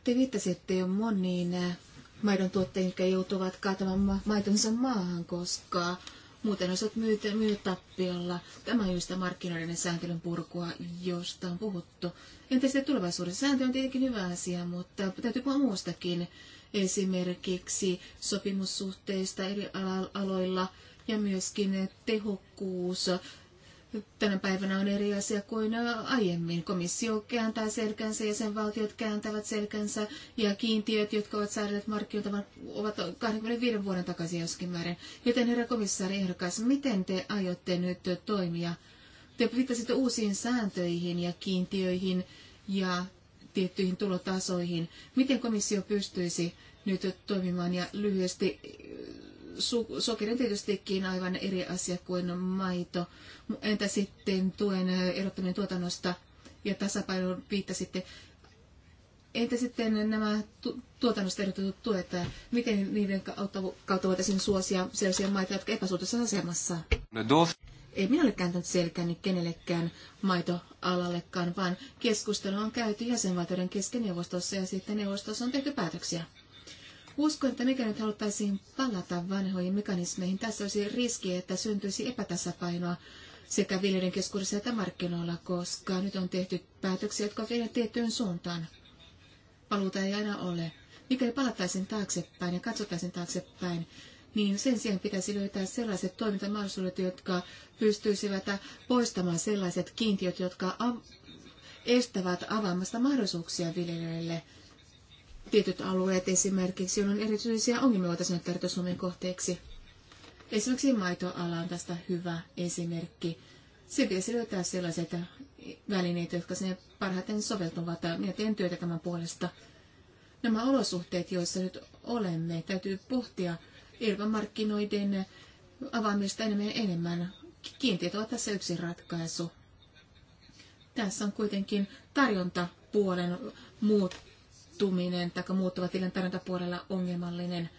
S3: te viittasitte jo moniin maidon tuottajien, jotka joutuvat kaatamaan maitonsa maahan, koska muuten osat myytä myy tappiolla. Tämä on just markkinoiden sääntelyn purkua, josta on puhuttu. Entä sitten tulevaisuudessa? Sääntely on tietenkin hyvä asia, mutta täytyy puhua muustakin. Esimerkiksi sopimussuhteista eri aloilla, ja myöskin tehokkuus tänä päivänä on eri asia kuin aiemmin. Komissio kääntää selkänsä, jäsenvaltiot kääntävät selkänsä ja kiintiöt, jotka ovat saaneet markkinoita ovat 25 vuoden takaisin joskin määrin. Joten herra komissaari ehdokas, miten te aiotte nyt toimia? Te viittasitte uusiin sääntöihin ja kiintiöihin ja tiettyihin tulotasoihin. Miten komissio pystyisi nyt toimimaan ja lyhyesti su- sokeri on tietystikin aivan eri asia kuin maito. Entä sitten tuen erottaminen tuotannosta ja tasapainon viittasitte? Entä sitten nämä tu- tuotannosta erotetut tuet, miten niiden kautta voitaisiin suosia sellaisia maita, jotka epäsuotuisessa asemassa? Ei minä ole kääntänyt selkäni kenellekään maitoalallekaan, vaan keskustelua on käyty jäsenvaltioiden kesken neuvostossa ja sitten neuvostossa on tehty päätöksiä. Uskon, että mikäli nyt haluttaisiin palata vanhoihin mekanismeihin, tässä olisi riski, että syntyisi epätasapainoa sekä viljelijöiden keskuudessa että markkinoilla, koska nyt on tehty päätöksiä, jotka vievät tiettyyn suuntaan. Paluuta ei aina ole. Mikäli palattaisiin taaksepäin ja katsottaisiin taaksepäin, niin sen sijaan pitäisi löytää sellaiset toimintamahdollisuudet, jotka pystyisivät poistamaan sellaiset kiintiöt, jotka estävät avaamasta mahdollisuuksia viljelijöille – tietyt alueet esimerkiksi, joilla on erityisiä ongelmia voitaisiin ottaa Suomen kohteeksi. Esimerkiksi maitoala on tästä hyvä esimerkki. Se pitäisi löytää sellaiset välineet, jotka sinne parhaiten soveltuvat. ja teen työtä tämän puolesta. Nämä olosuhteet, joissa nyt olemme, täytyy pohtia Irvan markkinoiden avaamista enemmän ja enemmän. Kiintiöt ovat tässä yksi ratkaisu. Tässä on kuitenkin tarjontapuolen muut muuttuminen tai muuttuva tilin tarjontapuolella ongelmallinen.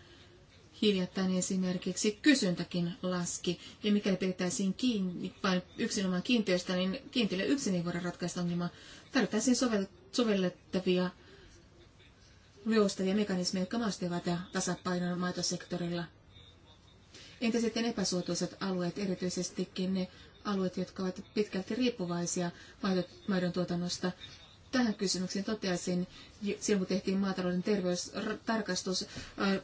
S3: Hiljattain esimerkiksi kysyntäkin laski, ja mikäli pidettäisiin kiinni, vain yksinomaan kiintiöstä, niin kiintiölle yksin ei voida ratkaista ongelmaa. Tarvittaisiin sovellettavia joustavia mekanismeja, jotka maastivat tasapainon maitosektorilla. Entä sitten epäsuotuisat alueet, erityisestikin ne alueet, jotka ovat pitkälti riippuvaisia maidon tuotannosta Tähän kysymykseen toteaisin, silloin kun tehtiin maatalouden terveystarkastus,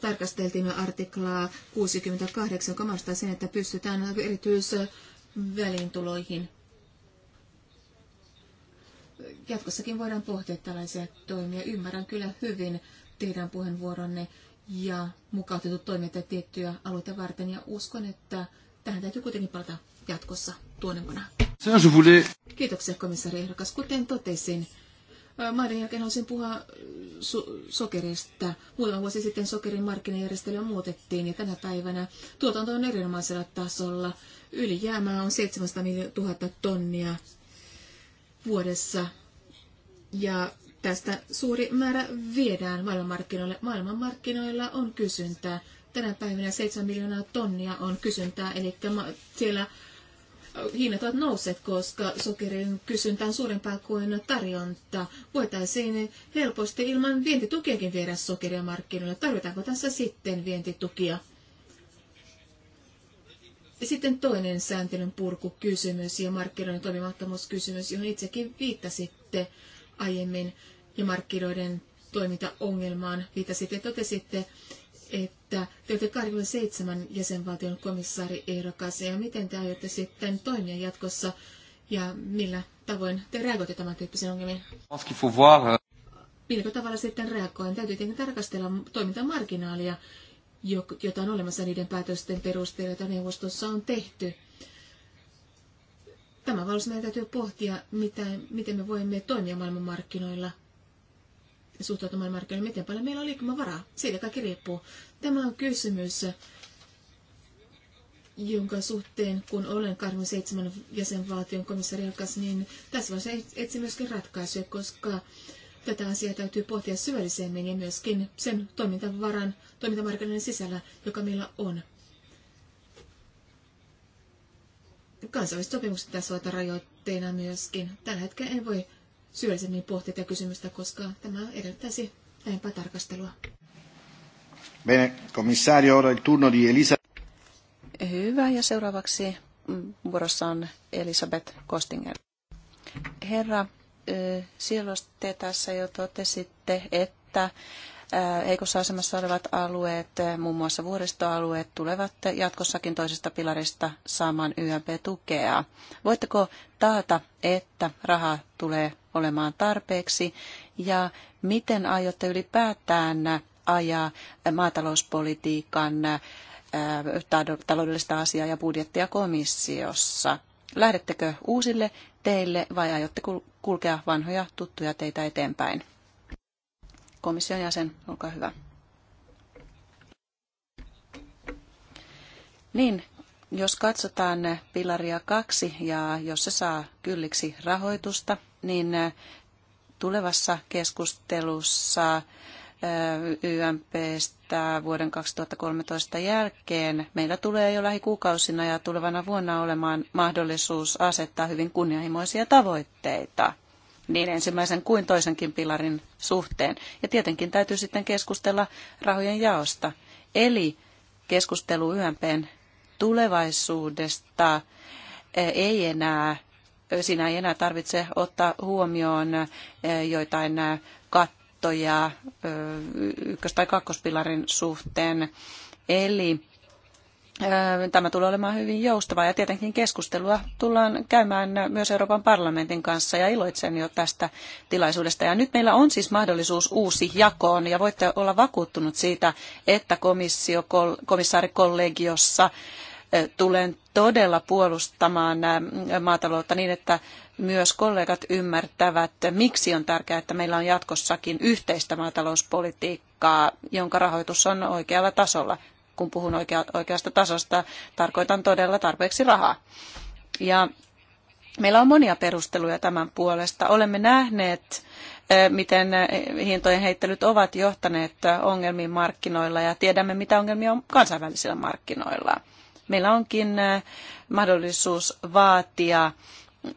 S3: tarkasteltiin artiklaa 68, joka mahdollistaa sen, että pystytään erityisvälintuloihin. Jatkossakin voidaan pohtia tällaisia toimia. Ymmärrän kyllä hyvin teidän puheenvuoronne ja mukautetut toimet tiettyjä alueita varten ja uskon, että tähän täytyy kuitenkin palata jatkossa tuonempana. Kiitoksia komissaari ehdokas. Kuten totesin, maiden jälkeen haluaisin puhua so- sokerista. Muutama vuosi sitten sokerin markkinajärjestelyä muutettiin ja tänä päivänä tuotanto on erinomaisella tasolla. Ylijäämää on 700 000 tonnia vuodessa ja tästä suuri määrä viedään maailmanmarkkinoille. Maailmanmarkkinoilla on kysyntää. Tänä päivänä 7 miljoonaa tonnia on kysyntää, eli siellä hinnat ovat nousseet, koska sokerin kysyntä on suurempaa kuin tarjonta. Voitaisiin helposti ilman vientitukiakin viedä sokeria markkinoille. Tarvitaanko tässä sitten vientitukia? Sitten toinen sääntelyn purkukysymys ja markkinoiden toimimattomuuskysymys, johon itsekin viittasitte aiemmin, ja markkinoiden toimintaongelmaan viittasitte ja totesitte, että te olette 27 jäsenvaltion komissaari ehdokas ja miten te aiotte sitten toimia jatkossa ja millä tavoin te reagoitte tämän tyyppisiin ongelmiin?
S1: Euh,
S3: millä tavalla sitten reagoin? Täytyy tietenkin tarkastella toimintamarginaalia, jota on olemassa niiden päätösten perusteella, joita neuvostossa on tehty. Tämä valossa meidän täytyy pohtia, mitä, miten me voimme toimia maailmanmarkkinoilla – ja suhtautumaan markkinoihin, miten paljon meillä on liikkumavaraa. Siitä kaikki riippuu. Tämä on kysymys, jonka suhteen, kun olen 27 jäsenvaltion komissariakas, niin tässä vaiheessa etsin myöskin ratkaisuja, koska tätä asiaa täytyy pohtia syvällisemmin ja myöskin sen toimintavaran, toimintamarkkinoiden sisällä, joka meillä on. Kansainväliset sopimukset tässä ovat rajoitteena myöskin. Tällä hetkellä en voi syvällisemmin pohtia tätä kysymystä, koska tämä
S2: edellyttäisi lähempää tarkastelua.
S1: Bene, komissario, ora il turno di Elisa.
S2: Hyvä, ja seuraavaksi vuorossa on Elisabeth Kostinger. Herra, silloin te tässä jo totesitte, että että Äh, heikossa asemassa olevat alueet, äh, muun muassa vuoristoalueet, tulevat jatkossakin toisesta pilarista saamaan YMP-tukea. Voitteko taata, että raha tulee olemaan tarpeeksi ja miten aiotte ylipäätään ajaa maatalouspolitiikan äh, taloudellista asiaa ja budjettia komissiossa? Lähdettekö uusille teille vai aiotte kulkea vanhoja tuttuja teitä eteenpäin? Komission jäsen, olkaa hyvä. Niin, jos katsotaan pilaria kaksi ja jos se saa kylliksi rahoitusta, niin äh, tulevassa keskustelussa äh, YMPstä vuoden 2013 jälkeen. Meillä tulee jo lähikuukausina ja tulevana vuonna olemaan mahdollisuus asettaa hyvin kunnianhimoisia tavoitteita niin ensimmäisen kuin toisenkin pilarin suhteen. Ja tietenkin täytyy sitten keskustella rahojen jaosta. Eli keskustelu YMPn tulevaisuudesta eh, ei enää, eh, siinä ei enää tarvitse ottaa huomioon eh, joitain kattoja ykkös- tai kakkospilarin suhteen. Eli Tämä tulee olemaan hyvin joustavaa ja tietenkin keskustelua tullaan käymään myös Euroopan parlamentin kanssa ja iloitsen jo tästä tilaisuudesta. Ja nyt meillä on siis mahdollisuus uusi jakoon ja voitte olla vakuuttunut siitä, että komissio, komissaarikollegiossa tulen todella puolustamaan maataloutta niin, että myös kollegat ymmärtävät, miksi on tärkeää, että meillä on jatkossakin yhteistä maatalouspolitiikkaa, jonka rahoitus on oikealla tasolla kun puhun oikea, oikeasta tasosta, tarkoitan todella tarpeeksi rahaa. Ja meillä on monia perusteluja tämän puolesta. Olemme nähneet, eh, miten eh, hintojen heittelyt ovat johtaneet eh, ongelmiin markkinoilla ja tiedämme, mitä ongelmia on kansainvälisillä markkinoilla. Meillä onkin mahdollisuus vaatia mm,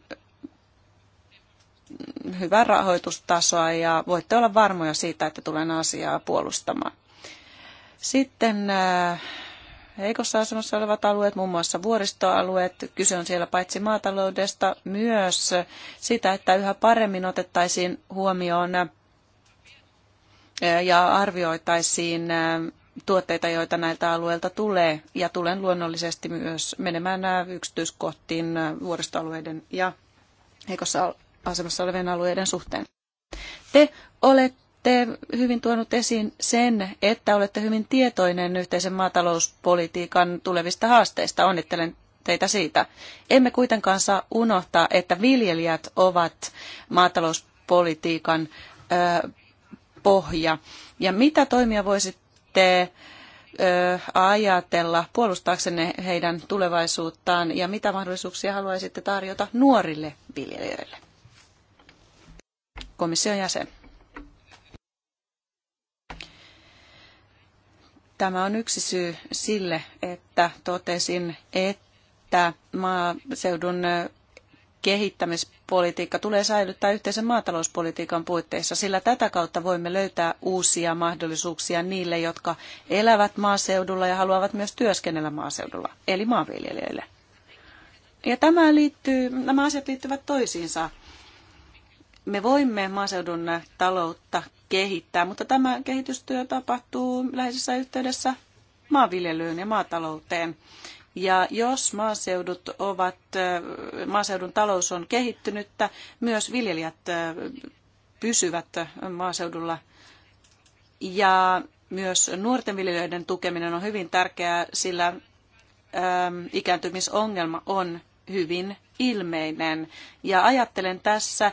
S2: hyvää rahoitustasoa ja voitte olla varmoja siitä, että tulen asiaa puolustamaan. Sitten äh, heikossa asemassa olevat alueet, muun muassa vuoristoalueet. Kyse on siellä paitsi maataloudesta, myös sitä, että yhä paremmin otettaisiin huomioon äh, ja arvioitaisiin äh, tuotteita, joita näiltä alueilta tulee. Ja tulen luonnollisesti myös menemään nämä yksityiskohtiin vuoristoalueiden ja heikossa asemassa olevien alueiden suhteen. Te olette olette hyvin tuonut esiin sen, että olette hyvin tietoinen yhteisen maatalouspolitiikan tulevista haasteista. Onnittelen teitä siitä. Emme kuitenkaan saa unohtaa, että viljelijät ovat maatalouspolitiikan ö, pohja. Ja mitä toimia voisitte ö, ajatella puolustaaksenne heidän tulevaisuuttaan ja mitä mahdollisuuksia haluaisitte tarjota nuorille viljelijöille? Komission jäsen. Tämä on yksi syy sille, että totesin, että maaseudun kehittämispolitiikka tulee säilyttää yhteisen maatalouspolitiikan puitteissa, sillä tätä kautta voimme löytää uusia mahdollisuuksia niille, jotka elävät maaseudulla ja haluavat myös työskennellä maaseudulla, eli maanviljelijöille. Ja tämä liittyy, nämä asiat liittyvät toisiinsa me voimme maaseudun taloutta kehittää, mutta tämä kehitystyö tapahtuu läheisessä yhteydessä maanviljelyyn ja maatalouteen. Ja jos maaseudut ovat, maaseudun talous on kehittynyttä, myös viljelijät pysyvät maaseudulla. Ja myös nuorten viljelijöiden tukeminen on hyvin tärkeää, sillä ikääntymisongelma on hyvin ilmeinen. Ja ajattelen tässä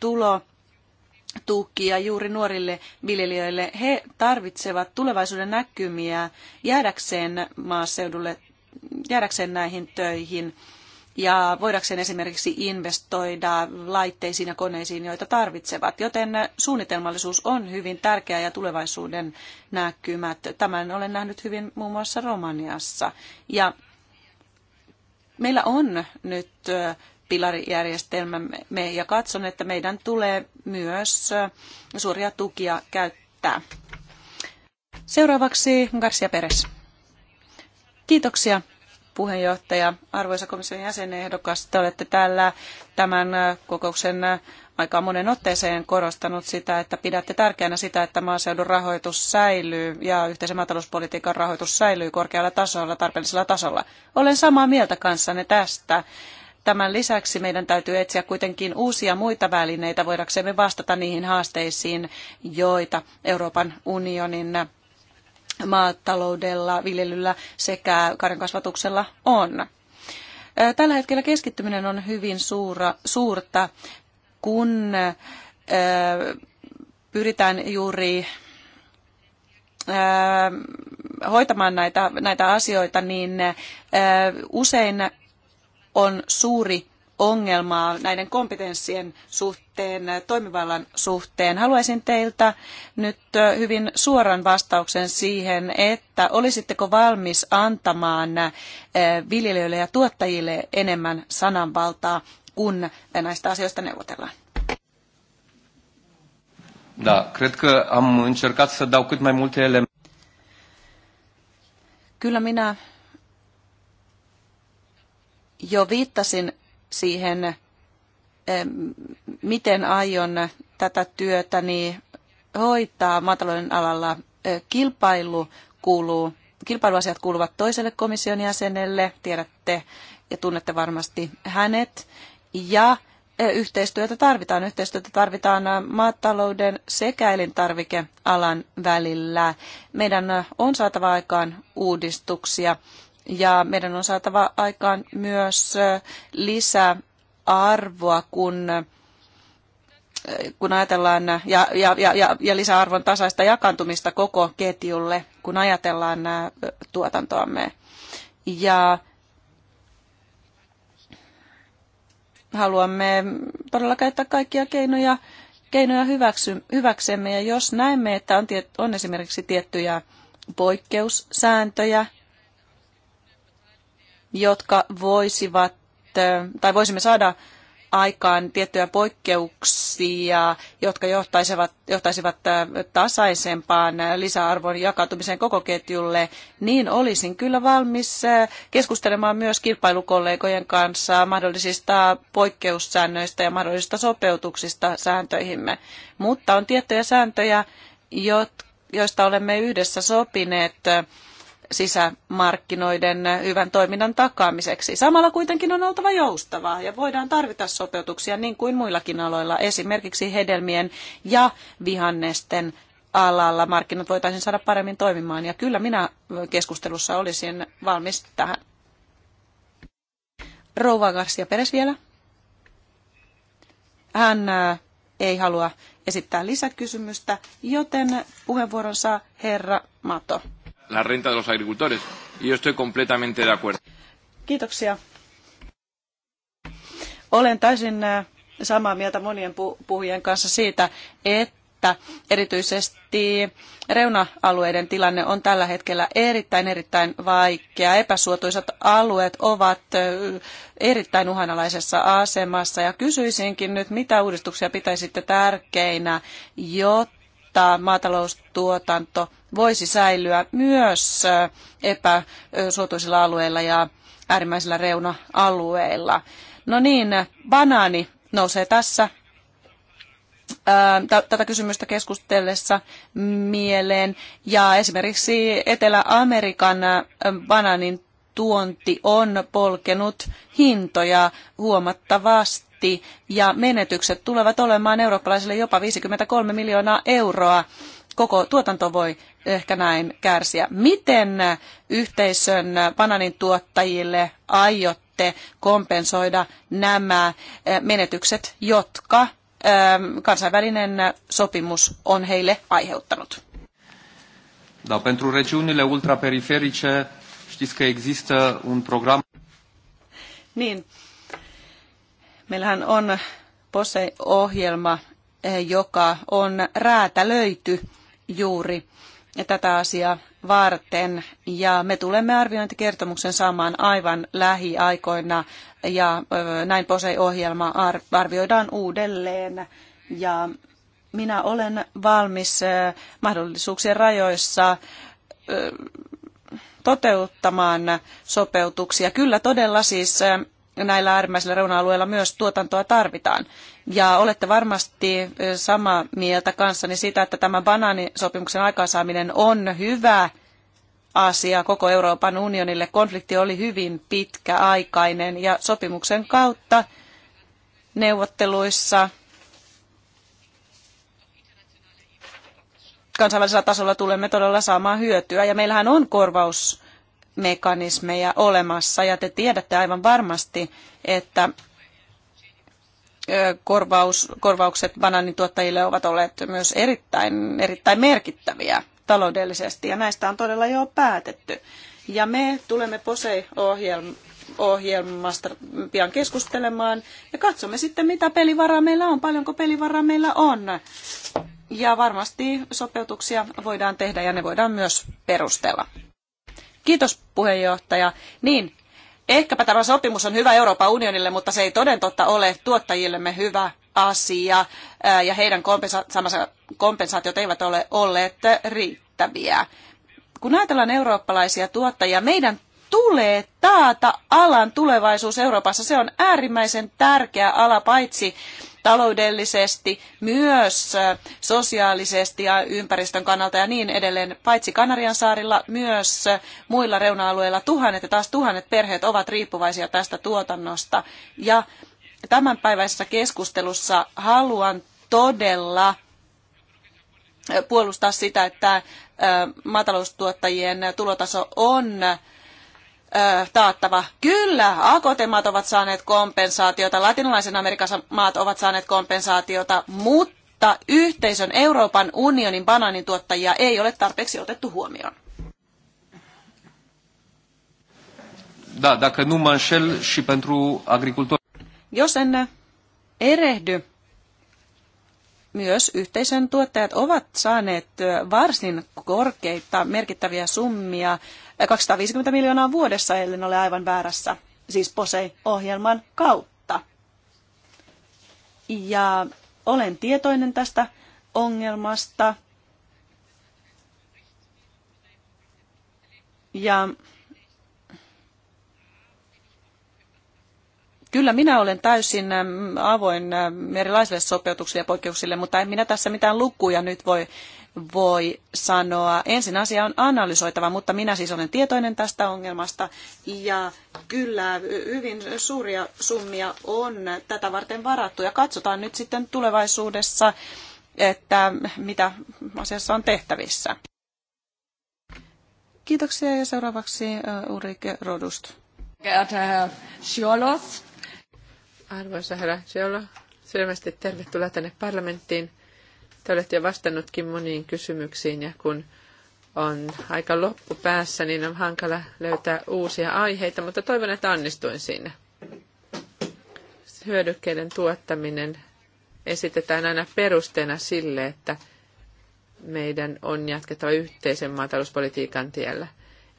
S2: tulo tukia juuri nuorille viljelijöille. He tarvitsevat tulevaisuuden näkymiä jäädäkseen maaseudulle, jäädäkseen näihin töihin ja voidakseen esimerkiksi investoida laitteisiin ja koneisiin, joita tarvitsevat. Joten suunnitelmallisuus on hyvin tärkeä ja tulevaisuuden näkymät. Tämän olen nähnyt hyvin muun muassa Romaniassa. Ja meillä on nyt pilarijärjestelmämme ja katson, että meidän tulee myös äh, suoria tukia käyttää. Seuraavaksi Garcia Peres. Kiitoksia puheenjohtaja, arvoisa komission jäsenehdokas. Te olette täällä tämän äh, kokouksen äh, aika monen otteeseen korostanut sitä, että pidätte tärkeänä sitä, että maaseudun rahoitus säilyy ja yhteisen maatalouspolitiikan rahoitus säilyy korkealla tasolla, tarpeellisella tasolla. Olen samaa mieltä kanssanne tästä. Tämän lisäksi meidän täytyy etsiä kuitenkin uusia muita välineitä voidaksemme vastata niihin haasteisiin, joita Euroopan unionin maataloudella, viljelyllä sekä karjankasvatuksella on. Tällä hetkellä keskittyminen on hyvin suura, suurta, kun pyritään juuri hoitamaan näitä, näitä asioita, niin usein on suuri ongelmaa näiden kompetenssien suhteen, toimivallan suhteen. Haluaisin teiltä nyt hyvin suoran vastauksen siihen, että olisitteko valmis antamaan viljelijöille ja tuottajille enemmän sananvaltaa, kun näistä asioista neuvotellaan?
S1: Da, cred că am încercat să dau cât mai multe elemente.
S2: Kyllä minä jo viittasin siihen, miten aion tätä työtä niin hoitaa maatalouden alalla. Kilpailu kuuluu, kilpailuasiat kuuluvat toiselle komission jäsenelle, tiedätte ja tunnette varmasti hänet. Ja yhteistyötä tarvitaan. Yhteistyötä tarvitaan maatalouden sekä elintarvikealan välillä. Meidän on saatava aikaan uudistuksia ja meidän on saatava aikaan myös lisäarvoa, kun kun ajatellaan, ja, ja, ja, ja lisäarvon tasaista jakantumista koko ketjulle, kun ajatellaan nämä tuotantoamme. Ja haluamme todella käyttää kaikkia keinoja, keinoja hyväksy, hyväksemme, ja jos näemme, että on, on esimerkiksi tiettyjä poikkeussääntöjä, jotka voisivat, tai voisimme saada aikaan tiettyjä poikkeuksia, jotka johtaisivat, johtaisivat tasaisempaan lisäarvon jakautumiseen koko ketjulle, niin olisin kyllä valmis keskustelemaan myös kilpailukollegojen kanssa mahdollisista poikkeussäännöistä ja mahdollisista sopeutuksista sääntöihimme. Mutta on tiettyjä sääntöjä, joista olemme yhdessä sopineet sisämarkkinoiden hyvän toiminnan takaamiseksi. Samalla kuitenkin on oltava joustavaa ja voidaan tarvita sopeutuksia niin kuin muillakin aloilla, esimerkiksi hedelmien ja vihannesten alalla markkinat voitaisiin saada paremmin toimimaan. Ja kyllä minä keskustelussa olisin valmis tähän. Rouva Garcia Peres vielä. Hän äh, ei halua esittää lisäkysymystä, joten puheenvuoron saa herra Mato
S1: la renta de los agricultores. Y yo estoy completamente de acuerdo.
S2: Kiitoksia. Olen täysin äh, samaa mieltä monien puhujien kanssa siitä, että erityisesti reuna-alueiden tilanne on tällä hetkellä erittäin, erittäin vaikea. Epäsuotuisat alueet ovat äh, erittäin uhanalaisessa asemassa ja kysyisinkin nyt, mitä uudistuksia pitäisitte tärkeinä, jotta jotta maataloustuotanto voisi säilyä myös epäsuotuisilla alueilla ja äärimmäisillä reuna-alueilla. No niin, banaani nousee tässä tätä kysymystä keskustellessa mieleen. Ja esimerkiksi Etelä-Amerikan banaanin tuonti on polkenut hintoja huomattavasti budjetti ja menetykset tulevat olemaan eurooppalaisille jopa 53 miljoonaa euroa. Koko tuotanto voi ehkä näin kärsiä. Miten yhteisön bananin tuottajille aiotte kompensoida nämä eh, menetykset, jotka eh, kansainvälinen sopimus on heille aiheuttanut?
S1: Da, pentru regiunile ultraperiferice știți că există un program.
S2: Niin, Meillähän on POSE-ohjelma, eh, joka on räätälöity juuri tätä asiaa varten. Ja me tulemme arviointikertomuksen saamaan aivan lähiaikoina ja eh, näin POSE-ohjelma arvioidaan uudelleen. Ja minä olen valmis eh, mahdollisuuksien rajoissa toteuttamaan sopeutuksia. Kyllä todella siis näillä äärimmäisillä reuna-alueilla myös tuotantoa tarvitaan. Ja olette varmasti samaa mieltä kanssani sitä, että tämä banaanisopimuksen aikaansaaminen on hyvä asia koko Euroopan unionille. Konflikti oli hyvin pitkäaikainen ja sopimuksen kautta neuvotteluissa kansainvälisellä tasolla tulemme todella saamaan hyötyä. Ja meillähän on korvaus mekanismeja olemassa. Ja te tiedätte aivan varmasti, että korvaus, korvaukset banaanituottajille ovat olleet myös erittäin, erittäin merkittäviä taloudellisesti, ja näistä on todella jo päätetty. Ja me tulemme POSEI-ohjelmasta pian keskustelemaan, ja katsomme sitten, mitä pelivaraa meillä on, paljonko pelivaraa meillä on. Ja varmasti sopeutuksia voidaan tehdä, ja ne voidaan myös perustella. Kiitos puheenjohtaja. Niin, ehkäpä tämä sopimus on hyvä Euroopan unionille, mutta se ei toden totta ole tuottajillemme hyvä asia ja heidän kompensa- kompensaatiot eivät ole olleet riittäviä. Kun ajatellaan eurooppalaisia tuottajia, meidän tulee taata alan tulevaisuus Euroopassa. Se on äärimmäisen tärkeä ala paitsi taloudellisesti, myös sosiaalisesti ja ympäristön kannalta ja niin edelleen. Paitsi Kanarian saarilla, myös muilla reuna-alueilla tuhannet ja taas tuhannet perheet ovat riippuvaisia tästä tuotannosta. Ja tämänpäiväisessä keskustelussa haluan todella puolustaa sitä, että maataloustuottajien tulotaso on taattava. Kyllä, AKT-maat ovat saaneet kompensaatiota, latinalaisen Amerikan maat ovat saaneet kompensaatiota, mutta yhteisön Euroopan unionin banaanintuottajia ei ole tarpeeksi otettu huomioon.
S1: Da, dacă nu și pentru
S2: Jos en erehdy, myös yhteisön tuottajat ovat saaneet varsin korkeita merkittäviä summia, 250 miljoonaa vuodessa, ellen ole aivan väärässä, siis POSEI-ohjelman kautta. Ja olen tietoinen tästä ongelmasta. Ja Kyllä minä olen täysin avoin erilaisille sopeutuksille ja poikkeuksille, mutta en minä tässä mitään lukuja nyt voi, voi sanoa. Ensin asia on analysoitava, mutta minä siis olen tietoinen tästä ongelmasta. Ja kyllä hyvin suuria summia on tätä varten varattu. Ja katsotaan nyt sitten tulevaisuudessa, että mitä asiassa on tehtävissä. Kiitoksia ja seuraavaksi Ulrike Rodust.
S4: Geehrter Herr Arvoisa herra Seolo, selvästi tervetuloa tänne parlamenttiin. Te olette jo vastannutkin moniin kysymyksiin ja kun on aika loppu päässä, niin on hankala löytää uusia aiheita, mutta toivon, että onnistuin siinä. Hyödykkeiden tuottaminen esitetään aina perusteena sille, että meidän on jatkettava yhteisen maatalouspolitiikan tiellä.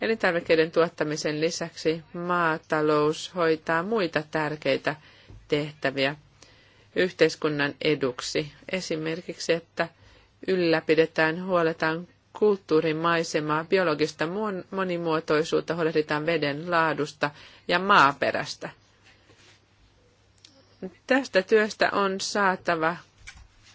S4: Elintarvikkeiden tuottamisen lisäksi maatalous hoitaa muita tärkeitä tehtäviä yhteiskunnan eduksi. Esimerkiksi, että ylläpidetään, huoletaan kulttuurimaisemaa, biologista monimuotoisuutta, huolehditaan veden laadusta ja maaperästä. Tästä työstä on saatava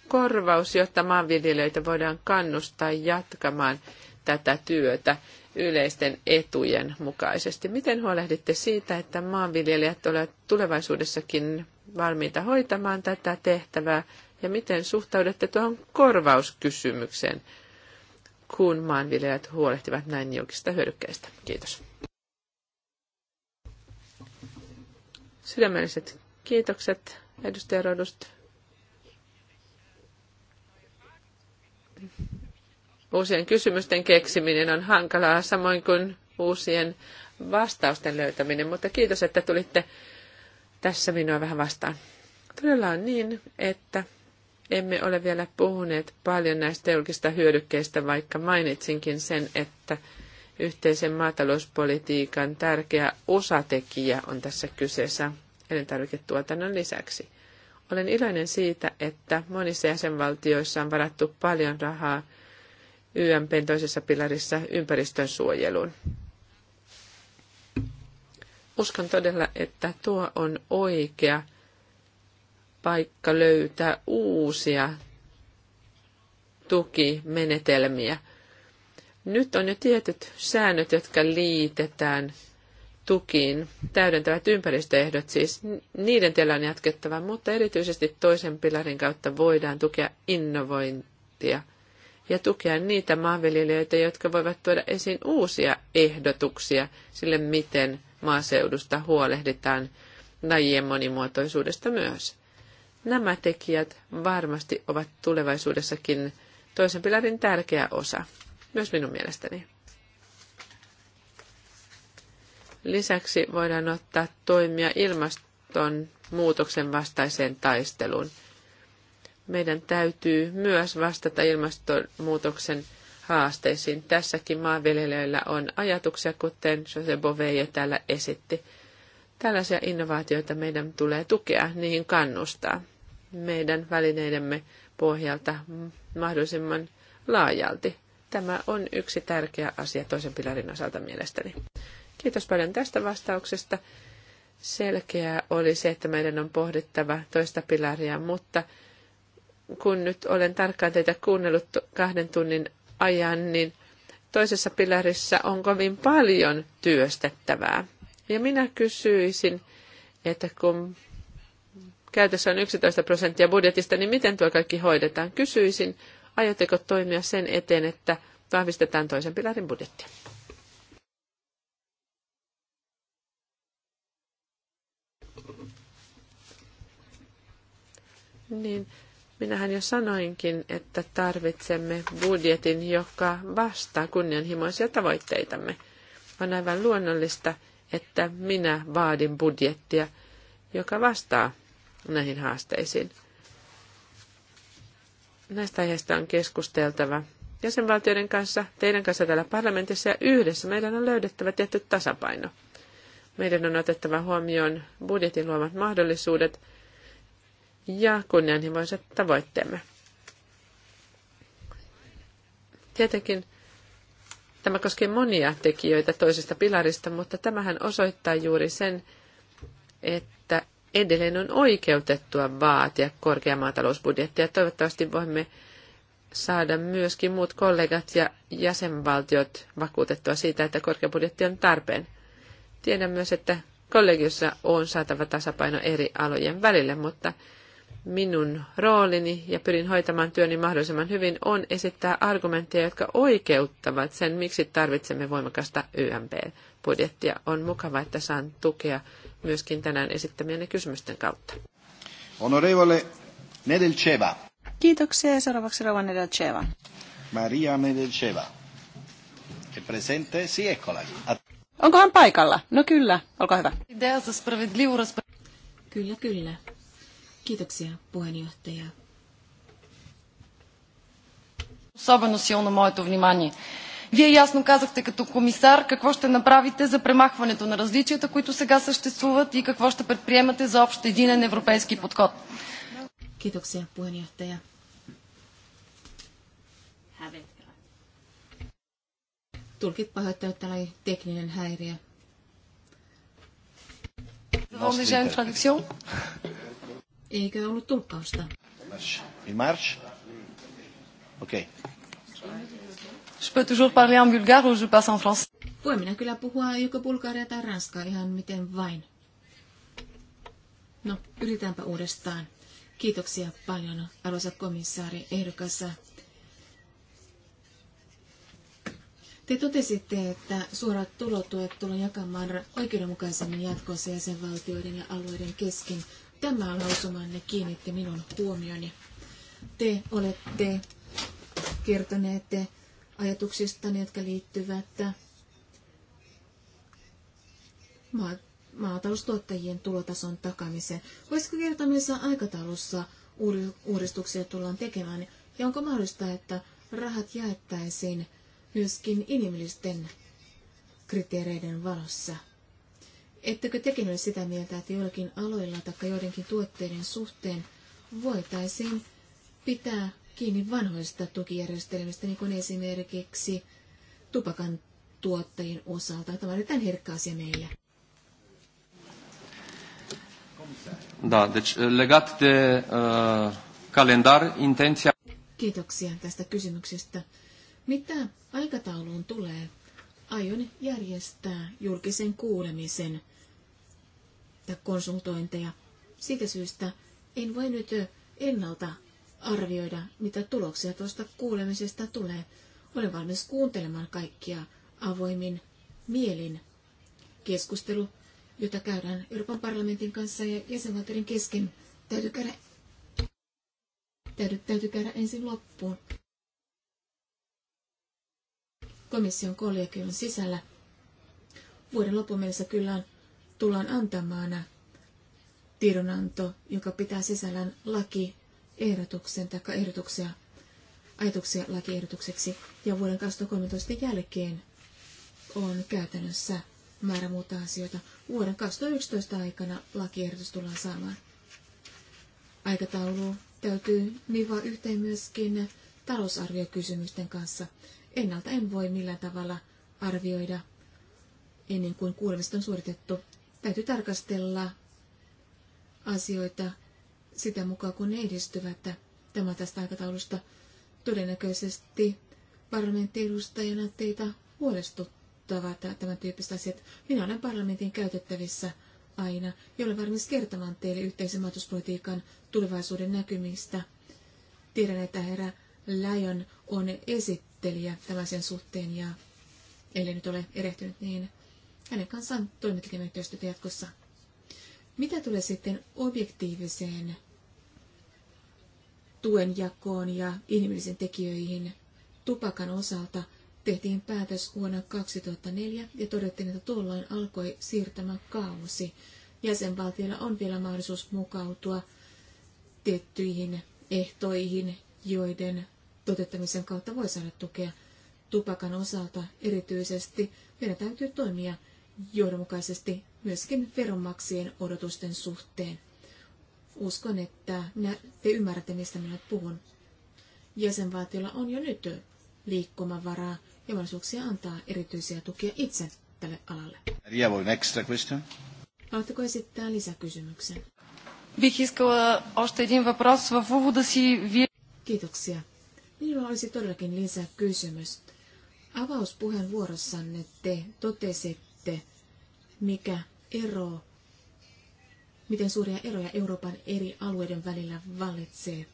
S4: korvaus, jotta maanviljelijöitä voidaan kannustaa jatkamaan tätä työtä yleisten etujen mukaisesti. Miten huolehditte siitä, että maanviljelijät ovat tulevaisuudessakin valmiita hoitamaan tätä tehtävää ja miten suhtaudutte tuohon korvauskysymykseen, kun maanviljelijät huolehtivat näin julkista hyödykkeistä? Kiitos. Sydämelliset kiitokset, edustaja Rodust. Uusien kysymysten keksiminen on hankalaa, samoin kuin uusien vastausten löytäminen, mutta kiitos, että tulitte tässä minua vähän vastaan. Todella on niin, että emme ole vielä puhuneet paljon näistä julkista hyödykkeistä, vaikka mainitsinkin sen, että yhteisen maatalouspolitiikan tärkeä osatekijä on tässä kyseessä elintarviketuotannon lisäksi. Olen iloinen siitä, että monissa jäsenvaltioissa on varattu paljon rahaa YMPn toisessa pilarissa ympäristön suojeluun. Uskon todella, että tuo on oikea paikka löytää uusia tukimenetelmiä. Nyt on jo tietyt säännöt, jotka liitetään tukiin, täydentävät ympäristöehdot siis, niiden tiellä on jatkettava, mutta erityisesti toisen pilarin kautta voidaan tukea innovointia – ja tukea niitä maanviljelijöitä, jotka voivat tuoda esiin uusia ehdotuksia sille, miten maaseudusta huolehditaan lajien monimuotoisuudesta myös. Nämä tekijät varmasti ovat tulevaisuudessakin toisen pilarin tärkeä osa, myös minun mielestäni. Lisäksi voidaan ottaa toimia ilmastonmuutoksen vastaiseen taisteluun – meidän täytyy myös vastata ilmastonmuutoksen haasteisiin. Tässäkin maanviljelijöillä on ajatuksia, kuten Jose Bove jo täällä esitti. Tällaisia innovaatioita meidän tulee tukea, niihin kannustaa meidän välineidemme pohjalta mahdollisimman laajalti. Tämä on yksi tärkeä asia toisen pilarin osalta mielestäni. Kiitos paljon tästä vastauksesta. Selkeää oli se, että meidän on pohdittava toista pilaria, mutta kun nyt olen tarkkaan teitä kuunnellut kahden tunnin ajan, niin toisessa pilarissa on kovin paljon työstettävää. Ja minä kysyisin, että kun käytössä on 11 prosenttia budjetista, niin miten tuo kaikki hoidetaan? Kysyisin, aiotteko toimia sen eteen, että vahvistetaan toisen pilarin budjettia? Niin, Minähän jo sanoinkin, että tarvitsemme budjetin, joka vastaa kunnianhimoisia tavoitteitamme. On aivan luonnollista, että minä vaadin budjettia, joka vastaa näihin haasteisiin. Näistä aiheista on keskusteltava jäsenvaltioiden kanssa, teidän kanssa täällä parlamentissa ja yhdessä meidän on löydettävä tietty tasapaino. Meidän on otettava huomioon budjetin luomat mahdollisuudet – ja kunnianhimoiset tavoitteemme. Tietenkin tämä koskee monia tekijöitä toisesta pilarista, mutta tämähän osoittaa juuri sen, että edelleen on oikeutettua vaatia korkeamaa talousbudjettia. Toivottavasti voimme saada myöskin muut kollegat ja jäsenvaltiot vakuutettua siitä, että korkea budjetti on tarpeen. Tiedän myös, että kollegiossa on saatava tasapaino eri alojen välille, mutta minun roolini ja pyrin hoitamaan työni mahdollisimman hyvin, on esittää argumentteja, jotka oikeuttavat sen, miksi tarvitsemme voimakasta YMP-budjettia. On mukava, että saan tukea myöskin tänään esittämienne kysymysten kautta.
S2: Onorevole Nedelcheva.
S4: Kiitoksia ja seuraavaksi Rova Nedelcheva.
S2: Maria Nedelcheva. E presente? Si, Onkohan paikalla? No kyllä, olkaa hyvä.
S3: Kyllä, kyllä. Kiitoksia, puheenjohtaja.
S1: Особено силно моето внимание. Вие ясно казахте като комисар какво ще направите за премахването на различията, които сега съществуват и какво ще предприемате за общ единен европейски подход.
S3: Kiitoksia puheenjohtaja. Tulkit pahoittavat, että täällä oli tekninen häiriö. Nous avons déjà une traduction Eikö ollut tulkkausta?
S4: Il marche? Okei. Okay.
S1: Je peux toujours parler en bulgare ou je passe en français.
S3: Voin minä kyllä puhua joko bulgaria tai ranskaa ihan miten vain. No, yritetäänpä uudestaan. Kiitoksia paljon, arvoisa komissaari ehdokassa. Te totesitte, että suorat tulotuet tullaan jakamaan oikeudenmukaisemmin jatkossa jäsenvaltioiden ja alueiden kesken Tämä lausumanne kiinnitti minun huomioni. Te olette kertoneet ajatuksistani, jotka liittyvät maataloustuottajien tulotason takamiseen. Voisiko kertoa, missä aikataulussa uudistuksia tullaan tekemään, ja onko mahdollista, että rahat jaettaisiin myöskin inhimillisten kriteereiden valossa? Ettekö tekin ole sitä mieltä, että joillakin aloilla tai joidenkin tuotteiden suhteen voitaisiin pitää kiinni vanhoista tukijärjestelmistä, niin kuin esimerkiksi tupakan tuottajien osalta? Tämä on erittäin herkkä asia meille.
S1: Da, deci legat de uh, calendar,
S3: Kiitoksia tästä kysymyksestä. Mitä aikatauluun tulee, aion järjestää julkisen kuulemisen tai konsultointeja. Siitä syystä en voi nyt ennalta arvioida, mitä tuloksia tuosta kuulemisesta tulee. Olen valmis kuuntelemaan kaikkia avoimin mielin. Keskustelu, jota käydään Euroopan parlamentin kanssa ja jäsenvaltioiden kesken, täytyy käydä, täytyy, täytyy käydä ensin loppuun. Komission kollegion sisällä vuoden loppuun mennessä kyllä on tullaan antamaan tiedonanto, joka pitää sisällään lakiehdotuksen tai ehdotuksia, ajatuksia lakiehdotukseksi. Ja vuoden 2013 jälkeen on käytännössä määrä muuta asioita. Vuoden 2011 aikana lakiehdotus tullaan saamaan. Aikataulu täytyy nivaa yhteen myöskin talousarviokysymysten kanssa. Ennalta en voi millään tavalla arvioida ennen kuin kuulemista on suoritettu Täytyy tarkastella asioita sitä mukaan, kun ne edistyvät. Tämä tästä aikataulusta todennäköisesti edustajana teitä huolestuttavat tämän tyyppiset asiat. Minä olen parlamentin käytettävissä aina, jolle varmis kertomaan teille yhteisen maatuspolitiikan tulevaisuuden näkymistä. Tiedän, että herra Lion on esittelijä tämän sen suhteen ja ellei nyt ole erehtynyt, niin hänen kanssaan tulemme tekemään yhteistyötä jatkossa. Mitä tulee sitten objektiiviseen tuen jakoon ja inhimillisiin tekijöihin tupakan osalta, tehtiin päätös vuonna 2004 ja todettiin, että tuolloin alkoi siirtämä kausi Jäsenvaltioilla on vielä mahdollisuus mukautua tiettyihin ehtoihin, joiden toteuttamisen kautta voi saada tukea tupakan osalta erityisesti. Meidän täytyy toimia johdonmukaisesti myöskin veronmaksien odotusten suhteen. Uskon, että minä, te ymmärrätte, mistä minä puhun. Jäsenvaltiolla on jo nyt liikkumavaraa ja mahdollisuuksia antaa erityisiä tukia itse tälle alalle. Haluatteko esittää lisäkysymyksen? Kiitoksia. Minulla olisi todellakin lisäkysymys. Avauspuheenvuorossanne te totesitte, näette, mikä ero, miten suuria eroja Euroopan eri alueiden välillä vallitsee,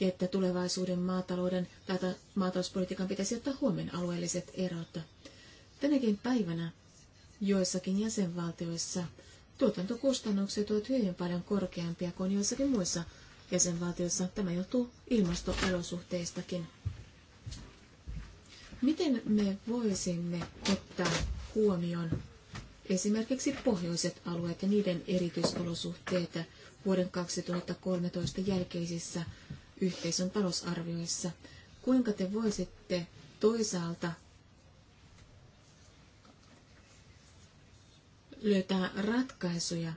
S3: ja että tulevaisuuden maatalouden tai maatalouspolitiikan pitäisi ottaa huomioon alueelliset erot. Tänäkin päivänä joissakin jäsenvaltioissa tuotantokustannukset ovat hyvin paljon korkeampia kuin joissakin muissa jäsenvaltioissa. Tämä johtuu ilmastoolosuhteistakin. Miten me voisimme ottaa huomioon esimerkiksi pohjoiset alueet ja niiden erityisolosuhteet vuoden 2013 jälkeisissä yhteisön talousarvioissa. Kuinka te voisitte toisaalta löytää ratkaisuja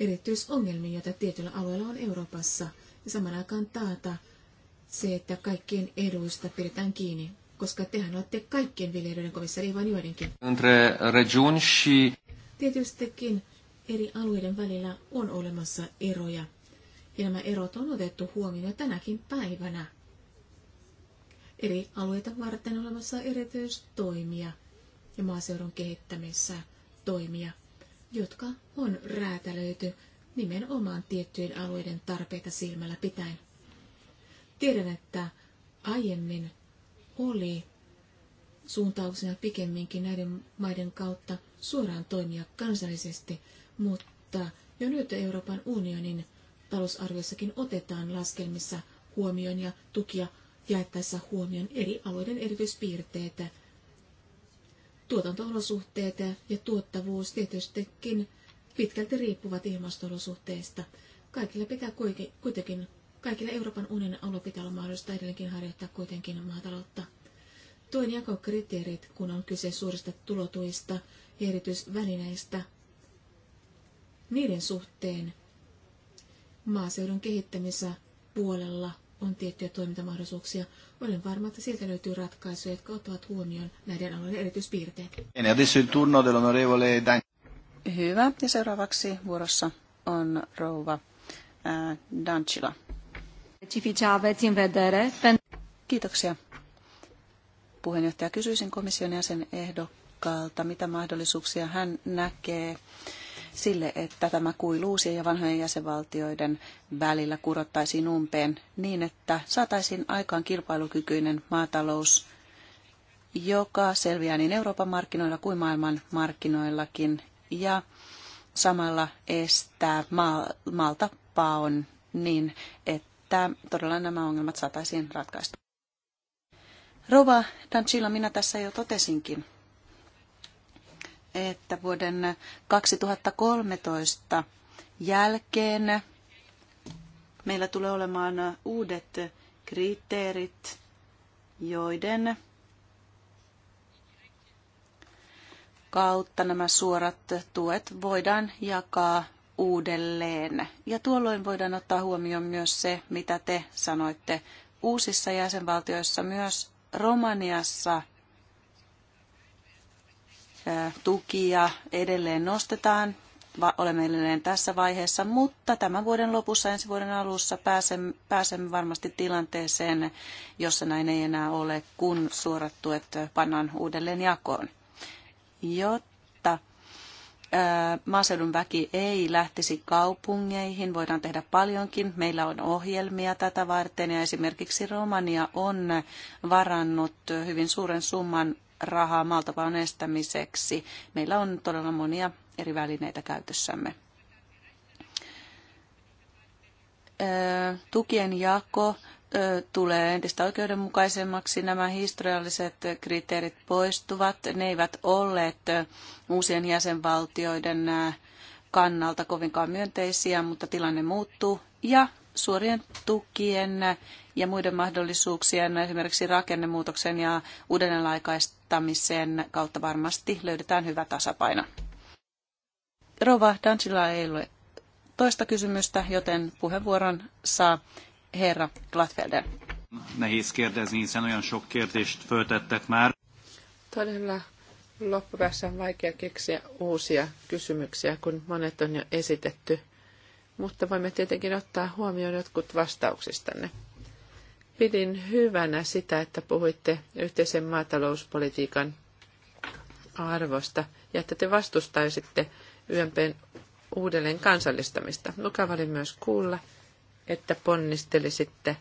S3: erityisongelmiin, joita tietyillä alueilla on Euroopassa, ja samaan aikaan taata se, että kaikkien eduista pidetään kiinni koska tehän olette kaikkien viljelijöiden komissari ei vain joidenkin.
S1: Entre region și...
S3: Tietystikin eri alueiden välillä on olemassa eroja, ja nämä erot on otettu huomioon tänäkin päivänä. Eri alueita varten olemassa erityistoimia ja maaseudun kehittämisessä toimia, jotka on räätälöity nimenomaan tiettyjen alueiden tarpeita silmällä pitäen. Tiedän, että aiemmin oli suuntauksena pikemminkin näiden maiden kautta suoraan toimia kansallisesti, mutta jo nyt Euroopan unionin talousarviossakin otetaan laskelmissa huomioon ja tukia jaettaessa huomioon eri alueiden erityispiirteitä. Tuotantoolosuhteet ja tuottavuus tietystikin pitkälti riippuvat ilmasto-olosuhteista. Kaikille pitää kuitenkin Kaikilla Euroopan unionin alueilla pitää olla mahdollista edelleenkin harjoittaa kuitenkin maataloutta. Tuen jakokriteerit, kun on kyse suurista tulotuista ja erityisvälineistä, niiden suhteen maaseudun kehittämisessä puolella on tiettyjä toimintamahdollisuuksia. Olen varma, että sieltä löytyy ratkaisuja, jotka ottavat huomioon näiden alueiden erityispiirteet.
S2: Hyvä. Ja seuraavaksi vuorossa on rouva Dancila. Kiitoksia. Puheenjohtaja, kysyisin komission jäsen ehdokkaalta, mitä mahdollisuuksia hän näkee sille, että tämä kuilu uusien ja vanhojen jäsenvaltioiden välillä kurottaisiin umpeen niin, että saataisiin aikaan kilpailukykyinen maatalous, joka selviää niin Euroopan markkinoilla kuin maailman markkinoillakin ja samalla estää maalta paon niin, että että todella nämä ongelmat saataisiin ratkaista. Rova Dancilla, minä tässä jo totesinkin, että vuoden 2013 jälkeen meillä tulee olemaan uudet kriteerit, joiden kautta nämä suorat tuet voidaan jakaa uudelleen. Ja tuolloin voidaan ottaa huomioon myös se, mitä te sanoitte uusissa jäsenvaltioissa, myös Romaniassa tukia edelleen nostetaan. Olemme edelleen tässä vaiheessa, mutta tämän vuoden lopussa, ensi vuoden alussa pääsemme, pääsemme varmasti tilanteeseen, jossa näin ei enää ole, kun suorat tuet pannaan uudelleen jakoon. Jotta maaseudun väki ei lähtisi kaupungeihin. Voidaan tehdä paljonkin. Meillä on ohjelmia tätä varten ja esimerkiksi Romania on varannut hyvin suuren summan rahaa maaltapaon estämiseksi. Meillä on todella monia eri välineitä käytössämme. Tukien jako tulee entistä oikeudenmukaisemmaksi. Nämä historialliset kriteerit poistuvat. Ne eivät olleet uusien jäsenvaltioiden kannalta kovinkaan myönteisiä, mutta tilanne muuttuu. Ja suorien tukien ja muiden mahdollisuuksien, esimerkiksi rakennemuutoksen ja uudelleenlaikaistamisen kautta varmasti löydetään hyvä tasapaino. Rova Dansila ei ole toista kysymystä, joten puheenvuoron saa herra Gladfelder. Nehéz kérdezni, hiszen olyan sok kérdést föltettek már.
S4: Todella loppupäässä on vaikea keksiä uusia kysymyksiä, kun monet on jo esitetty. Mutta voimme tietenkin ottaa huomioon jotkut vastauksistanne. Pidin hyvänä sitä, että puhuitte yhteisen maatalouspolitiikan arvosta ja että te vastustaisitte YMPn uudelleen kansallistamista. Mukava oli myös kuulla, että ponnistelisitte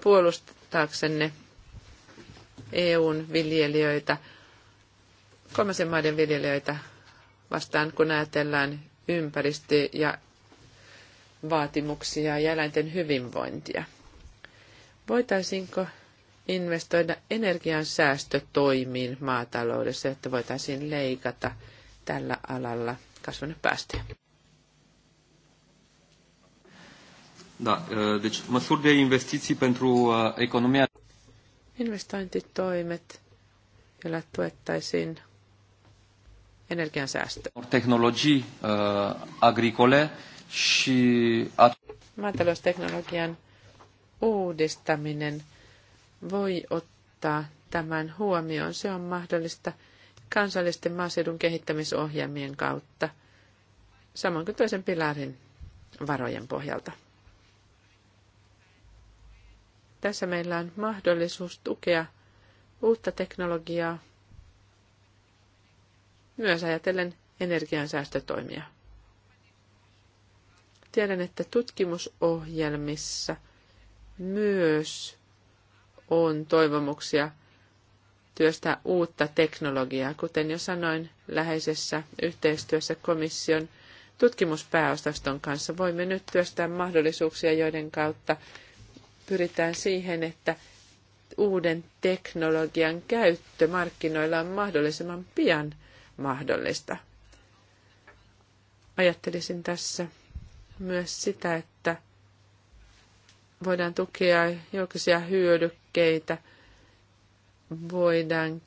S4: puolustaaksenne EUn viljelijöitä, kolmasen maiden viljelijöitä vastaan, kun ajatellaan ympäristö- ja vaatimuksia ja eläinten hyvinvointia. Voitaisinko investoida energian säästötoimiin maataloudessa, että voitaisiin leikata tällä alalla kasvanut päästöjä?
S1: Da, uh, deci măsuri de investiții pentru uh, economia...
S4: Investointitoimet, joilla tuettaisiin energiansäästöä.
S1: Teknologii uh, agricole și...
S4: Maatalousteknologian uudistaminen voi ottaa tämän huomioon. Se on mahdollista kansallisten maaseudun kehittämisohjelmien kautta, samoin kuin toisen pilarin varojen pohjalta. Tässä meillä on mahdollisuus tukea uutta teknologiaa, myös ajatellen energiansäästötoimia. Tiedän, että tutkimusohjelmissa myös on toivomuksia työstää uutta teknologiaa, kuten jo sanoin, läheisessä yhteistyössä komission tutkimuspääosaston kanssa voimme nyt työstää mahdollisuuksia, joiden kautta pyritään siihen, että uuden teknologian käyttö markkinoilla on mahdollisimman pian mahdollista. Ajattelisin tässä myös sitä, että voidaan tukea julkisia hyödykkeitä, voidaan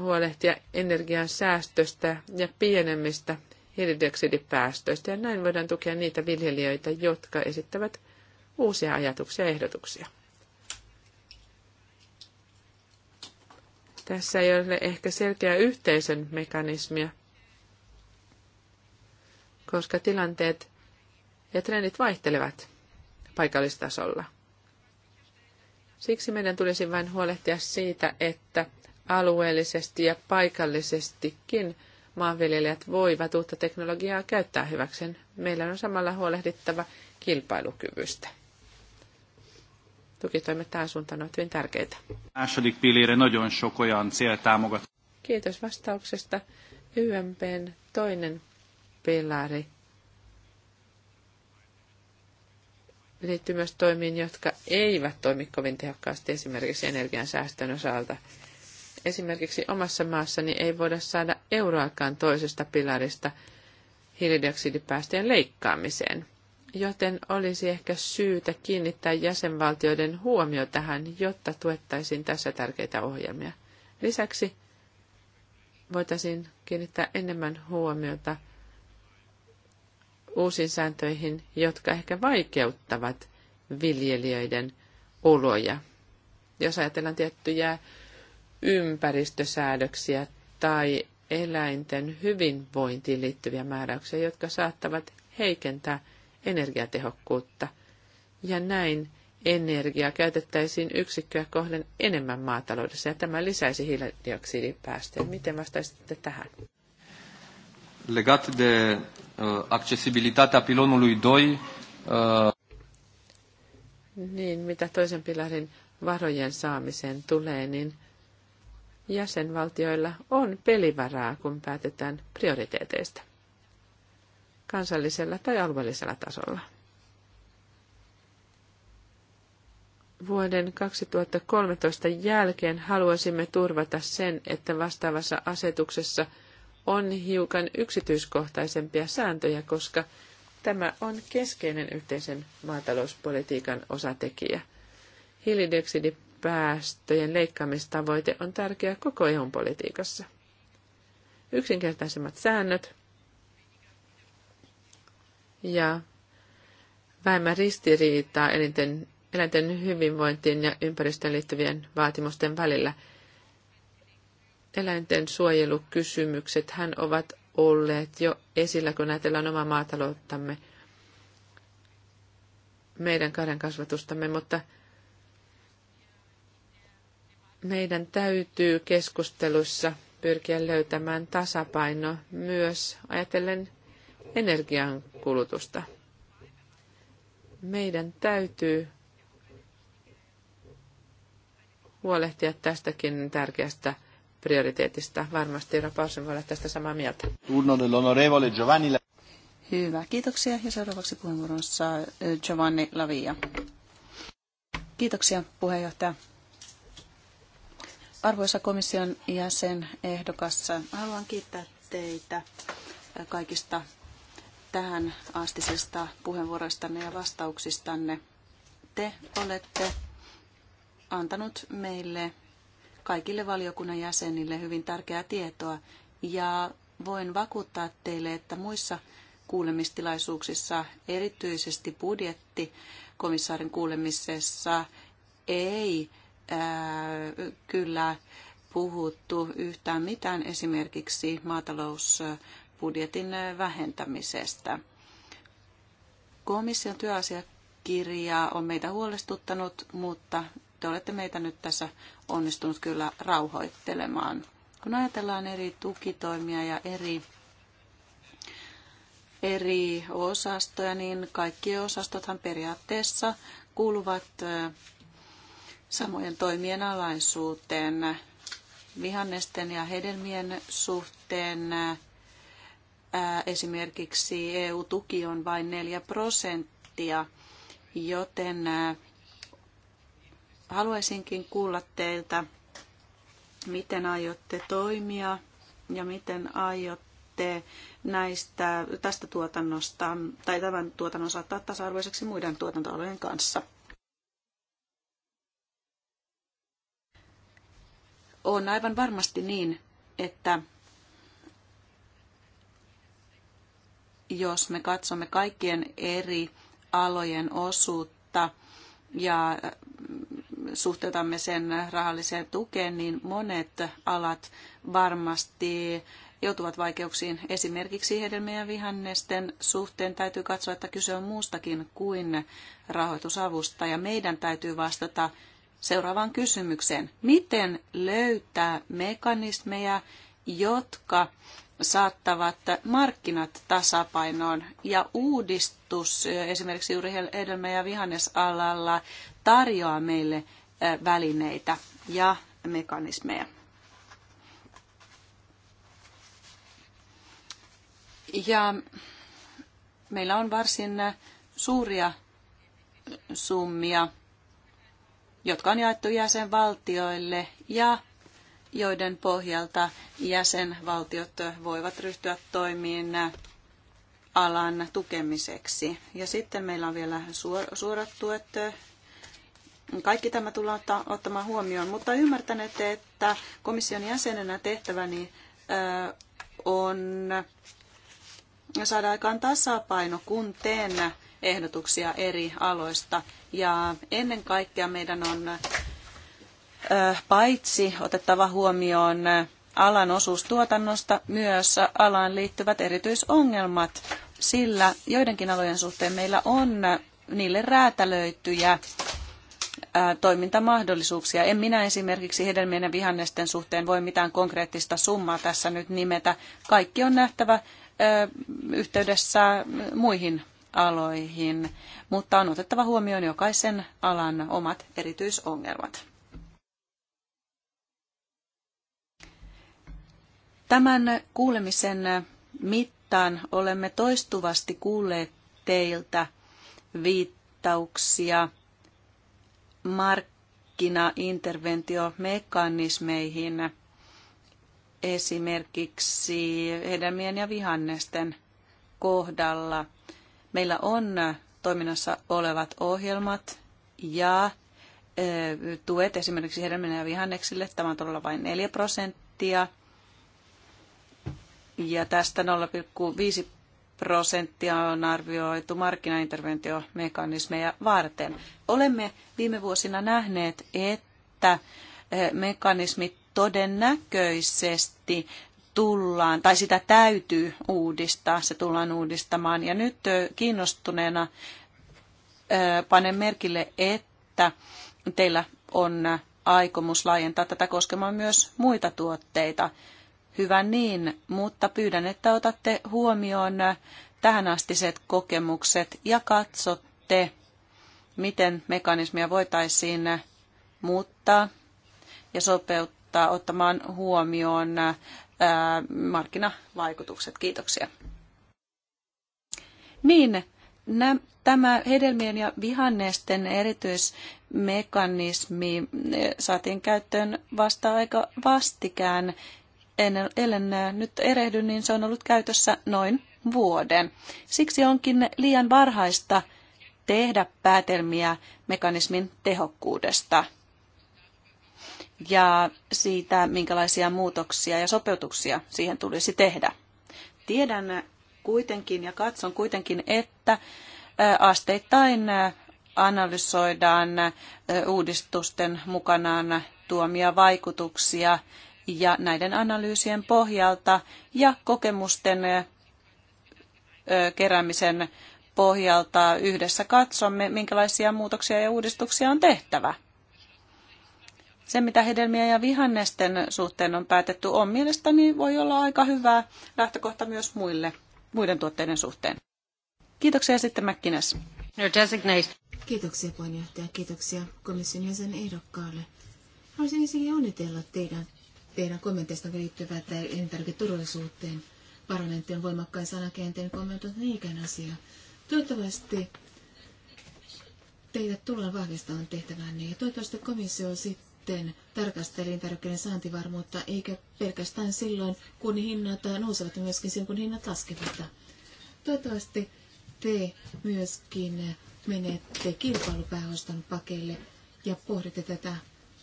S4: huolehtia energian säästöstä ja pienemmistä hiilidioksidipäästöistä. Ja näin voidaan tukea niitä viljelijöitä, jotka esittävät uusia ajatuksia ja ehdotuksia. Tässä ei ole ehkä selkeä yhteisön mekanismia, koska tilanteet ja trendit vaihtelevat paikallistasolla. Siksi meidän tulisi vain huolehtia siitä, että alueellisesti ja paikallisestikin maanviljelijät voivat uutta teknologiaa käyttää hyväkseen. Meillä on samalla huolehdittava kilpailukyvystä tukitoimet tähän suuntaan ovat hyvin tärkeitä.
S2: Második pillére nagyon sok olyan cél támogat.
S4: Kiitos vastauksesta. YMPn toinen pilari liittyy myös toimiin, jotka eivät toimi kovin tehokkaasti esimerkiksi energiansäästön osalta. Esimerkiksi omassa maassani ei voida saada euroakaan toisesta pilarista hiilidioksidipäästöjen leikkaamiseen – joten olisi ehkä syytä kiinnittää jäsenvaltioiden huomio tähän, jotta tuettaisiin tässä tärkeitä ohjelmia. Lisäksi voitaisiin kiinnittää enemmän huomiota uusiin sääntöihin, jotka ehkä vaikeuttavat viljelijöiden oloja. Jos ajatellaan tiettyjä ympäristösäädöksiä tai eläinten hyvinvointiin liittyviä määräyksiä, jotka saattavat heikentää – energiatehokkuutta. Ja näin energiaa käytettäisiin yksikköä kohden enemmän maataloudessa ja tämä lisäisi hiilidioksidipäästöjä. Miten vastaisitte tähän?
S1: Legat de uh, accesibilitatea pilonului 2. Uh...
S4: Niin, mitä toisen pilarin varojen saamiseen tulee, niin jäsenvaltioilla on pelivaraa, kun päätetään prioriteeteista kansallisella tai alueellisella tasolla. Vuoden 2013 jälkeen haluaisimme turvata sen, että vastaavassa asetuksessa on hiukan yksityiskohtaisempia sääntöjä, koska tämä on keskeinen yhteisen maatalouspolitiikan osatekijä. Hiilidioksidipäästöjen leikkaamistavoite on tärkeä koko eu politiikassa. Yksinkertaisemmat säännöt, ja vähemmän ristiriitaa eläinten, eläinten hyvinvointiin ja ympäristöön liittyvien vaatimusten välillä. Eläinten suojelukysymykset hän ovat olleet jo esillä, kun ajatellaan omaa maatalouttamme, meidän karjan kasvatustamme, mutta meidän täytyy keskustelussa pyrkiä löytämään tasapaino myös ajatellen energian kulutusta. Meidän täytyy huolehtia tästäkin tärkeästä prioriteetista. Varmasti Rapausen voi olla tästä samaa mieltä. Giovanni Hyvä,
S2: kiitoksia. Ja seuraavaksi puheenvuoron saa eh, Giovanni Lavia. Kiitoksia puheenjohtaja. Arvoisa komission jäsen ehdokas, haluan kiittää teitä eh, kaikista tähän astisista puheenvuoroistanne ja vastauksistanne. Te olette antanut meille kaikille valiokunnan jäsenille hyvin tärkeää tietoa ja voin vakuuttaa teille, että muissa kuulemistilaisuuksissa, erityisesti budjettikomissaarin kuulemisessa, ei ää, kyllä puhuttu yhtään mitään esimerkiksi maatalous budjetin vähentämisestä. Komission työasiakirja on meitä huolestuttanut, mutta te olette meitä nyt tässä onnistunut kyllä rauhoittelemaan. Kun ajatellaan eri tukitoimia ja eri eri osastoja, niin kaikki osastothan periaatteessa kuuluvat samojen toimien alaisuuteen. Vihannesten ja hedelmien suhteen esimerkiksi EU-tuki on vain 4 prosenttia, joten haluaisinkin kuulla teiltä, miten aiotte toimia ja miten aiotte näistä, tästä tuotannosta tai tämän tuotannon saattaa tasa-arvoiseksi muiden tuotantoalojen kanssa. On aivan varmasti niin, että jos me katsomme kaikkien eri alojen osuutta ja äh, suhteutamme sen rahalliseen tukeen, niin monet alat varmasti joutuvat vaikeuksiin. Esimerkiksi hedelmien ja vihannesten suhteen täytyy katsoa, että kyse on muustakin kuin rahoitusavusta. Ja meidän täytyy vastata seuraavaan kysymykseen. Miten löytää mekanismeja, jotka saattavat markkinat tasapainoon ja uudistus esimerkiksi juuri hedelmä- ja vihannesalalla tarjoaa meille välineitä ja mekanismeja. Ja meillä on varsin suuria summia, jotka on jaettu jäsenvaltioille ja joiden pohjalta jäsenvaltiot voivat ryhtyä toimiin alan tukemiseksi. Ja sitten meillä on vielä suorat tuet. Kaikki tämä tullaan ottamaan huomioon, mutta ymmärtäneet, että komission jäsenenä tehtäväni on saada aikaan tasapaino, kun teen ehdotuksia eri aloista. Ja ennen kaikkea meidän on paitsi otettava huomioon alan osuus tuotannosta, myös alaan liittyvät erityisongelmat, sillä joidenkin alojen suhteen meillä on niille räätälöityjä toimintamahdollisuuksia. En minä esimerkiksi hedelmien ja vihannesten suhteen voi mitään konkreettista summaa tässä nyt nimetä. Kaikki on nähtävä yhteydessä muihin aloihin, mutta on otettava huomioon jokaisen alan omat erityisongelmat. Tämän kuulemisen mittaan olemme toistuvasti kuulleet teiltä viittauksia markkinainterventiomekanismeihin, esimerkiksi hedelmien ja vihannesten kohdalla. Meillä on toiminnassa olevat ohjelmat ja tuet esimerkiksi hedelmien ja vihanneksille, tämä on todella vain 4 prosenttia – ja tästä 0,5 prosenttia on arvioitu markkinainterventiomekanismeja varten. Olemme viime vuosina nähneet, että eh, mekanismit todennäköisesti tullaan, tai sitä täytyy uudistaa, se tullaan uudistamaan. Ja nyt eh, kiinnostuneena eh, panen merkille, että teillä on aikomus laajentaa tätä koskemaan myös muita tuotteita hyvä niin, mutta pyydän, että otatte huomioon tähänastiset kokemukset ja katsotte, miten mekanismia voitaisiin muuttaa ja sopeuttaa ottamaan huomioon markkinavaikutukset. Kiitoksia. Niin, nä, tämä hedelmien ja vihannesten erityismekanismi saatiin käyttöön vasta aika vastikään ellen nyt erehdy, niin se on ollut käytössä noin vuoden. Siksi onkin liian varhaista tehdä päätelmiä mekanismin tehokkuudesta ja siitä, minkälaisia muutoksia ja sopeutuksia siihen tulisi tehdä. Tiedän kuitenkin ja katson kuitenkin, että asteittain analysoidaan uudistusten mukanaan tuomia vaikutuksia ja näiden analyysien pohjalta ja kokemusten keräämisen pohjalta yhdessä katsomme, minkälaisia muutoksia ja uudistuksia on tehtävä. Se, mitä hedelmiä ja vihannesten suhteen on päätetty, on mielestäni voi olla aika hyvä lähtökohta myös muille, muiden tuotteiden suhteen. Kiitoksia sitten Mäkkinäs.
S3: Kiitoksia puheenjohtaja, kiitoksia komission jäsen ehdokkaalle. Haluaisin ensinnäkin onnitella teidän teidän kommenteista liittyvät elintarviketurvallisuuteen. Parlamentti on voimakkain sanakenteen kommentoinut niinkään asiaa. Toivottavasti teidät tullaan vahvistamaan tehtävänne ja toivottavasti komissio sitten tarkastelee elintarvikkeiden saantivarmuutta, eikä pelkästään silloin, kun hinnat nousevat ja myöskin silloin, kun hinnat laskevat. Toivottavasti te myöskin menette kilpailupääoston pakelle ja pohditte tätä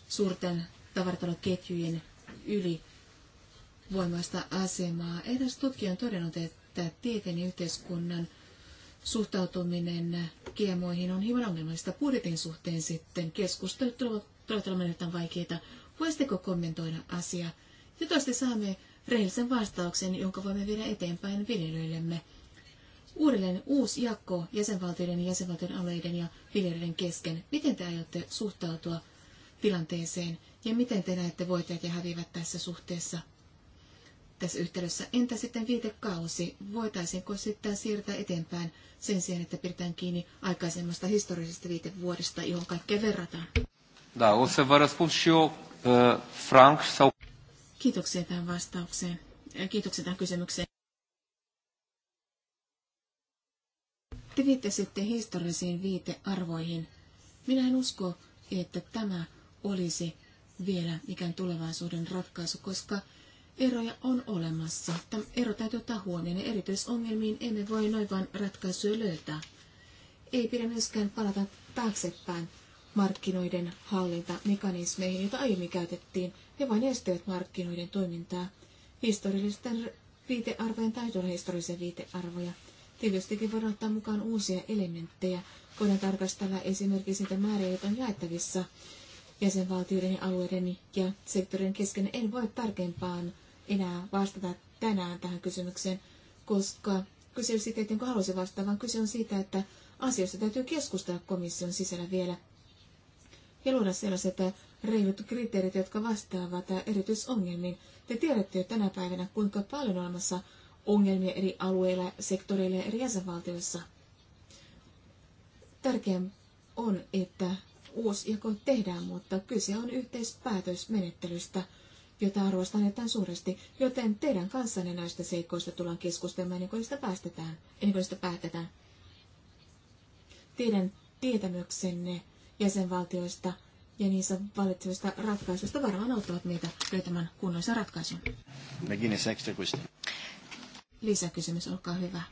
S3: suurten tavarataloketjujen yli voimaista asemaa. Eräs tutkija on todennut, että tieteen ja yhteiskunnan suhtautuminen kiemoihin on hieman ongelmallista budjetin suhteen sitten. Keskustelut tulevat olemaan vaikeita. Voisitteko kommentoida asiaa? toivottavasti saamme rehellisen vastauksen, jonka voimme viedä eteenpäin viljelijöillemme. Uudelleen uusi jakko jäsenvaltioiden ja jäsenvaltioiden alueiden ja viljelijöiden kesken. Miten te aiotte suhtautua tilanteeseen? Ja miten te näette voittajat ja häviävät tässä suhteessa? Tässä yhteydessä entä sitten viitekausi? Voitaisiinko sitten siirtää eteenpäin sen sijaan, että pidetään kiinni aikaisemmasta historiallisesta viitevuodesta, johon kaikkea verrataan?
S1: Da, o să vă răspund și eu, Frank sau...
S3: Kiitoksia tämän vastaukseen. Kiitoksia tämän kysymykseen. Te viittasitte historiallisiin viitearvoihin. Minä en usko, että tämä olisi vielä mikään tulevaisuuden ratkaisu, koska eroja on olemassa. Tämä ero täytyy ottaa huomioon ja erityisongelmiin emme voi noin vain ratkaisuja löytää. Ei pidä myöskään palata taaksepäin markkinoiden hallintamekanismeihin, joita aiemmin käytettiin. Ne vain estävät markkinoiden toimintaa. Historiallisten viitearvojen täytyy olla historiallisia viitearvoja. Tietystikin voidaan ottaa mukaan uusia elementtejä. Voidaan tarkastella esimerkiksi niitä määriä, joita on jaettavissa jäsenvaltioiden ja alueiden ja sektorin kesken. En voi tarkempaan enää vastata tänään tähän kysymykseen, koska kyse on siitä, että haluaisi vastata, vaan kyse on siitä, että asioista täytyy keskustella komission sisällä vielä ja luoda sellaiset reilut kriteerit, jotka vastaavat erityisongelmiin. Te tiedätte jo tänä päivänä, kuinka paljon on olemassa ongelmia eri alueilla, sektoreilla ja eri jäsenvaltioissa. Tärkeää on, että uusi jako tehdään, mutta kyse on yhteispäätösmenettelystä, jota arvostan erittäin suuresti, joten teidän kanssanne näistä seikoista tullaan keskustelemaan ennen kuin sitä, päästetään, ennen kuin sitä päätetään. Teidän tietämyksenne jäsenvaltioista ja niissä valitsevista ratkaisuista varmaan auttavat meitä löytämään kunnoisen ratkaisun. Lisäkysymys, olkaa hyvä.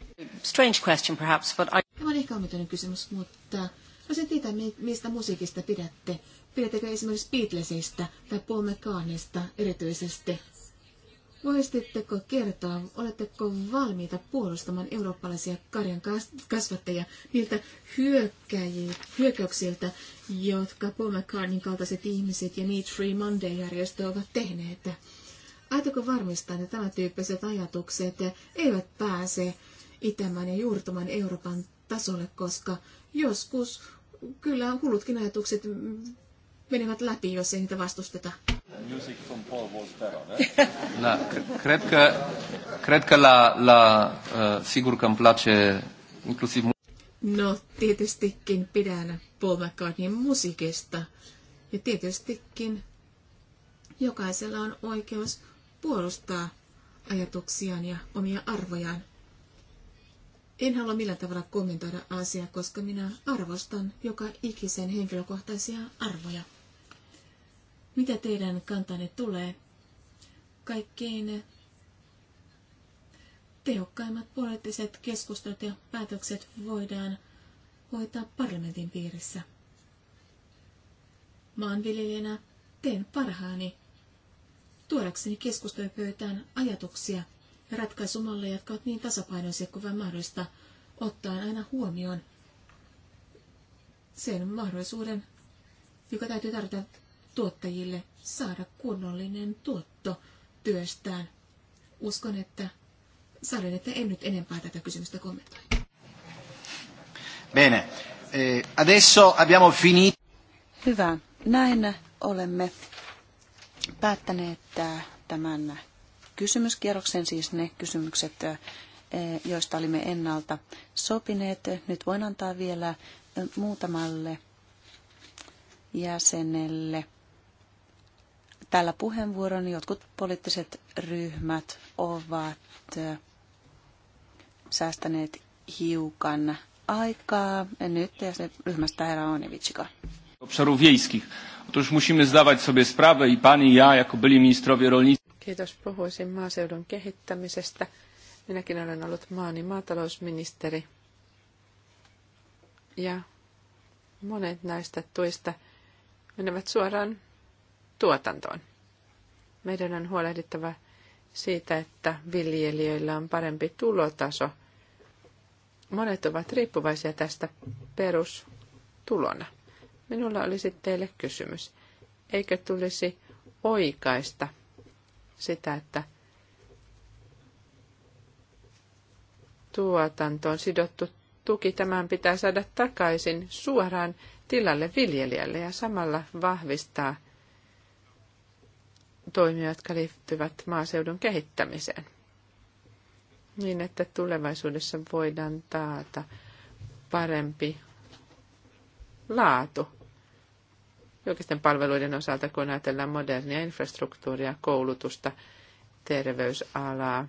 S1: Strange question perhaps,
S3: but I... Tämä on ehkä omituinen kysymys, mutta Haluaisin no tietää, mistä musiikista pidätte. Pidättekö esimerkiksi Beatlesista tai Paul McCartneysta erityisesti? Voisitteko kertoa, oletteko valmiita puolustamaan eurooppalaisia karjan kasvattajia niiltä hyökkäyksiltä, jotka Paul McCartneyn kaltaiset ihmiset ja Need Free Monday-järjestö ovat tehneet? Aitoko varmistaa, että tämän tyyppiset ajatukset eivät pääse itämään ja juurtumaan Euroopan tasolle, koska joskus kyllä hullutkin ajatukset menevät läpi, jos ei niitä vastusteta.
S1: Music from Paul (laughs) la, cred că, cred că la, la uh, sigur că îmi place inclusiv...
S3: No, tietystikin pidän Paul McCartneyn musiikista. Ja tietystikin jokaisella on oikeus puolustaa ajatuksiaan ja omia arvojaan. En halua millään tavalla kommentoida asiaa, koska minä arvostan joka ikisen henkilökohtaisia arvoja. Mitä teidän kantanne tulee? Kaikkein tehokkaimmat poliittiset keskustelut ja päätökset voidaan hoitaa parlamentin piirissä. Maanviljelijänä teen parhaani tuodakseni keskustelupöytään ajatuksia, ja ratkaisumalleja, jotka ovat niin tasapainoisia kuin vain mahdollista, ottaen aina huomioon sen mahdollisuuden, joka täytyy tarjota tuottajille saada kunnollinen tuotto työstään. Uskon, että sallin, että en nyt enempää tätä kysymystä kommentoi.
S1: Bene. Eh, adesso abbiamo finito.
S2: Hyvä. Näin olemme päättäneet tämän kysymyskierroksen, siis ne kysymykset, joista olimme ennalta sopineet. Nyt voin antaa vielä muutamalle jäsenelle tällä puheenvuoron. Jotkut poliittiset ryhmät ovat säästäneet hiukan aikaa. Nyt ja se ryhmästä herra Onevitsika.
S1: Obszarów wiejskich. Otóż musimy zdawać sobie sprawę i pani i ja, jako byli ministrowie rolnictwa,
S4: Kiitos. Puhuisin maaseudun kehittämisestä. Minäkin olen ollut maani maatalousministeri. Ja monet näistä tuista menevät suoraan tuotantoon. Meidän on huolehdittava siitä, että viljelijöillä on parempi tulotaso. Monet ovat riippuvaisia tästä perustulona. Minulla olisi teille kysymys. Eikö tulisi oikaista sitä, että tuotanto on sidottu tuki tämän pitää saada takaisin suoraan tilalle viljelijälle ja samalla vahvistaa toimia, jotka liittyvät maaseudun kehittämiseen. Niin, että tulevaisuudessa voidaan taata parempi laatu julkisten palveluiden osalta, kun ajatellaan modernia infrastruktuuria, koulutusta, terveysalaa,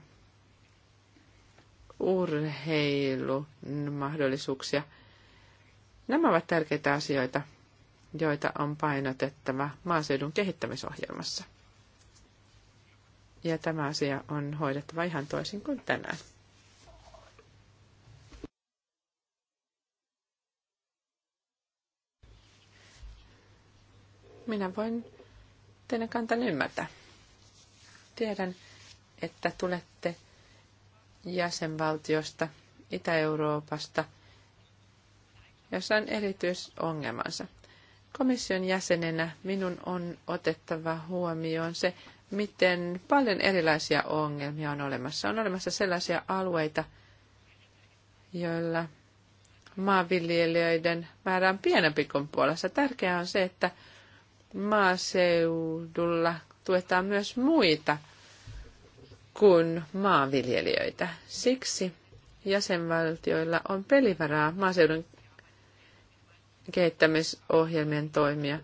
S4: urheilun mahdollisuuksia. Nämä ovat tärkeitä asioita, joita on painotettava maaseudun kehittämisohjelmassa. Ja tämä asia on hoidettava ihan toisin kuin tänään. Minä voin teidän kantanne ymmärtää. Tiedän, että tulette jäsenvaltiosta, Itä-Euroopasta, jossa on erityisongelmansa. Komission jäsenenä minun on otettava huomioon se, miten paljon erilaisia ongelmia on olemassa. On olemassa sellaisia alueita, joilla maanviljelijöiden määrä on pienempi kuin puolessa. Tärkeää on se, että maaseudulla tuetaan myös muita kuin maanviljelijöitä. Siksi jäsenvaltioilla on pelivaraa maaseudun kehittämisohjelmien toimia,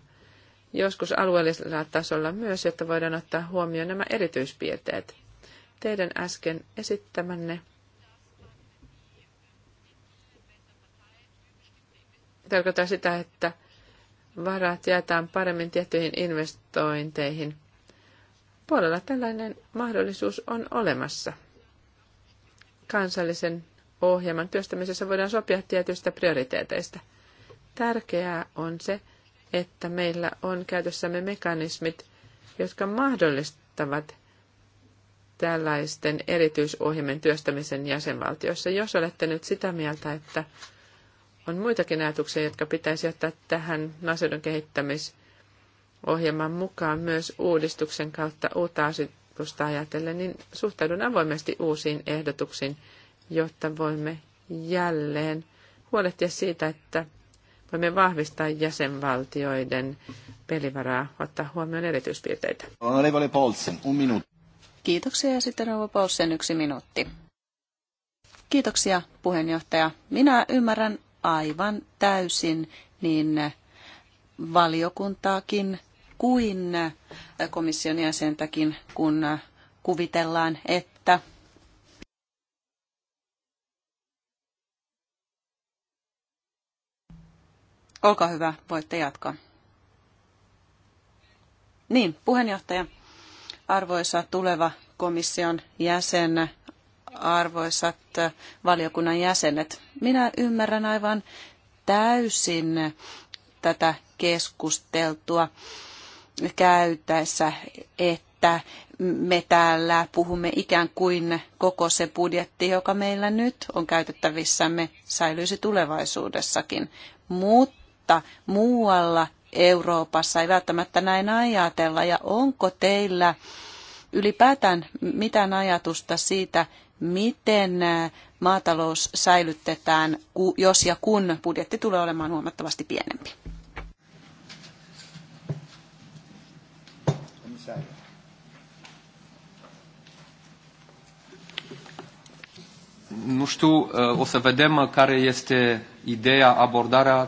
S4: joskus alueellisella tasolla myös, jotta voidaan ottaa huomioon nämä erityispiirteet. Teidän äsken esittämänne tarkoittaa sitä, että varat jaetaan paremmin tiettyihin investointeihin. Puolella tällainen mahdollisuus on olemassa. Kansallisen ohjelman työstämisessä voidaan sopia tietyistä prioriteeteista. Tärkeää on se, että meillä on käytössämme mekanismit, jotka mahdollistavat tällaisten erityisohjelmien työstämisen jäsenvaltioissa. Jos olette nyt sitä mieltä, että on muitakin ajatuksia, jotka pitäisi ottaa tähän maaseudun kehittämisohjelman mukaan myös uudistuksen kautta uutta asetusta ajatellen, niin suhtaudun avoimesti uusiin ehdotuksiin, jotta voimme jälleen huolehtia siitä, että voimme vahvistaa jäsenvaltioiden pelivaraa, ottaa huomioon erityispiirteitä. minuutti. Kiitoksia ja sitten
S2: rouva Paulsen yksi minuutti. Kiitoksia puheenjohtaja. Minä ymmärrän aivan täysin niin valiokuntaakin kuin komission jäsentäkin, kun kuvitellaan, että Olkaa hyvä, voitte jatkaa. Niin, puheenjohtaja, arvoisa tuleva komission jäsen, arvoisat äh, valiokunnan jäsenet. Minä ymmärrän aivan täysin tätä keskusteltua käytäessä, että me täällä puhumme ikään kuin koko se budjetti, joka meillä nyt on käytettävissämme, säilyisi tulevaisuudessakin. Mutta muualla Euroopassa ei välttämättä näin ajatella. Ja onko teillä ylipäätään mitään ajatusta siitä, miten maatalous säilytetään, jos ja kun budjetti tulee olemaan huomattavasti pienempi.
S1: Nu știu, o să vedem care este ideea, abordarea.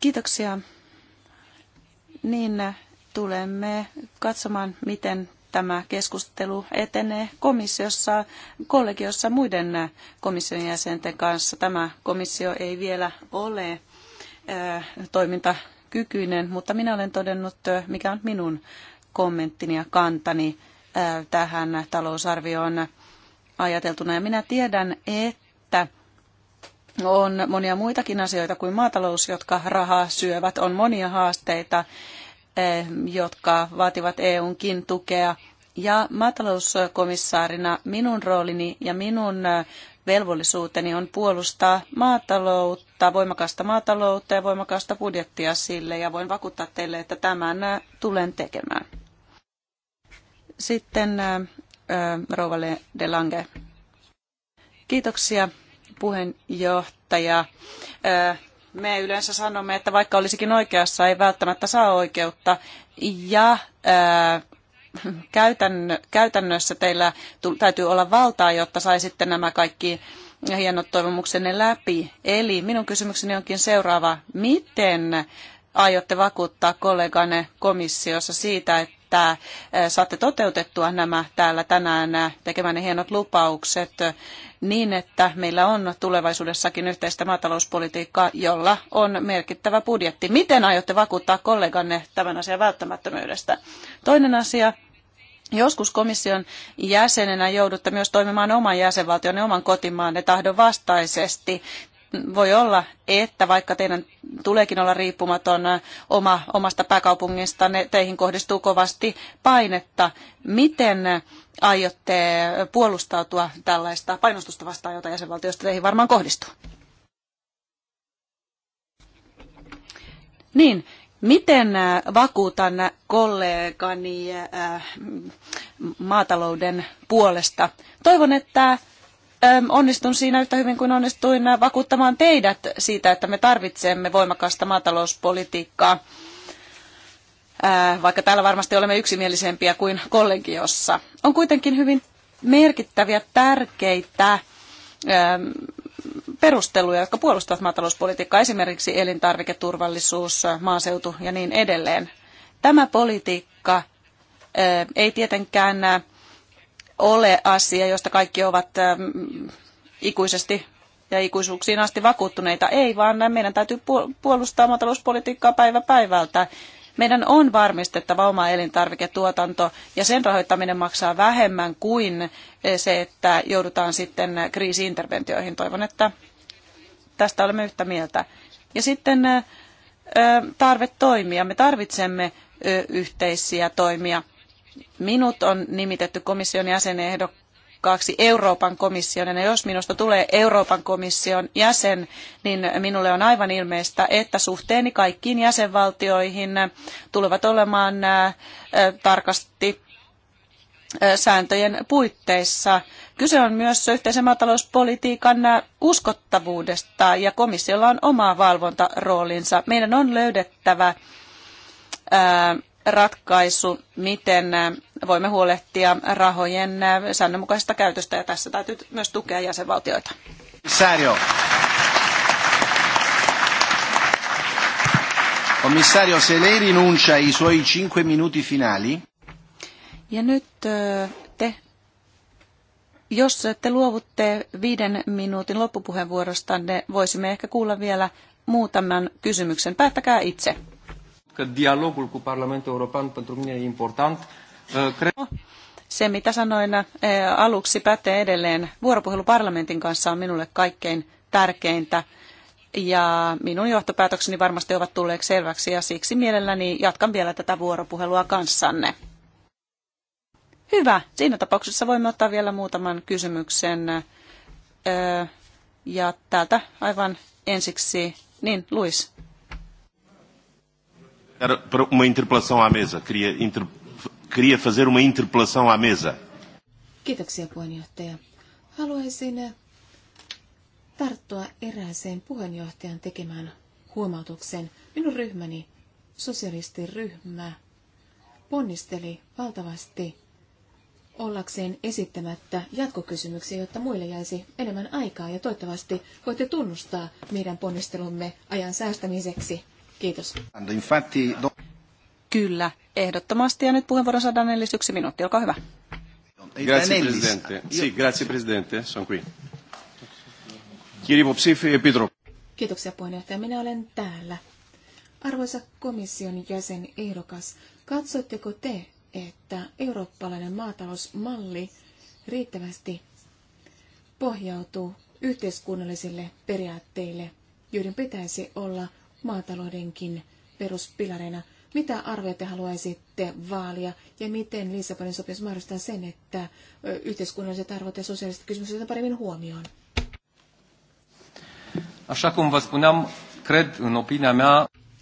S2: Kiitoksia. Niin tulemme katsomaan, miten tämä keskustelu etenee komissiossa, kollegiossa muiden komission jäsenten kanssa. Tämä komissio ei vielä ole toimintakykyinen, mutta minä olen todennut, mikä on minun kommenttini ja kantani tähän talousarvioon ajateltuna. Ja minä tiedän, että on monia muitakin asioita kuin maatalous, jotka rahaa syövät. On monia haasteita, Eh, jotka vaativat EUnkin tukea. Ja maatalouskomissaarina minun roolini ja minun eh, velvollisuuteni on puolustaa maataloutta, voimakasta maataloutta ja voimakasta budjettia sille ja voin vakuuttaa teille, että tämän eh, tulen tekemään. Sitten rouva de Lange. Kiitoksia puheenjohtaja me yleensä sanomme, että vaikka olisikin oikeassa, ei välttämättä saa oikeutta. Ja ää, äh, käytännö, käytännössä teillä täytyy olla valtaa, jotta saisitte nämä kaikki hienot toivomuksenne läpi. Eli minun kysymykseni onkin seuraava. Miten aiotte vakuuttaa kolleganne komissiossa siitä, että että eh, saatte toteutettua nämä täällä tänään eh, tekemänne hienot lupaukset eh, niin, että meillä on tulevaisuudessakin yhteistä maatalouspolitiikkaa, jolla on merkittävä budjetti. Miten aiotte vakuuttaa kolleganne tämän asian välttämättömyydestä? Toinen asia, Joskus komission jäsenenä joudutte myös toimimaan oman jäsenvaltion ja oman kotimaanne tahdon vastaisesti voi olla, että vaikka teidän tuleekin olla riippumaton oma, omasta pääkaupungista, ne, teihin kohdistuu kovasti painetta. Miten aiotte puolustautua tällaista painostusta vastaan, jota jäsenvaltiosta teihin varmaan kohdistuu? Niin, Miten vakuutan kollegani äh, maatalouden puolesta? Toivon, että onnistun siinä yhtä hyvin kuin onnistuin äh, vakuuttamaan teidät siitä, että me tarvitsemme voimakasta maatalouspolitiikkaa, äh, vaikka täällä varmasti olemme yksimielisempiä kuin kollegiossa. On kuitenkin hyvin merkittäviä, tärkeitä ähm, perusteluja, jotka puolustavat maatalouspolitiikkaa, esimerkiksi elintarviketurvallisuus, äh, maaseutu ja niin edelleen. Tämä politiikka ei tietenkään ole asia, josta kaikki ovat ähm, ikuisesti ja ikuisuuksiin asti vakuuttuneita. Ei, vaan meidän täytyy puolustaa maatalouspolitiikkaa päivä päivältä. Meidän on varmistettava oma elintarviketuotanto ja sen rahoittaminen maksaa vähemmän kuin eh, se, että joudutaan sitten kriisiinterventioihin. Toivon, että tästä olemme yhtä mieltä. Ja sitten eh, eh, tarve toimia. Me tarvitsemme yhteisiä toimia Minut on nimitetty komission jäsenehdokkaaksi Euroopan komission, ja jos minusta tulee Euroopan komission jäsen, niin minulle on aivan ilmeistä, että suhteeni kaikkiin jäsenvaltioihin tulevat olemaan tarkasti sääntöjen puitteissa. Kyse on myös yhteisen maatalouspolitiikan uskottavuudesta ja komissiolla on oma valvontaroolinsa. Meidän on löydettävä ratkaisu, miten äh, voimme huolehtia rahojen äh, säännönmukaisesta käytöstä ja tässä täytyy myös tukea jäsenvaltioita.
S1: Komissario. Komissario, se lei rinuncia i suoi cinque minuti finali.
S2: Ja nyt te, jos te luovutte viiden minuutin loppupuheenvuorosta, ne voisimme ehkä kuulla vielä muutaman kysymyksen. Päättäkää itse
S1: că dialogul cu Parlamentul European pentru mine e important. Uh, cred...
S2: No, se, mitä sanoin uh, aluksi, pätee edelleen. Vuoropuhelu parlamentin kanssa on minulle kaikkein tärkeintä ja minun johtopäätökseni varmasti ovat tulleet selväksi ja siksi mielelläni jatkan vielä tätä vuoropuhelua kanssanne. Hyvä. Siinä tapauksessa voimme ottaa vielä muutaman kysymyksen. Uh, ja täältä aivan ensiksi, niin Luis,
S1: Era para uma interpelação à mesa. Queria, inter... Queria fazer uma interpelação à mesa.
S3: Kiitoksia puheenjohtaja. Haluaisin eh, tarttua erääseen puheenjohtajan tekemään huomautuksen. Minun ryhmäni, sosialistiryhmä, ponnisteli valtavasti ollakseen esittämättä jatkokysymyksiä, jotta muille jäisi enemmän aikaa ja toivottavasti voitte tunnustaa
S2: meidän ponnistelumme ajan säästämiseksi. Kiitos. Kyllä, ehdottomasti. Ja nyt puheenvuoron saadaan Nellis yksi minuutti. Olkaa hyvä.
S1: Grazie, presidente. Sì, grazie, presidente. Sono qui. Kiri Popsifi e Pietro.
S3: Kiitoksia, puheenjohtaja. Minä olen täällä. Arvoisa komission jäsen ehdokas, katsotteko te, että eurooppalainen maatalousmalli riittävästi pohjautuu yhteiskunnallisille periaatteille, joiden pitäisi olla maataloudenkin peruspilareina. Mitä arvoja te haluaisitte vaalia ja miten Lissabonin sopimus mahdollistaa sen, että yhteiskunnalliset arvot ja sosiaaliset kysymykset otetaan paremmin huomioon?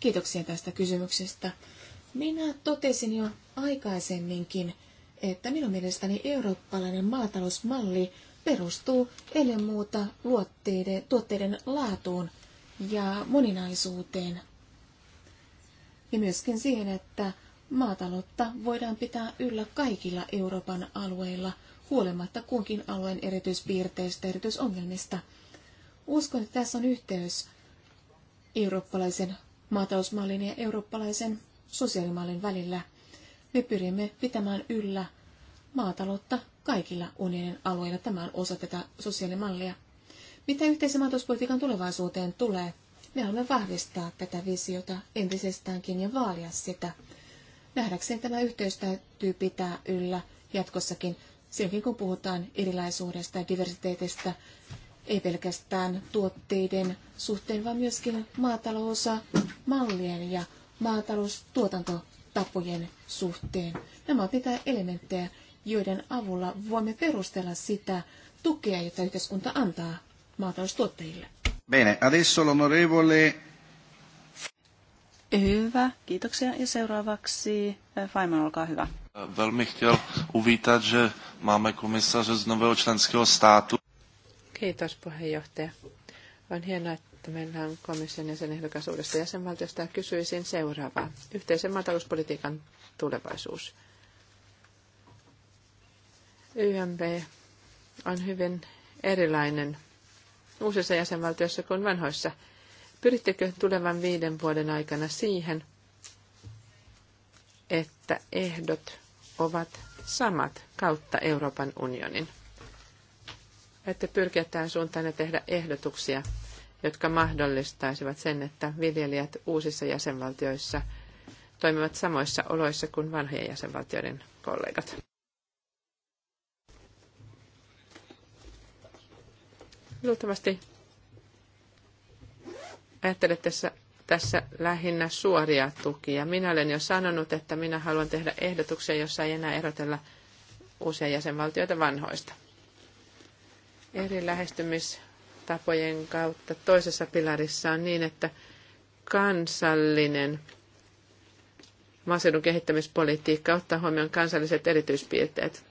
S3: Kiitoksia tästä kysymyksestä. Minä totesin jo aikaisemminkin, että minun mielestäni eurooppalainen maatalousmalli perustuu ennen muuta luotteiden, tuotteiden laatuun ja moninaisuuteen. Ja myöskin siihen, että maataloutta voidaan pitää yllä kaikilla Euroopan alueilla, huolimatta kunkin alueen erityispiirteistä ja erityisongelmista. Uskon, että tässä on yhteys eurooppalaisen maatalousmallin ja eurooppalaisen sosiaalimallin välillä. Me pyrimme pitämään yllä maataloutta kaikilla unionin alueilla. Tämä on osa tätä sosiaalimallia. Mitä yhteisen tulevaisuuteen tulee? Me haluamme vahvistaa tätä visiota entisestäänkin ja vaalia sitä. Nähdäkseen tämä yhteys täytyy pitää yllä jatkossakin, silloin kun puhutaan erilaisuudesta ja diversiteetistä, ei pelkästään tuotteiden suhteen, vaan myöskin maatalousmallien ja maataloustuotantotapojen suhteen. Nämä ovat niitä elementtejä, joiden avulla voimme perustella sitä tukea, jota yhteiskunta antaa maataloustuottajille.
S1: Bene, adesso l'onorevole...
S2: Hyvä, kiitoksia. Ja seuraavaksi
S4: eh, Faiman, olkaa hyvä.
S1: Velmi chtěl uvítat, že máme komisaře z nového členského státu.
S4: Kiitos puheenjohtaja. On hienoa, että meillä on komission jäsen ehdokas uudesta jäsenvaltiosta ja kysyisin seuraavaa. Yhteisen maatalouspolitiikan tulevaisuus. YMP on hyvin erilainen uusissa jäsenvaltioissa kuin vanhoissa. Pyrittekö tulevan viiden vuoden aikana siihen, että ehdot ovat samat kautta Euroopan unionin? Että pyrkiä tähän suuntaan ja tehdä ehdotuksia, jotka mahdollistaisivat sen, että viljelijät uusissa jäsenvaltioissa toimivat samoissa oloissa kuin vanhojen jäsenvaltioiden kollegat. Luultavasti ajattelet tässä, tässä lähinnä suoria tukia. Minä olen jo sanonut, että minä haluan tehdä ehdotuksia, jossa ei enää erotella uusia jäsenvaltioita vanhoista. Eri lähestymistapojen kautta toisessa pilarissa on niin, että kansallinen maaseudun kehittämispolitiikka ottaa huomioon kansalliset erityispiirteet.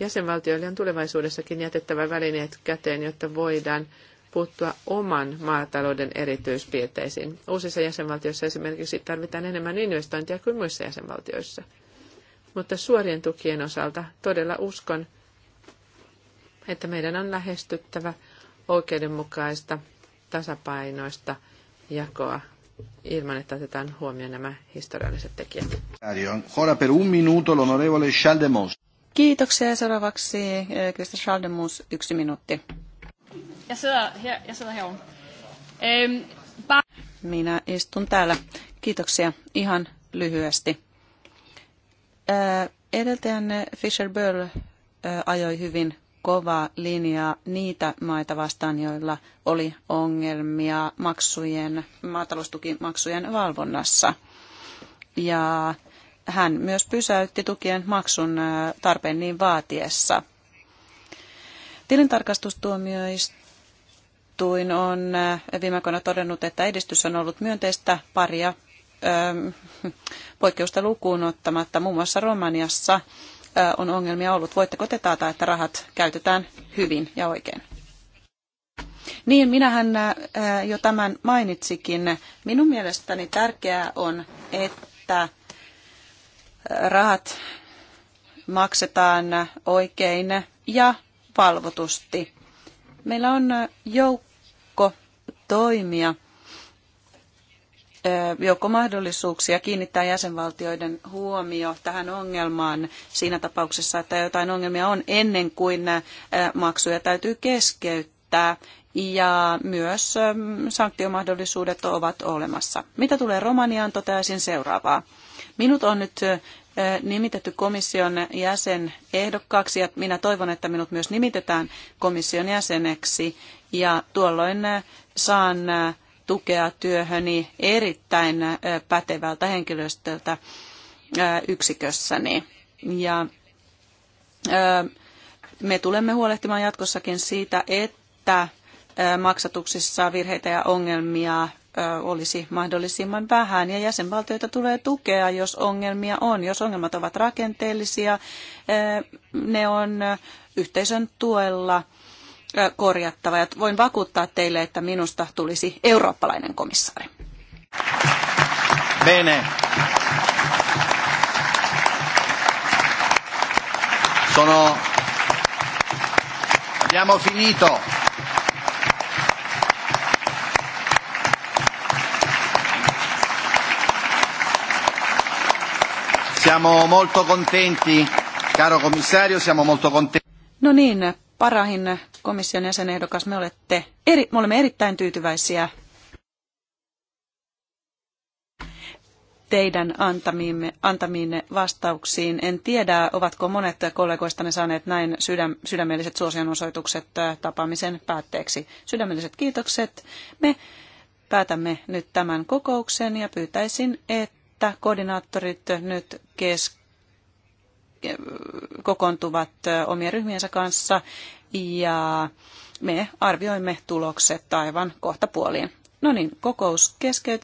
S4: Jäsenvaltioille on tulevaisuudessakin jätettävä välineet käteen, jotta voidaan puuttua oman maatalouden erityispiirteisiin. Uusissa jäsenvaltioissa esimerkiksi tarvitaan enemmän investointia kuin muissa jäsenvaltioissa. Mutta suorien tukien osalta todella uskon, että meidän on lähestyttävä oikeudenmukaista, tasapainoista jakoa ilman, että otetaan huomioon nämä historialliset tekijät.
S1: per un minuto l'onorevole Chaldemos.
S2: Kiitoksia ja seuraavaksi eh, Krista Schaldemus, yksi minuutti.
S3: Jag sitter här, jag sitter här on.
S2: Ähm, Minä istun täällä. Kiitoksia ihan lyhyesti. Äh, eh, edeltäjänne Fisher Böll eh, ajoi hyvin kovaa linjaa niitä maita vastaan, joilla oli ongelmia maksujen, maataloustukimaksujen valvonnassa. Ja hän myös pysäytti tukien maksun tarpeen niin vaatiessa. Tilintarkastustuomioistuin on viime aikoina todennut, että edistys on ollut myönteistä paria poikkeusta lukuun ottamatta. Muun muassa Romaniassa on ongelmia ollut. Voitteko te taata, että rahat käytetään hyvin ja oikein? Niin, minähän jo tämän mainitsikin. Minun mielestäni tärkeää on, että rahat maksetaan oikein ja valvotusti. Meillä on joukko toimia, joukko mahdollisuuksia kiinnittää jäsenvaltioiden huomio tähän ongelmaan siinä tapauksessa, että jotain ongelmia on ennen kuin maksuja täytyy keskeyttää ja myös sanktiomahdollisuudet ovat olemassa. Mitä tulee Romaniaan, toteaisin seuraavaa. Minut on nyt nimitetty komission jäsen ehdokkaaksi ja minä toivon, että minut myös nimitetään komission jäseneksi ja tuolloin saan tukea työhöni erittäin pätevältä henkilöstöltä yksikössäni. Ja me tulemme huolehtimaan jatkossakin siitä, että maksatuksissa virheitä ja ongelmia olisi mahdollisimman vähän ja jäsenvaltioita tulee tukea, jos ongelmia on. Jos ongelmat ovat rakenteellisia, ne on yhteisön tuella korjattava. Ja voin vakuuttaa teille, että minusta tulisi eurooppalainen komissaari. Bene. Sono...
S1: Abbiamo finito. Siamo molto contenti, caro commissario, siamo molto contenti.
S2: No niin, parahin komission jäsenehdokas me olette. Eri, me olemme erittäin tyytyväisiä teidän antamiinne, antamiinne vastauksiin. En tiedä, ovatko monet kollegoistanne saaneet näin sydäm, sydämelliset suosionosoitukset äh, tapaamisen päätteeksi. Sydämelliset kiitokset. Me päätämme nyt tämän kokouksen ja pyytäisin, että että koordinaattorit nyt kes- kokoontuvat omien ryhmiensä kanssa ja me arvioimme tulokset aivan kohta puoliin. No niin, kokous keskeytetään.